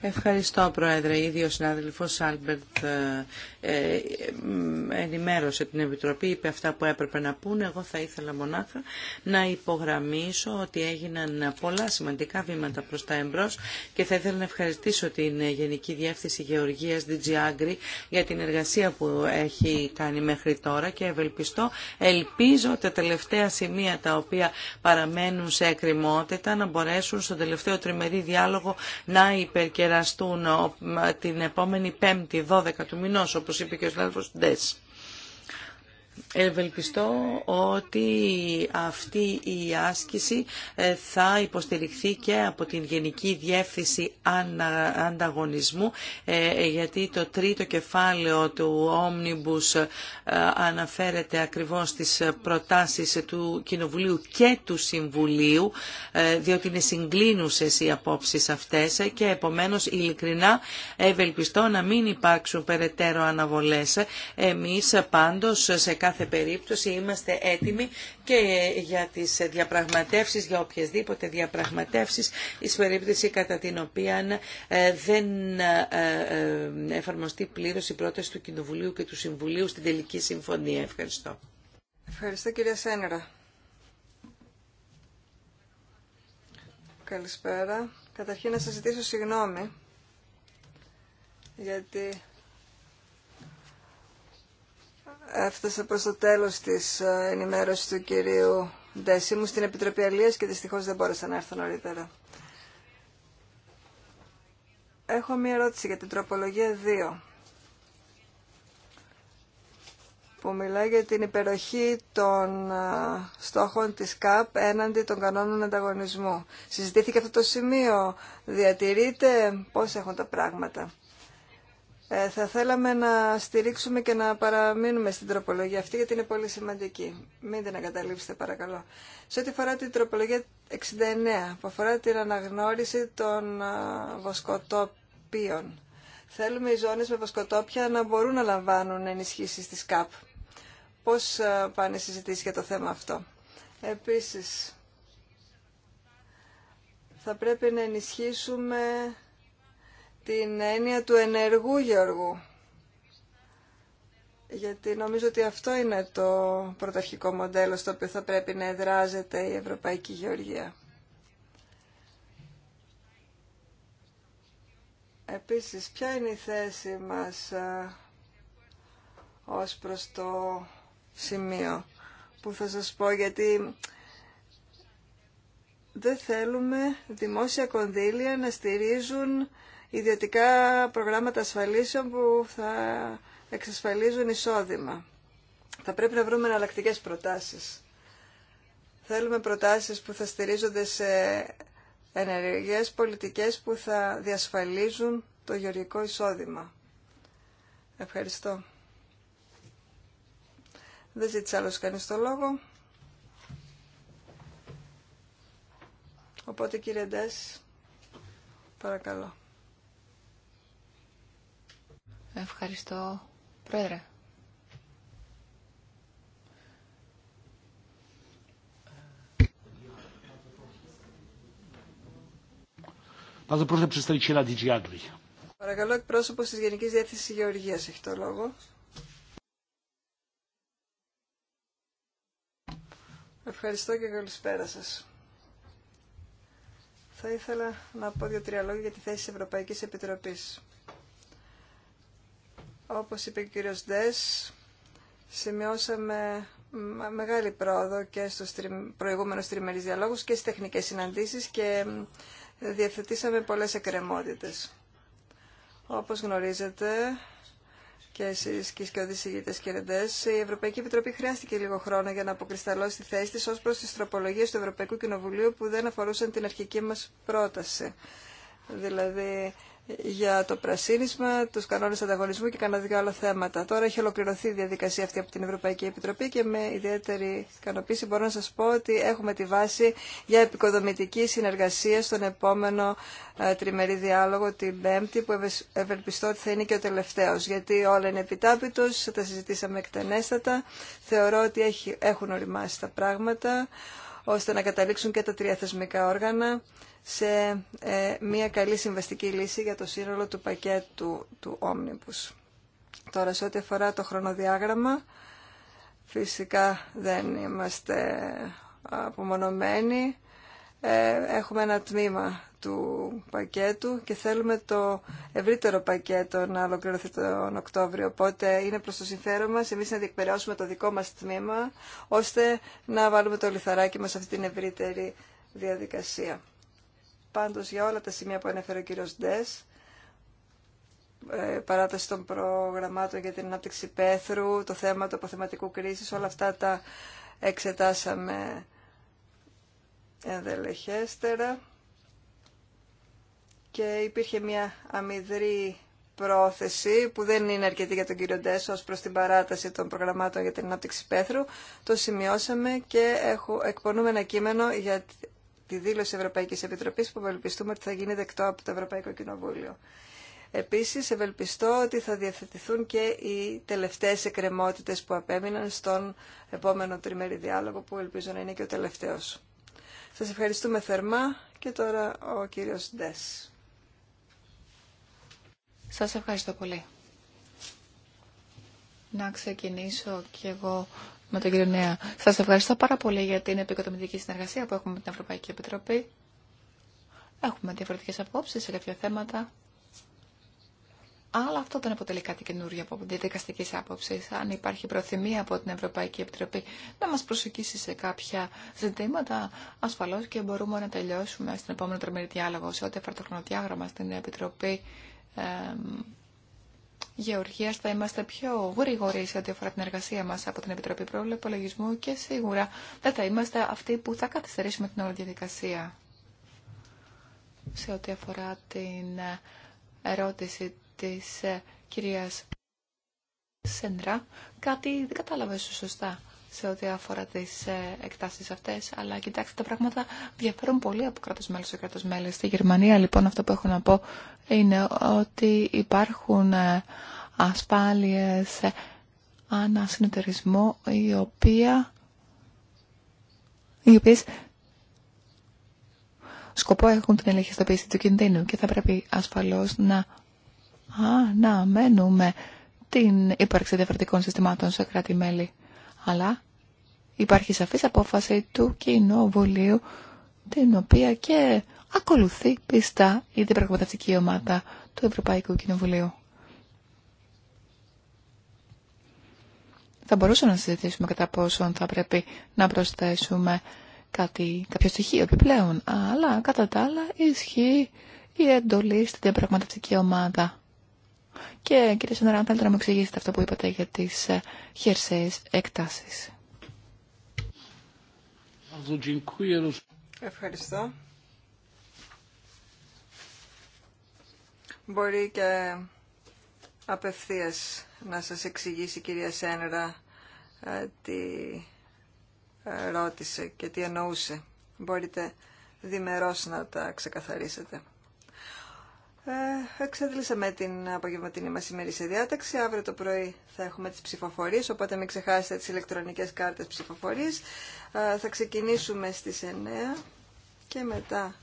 Ευχαριστώ, Πρόεδρε. Ήδη ο συνάδελφο Άλμπερτ ε, ε, ε, ενημέρωσε την Επιτροπή, είπε αυτά που έπρεπε να πούνε. Εγώ θα ήθελα μονάχα να υπογραμμίσω ότι έγιναν πολλά σημαντικά βήματα προς τα εμπρός και θα ήθελα να ευχαριστήσω την Γενική Διεύθυνση Γεωργίας, DG Agri για την εργασία που έχει κάνει μέχρι τώρα και ευελπιστώ, ελπίζω τα τελευταία σημεία τα οποία παραμένουν σε εκκριμότητα να μπορέσουν στον τελευταίο τριμερή διάλογο να υπερκε την επόμενη Πέμπτη 12 του μηνός, όπως είπε και ο Σλάβος Ντες. Ευελπιστώ ότι αυτή η άσκηση ε, θα υποστηριχθεί και από την Γενική Διεύθυνση Ανταγωνισμού ε, γιατί το τρίτο κεφάλαιο του Omnibus ε, αναφέρεται ακριβώς στις προτάσεις του Κοινοβουλίου και του Συμβουλίου διότι είναι συγκλίνουσες οι απόψεις αυτές και επομένως ειλικρινά ευελπιστώ να μην υπάρξουν περαιτέρω αναβολές. Εμείς πάντως σε κάθε κάθε περίπτωση είμαστε έτοιμοι και για τις διαπραγματεύσεις, για οποιασδήποτε διαπραγματεύσεις, εις περίπτωση κατά την οποία ε, δεν ε, ε, εφαρμοστεί πλήρως η πρόταση του Κοινοβουλίου και του Συμβουλίου στην τελική συμφωνία. Ευχαριστώ. Ευχαριστώ κυρία Σένερα. Καλησπέρα. Καταρχήν να σας ζητήσω συγγνώμη γιατί έφτασα προς το τέλος της ε, ενημέρωσης του κυρίου Ντέσιμου στην Επιτροπή Αλίας και δυστυχώς δεν μπόρεσα να έρθω νωρίτερα. Έχω μία ερώτηση για την τροπολογία 2 που μιλάει για την υπεροχή των ε, στόχων της ΚΑΠ έναντι των κανόνων ανταγωνισμού. Συζητήθηκε αυτό το σημείο. Διατηρείται πώς έχουν τα πράγματα. Ε, θα θέλαμε να στηρίξουμε και να παραμείνουμε στην τροπολογία αυτή, γιατί είναι πολύ σημαντική. Μην την εγκαταλείψετε, παρακαλώ. Σε ό,τι αφορά την τροπολογία 69, που αφορά την αναγνώριση των βοσκοτόπιων. Θέλουμε οι ζώνες με βοσκοτόπια να μπορούν να λαμβάνουν ενισχύσεις της ΚΑΠ. Πώς πάνε συζητήσεις για το θέμα αυτό. Επίσης, θα πρέπει να ενισχύσουμε την έννοια του ενεργού γεωργού. Γιατί νομίζω ότι αυτό είναι το πρωταρχικό μοντέλο στο οποίο θα πρέπει να εδράζεται η Ευρωπαϊκή Γεωργία. Επίσης, ποια είναι η θέση μας ε, ως προς το σημείο που θα σας πω, γιατί δεν θέλουμε δημόσια κονδύλια να στηρίζουν ιδιωτικά προγράμματα ασφαλίσεων που θα εξασφαλίζουν εισόδημα. Θα πρέπει να βρούμε εναλλακτικέ προτάσεις. Θέλουμε προτάσεις που θα στηρίζονται σε ενεργές πολιτικές που θα διασφαλίζουν το γεωργικό εισόδημα. Ευχαριστώ. Δεν ζήτησε άλλος κανείς το λόγο. Οπότε κύριε παρακαλώ. Ευχαριστώ, Πρόεδρε. Παρακαλώ, εκπρόσωπο τη Γενική Διεύθυνση Γεωργία έχει το λόγο. Ευχαριστώ και καλησπέρα σα. Θα ήθελα να πω δύο-τρία λόγια για τη θέση τη Ευρωπαϊκή Επιτροπή. Όπως είπε ο κύριος Δες, σημειώσαμε μεγάλη πρόοδο και στους προηγούμενους τριμερείς διαλόγους και στις τεχνικές συναντήσεις και διευθετήσαμε πολλές εκκρεμότητες. Όπως γνωρίζετε και εσείς και οι και κύριε η Ευρωπαϊκή Επιτροπή χρειάστηκε λίγο χρόνο για να αποκρισταλώσει τη θέση της ως προς τις τροπολογίες του Ευρωπαϊκού Κοινοβουλίου που δεν αφορούσαν την αρχική μας πρόταση. Δηλαδή για το πρασίνισμα, τους κανόνες ανταγωνισμού και κανένα δυο άλλα θέματα. Τώρα έχει ολοκληρωθεί η διαδικασία αυτή από την Ευρωπαϊκή Επιτροπή και με ιδιαίτερη ικανοποίηση μπορώ να σας πω ότι έχουμε τη βάση για επικοδομητική συνεργασία στον επόμενο ε, τριμερή διάλογο την Πέμπτη που ευελπιστώ ότι θα είναι και ο τελευταίος γιατί όλα είναι επιτάπητος, τα συζητήσαμε εκτενέστατα, θεωρώ ότι έχουν οριμάσει τα πράγματα ώστε να καταλήξουν και τα τρία θεσμικά όργανα σε ε, μια καλή συμβαστική λύση για το σύνολο του πακέτου του Omnibus. Τώρα, σε ό,τι αφορά το χρονοδιάγραμμα, φυσικά δεν είμαστε απομονωμένοι. Ε, έχουμε ένα τμήμα του πακέτου και θέλουμε το ευρύτερο πακέτο να ολοκληρωθεί τον Οκτώβριο. Οπότε είναι προς το συμφέρον μας εμείς να διεκπαιρεώσουμε το δικό μας τμήμα ώστε να βάλουμε το λιθαράκι μας σε αυτή την ευρύτερη διαδικασία. Πάντως για όλα τα σημεία που ανέφερε ο κύριος Ντες, ε, παράταση των προγραμμάτων για την ανάπτυξη πέθρου, το θέμα του αποθεματικού κρίσης, όλα αυτά τα εξετάσαμε ενδελεχέστερα και υπήρχε μια αμυδρή πρόθεση που δεν είναι αρκετή για τον κύριο Ντέσο ως προς την παράταση των προγραμμάτων για την ανάπτυξη πέθρου. Το σημειώσαμε και έχω, εκπονούμε ένα κείμενο για τη δήλωση Ευρωπαϊκή Επιτροπή που ευελπιστούμε ότι θα γίνει δεκτό από το Ευρωπαϊκό Κοινοβούλιο. Επίσης ευελπιστώ ότι θα διαθετηθούν και οι τελευταίες εκκρεμότητε που απέμειναν στον επόμενο τριμερή διάλογο που ελπίζω να είναι και ο τελευταίος. Σας ευχαριστούμε θερμά και τώρα ο κύριος Ντε. Σας ευχαριστώ πολύ. Να ξεκινήσω κι εγώ με τον κύριο Νέα. Σας ευχαριστώ πάρα πολύ για την επικοτομητική συνεργασία που έχουμε με την Ευρωπαϊκή Επιτροπή. Έχουμε διαφορετικές απόψεις σε κάποια θέματα. Αλλά αυτό δεν αποτελεί κάτι καινούργιο από διαδικαστική άποψη. Αν υπάρχει προθυμία από την Ευρωπαϊκή Επιτροπή να μα προσεγγίσει σε κάποια ζητήματα, ασφαλώ και μπορούμε να τελειώσουμε στην επόμενη τρομερή διάλογο σε ό,τι αφορά το χρονοδιάγραμμα στην Επιτροπή. Γεωργίας θα είμαστε πιο γρήγοροι σε ό,τι αφορά την εργασία μας από την Επιτροπή Προπολογισμού και σίγουρα δεν θα είμαστε αυτοί που θα καθυστερήσουμε την όλη διαδικασία σε ό,τι αφορά την ερώτηση της ε, κυρίας Σέντρα. Κάτι δεν κατάλαβα σωστά σε ό,τι αφορά τις ε, εκτάσει αυτέ, αλλά κοιτάξτε τα πράγματα διαφέρουν πολύ από κράτο μέλο σε κράτο μέλο. Στη Γερμανία λοιπόν αυτό που έχω να πω είναι ότι υπάρχουν ε, ασφάλειες ε, ανασυνεταιρισμό η οποία οι οποίε σκοπό έχουν την ελεγχιστοποίηση του κινδύνου και θα πρέπει ασφαλώς να αναμένουμε την ύπαρξη διαφορετικών συστημάτων σε κράτη-μέλη αλλά υπάρχει σαφής απόφαση του Κοινοβουλίου την οποία και ακολουθεί πιστά η διπραγματευτική ομάδα του Ευρωπαϊκού Κοινοβουλίου. Θα μπορούσαμε να συζητήσουμε κατά πόσον θα πρέπει να προσθέσουμε κάτι, κάποιο στοιχείο επιπλέον, αλλά κατά τα άλλα ισχύει η εντολή στην διαπραγματευτική ομάδα. Και κύριε Σονέρα, αν θέλετε να μου εξηγήσετε αυτό που είπατε για τις ε, χερσαίε εκτάσει. Ευχαριστώ. Μπορεί και απευθείας να σας εξηγήσει η κυρία Σένερα ε, τι ε, ρώτησε και τι εννοούσε. Μπορείτε διμερώς να τα ξεκαθαρίσετε. Ε, εξαντλήσαμε την απογευματινή μας σε διάταξη. Αύριο το πρωί θα έχουμε τις ψηφοφορίες, οπότε μην ξεχάσετε τις ηλεκτρονικές κάρτες ψηφοφορίες. Ε, θα ξεκινήσουμε στις 9 και μετά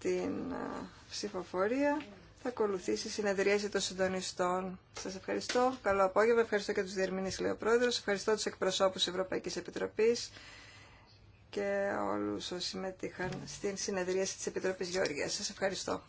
την ε, ψηφοφορία θα ακολουθήσει η συνεδρίαση των συντονιστών. Σας ευχαριστώ. Καλό απόγευμα. Ευχαριστώ και τους διερμηνείς, λέει ο Ευχαριστώ τους εκπροσώπους Ευρωπαϊκής Επιτροπής και όλους όσοι συμμετείχαν στην συνεδρίαση της Επιτροπής Γεωργίας. Σας ευχαριστώ.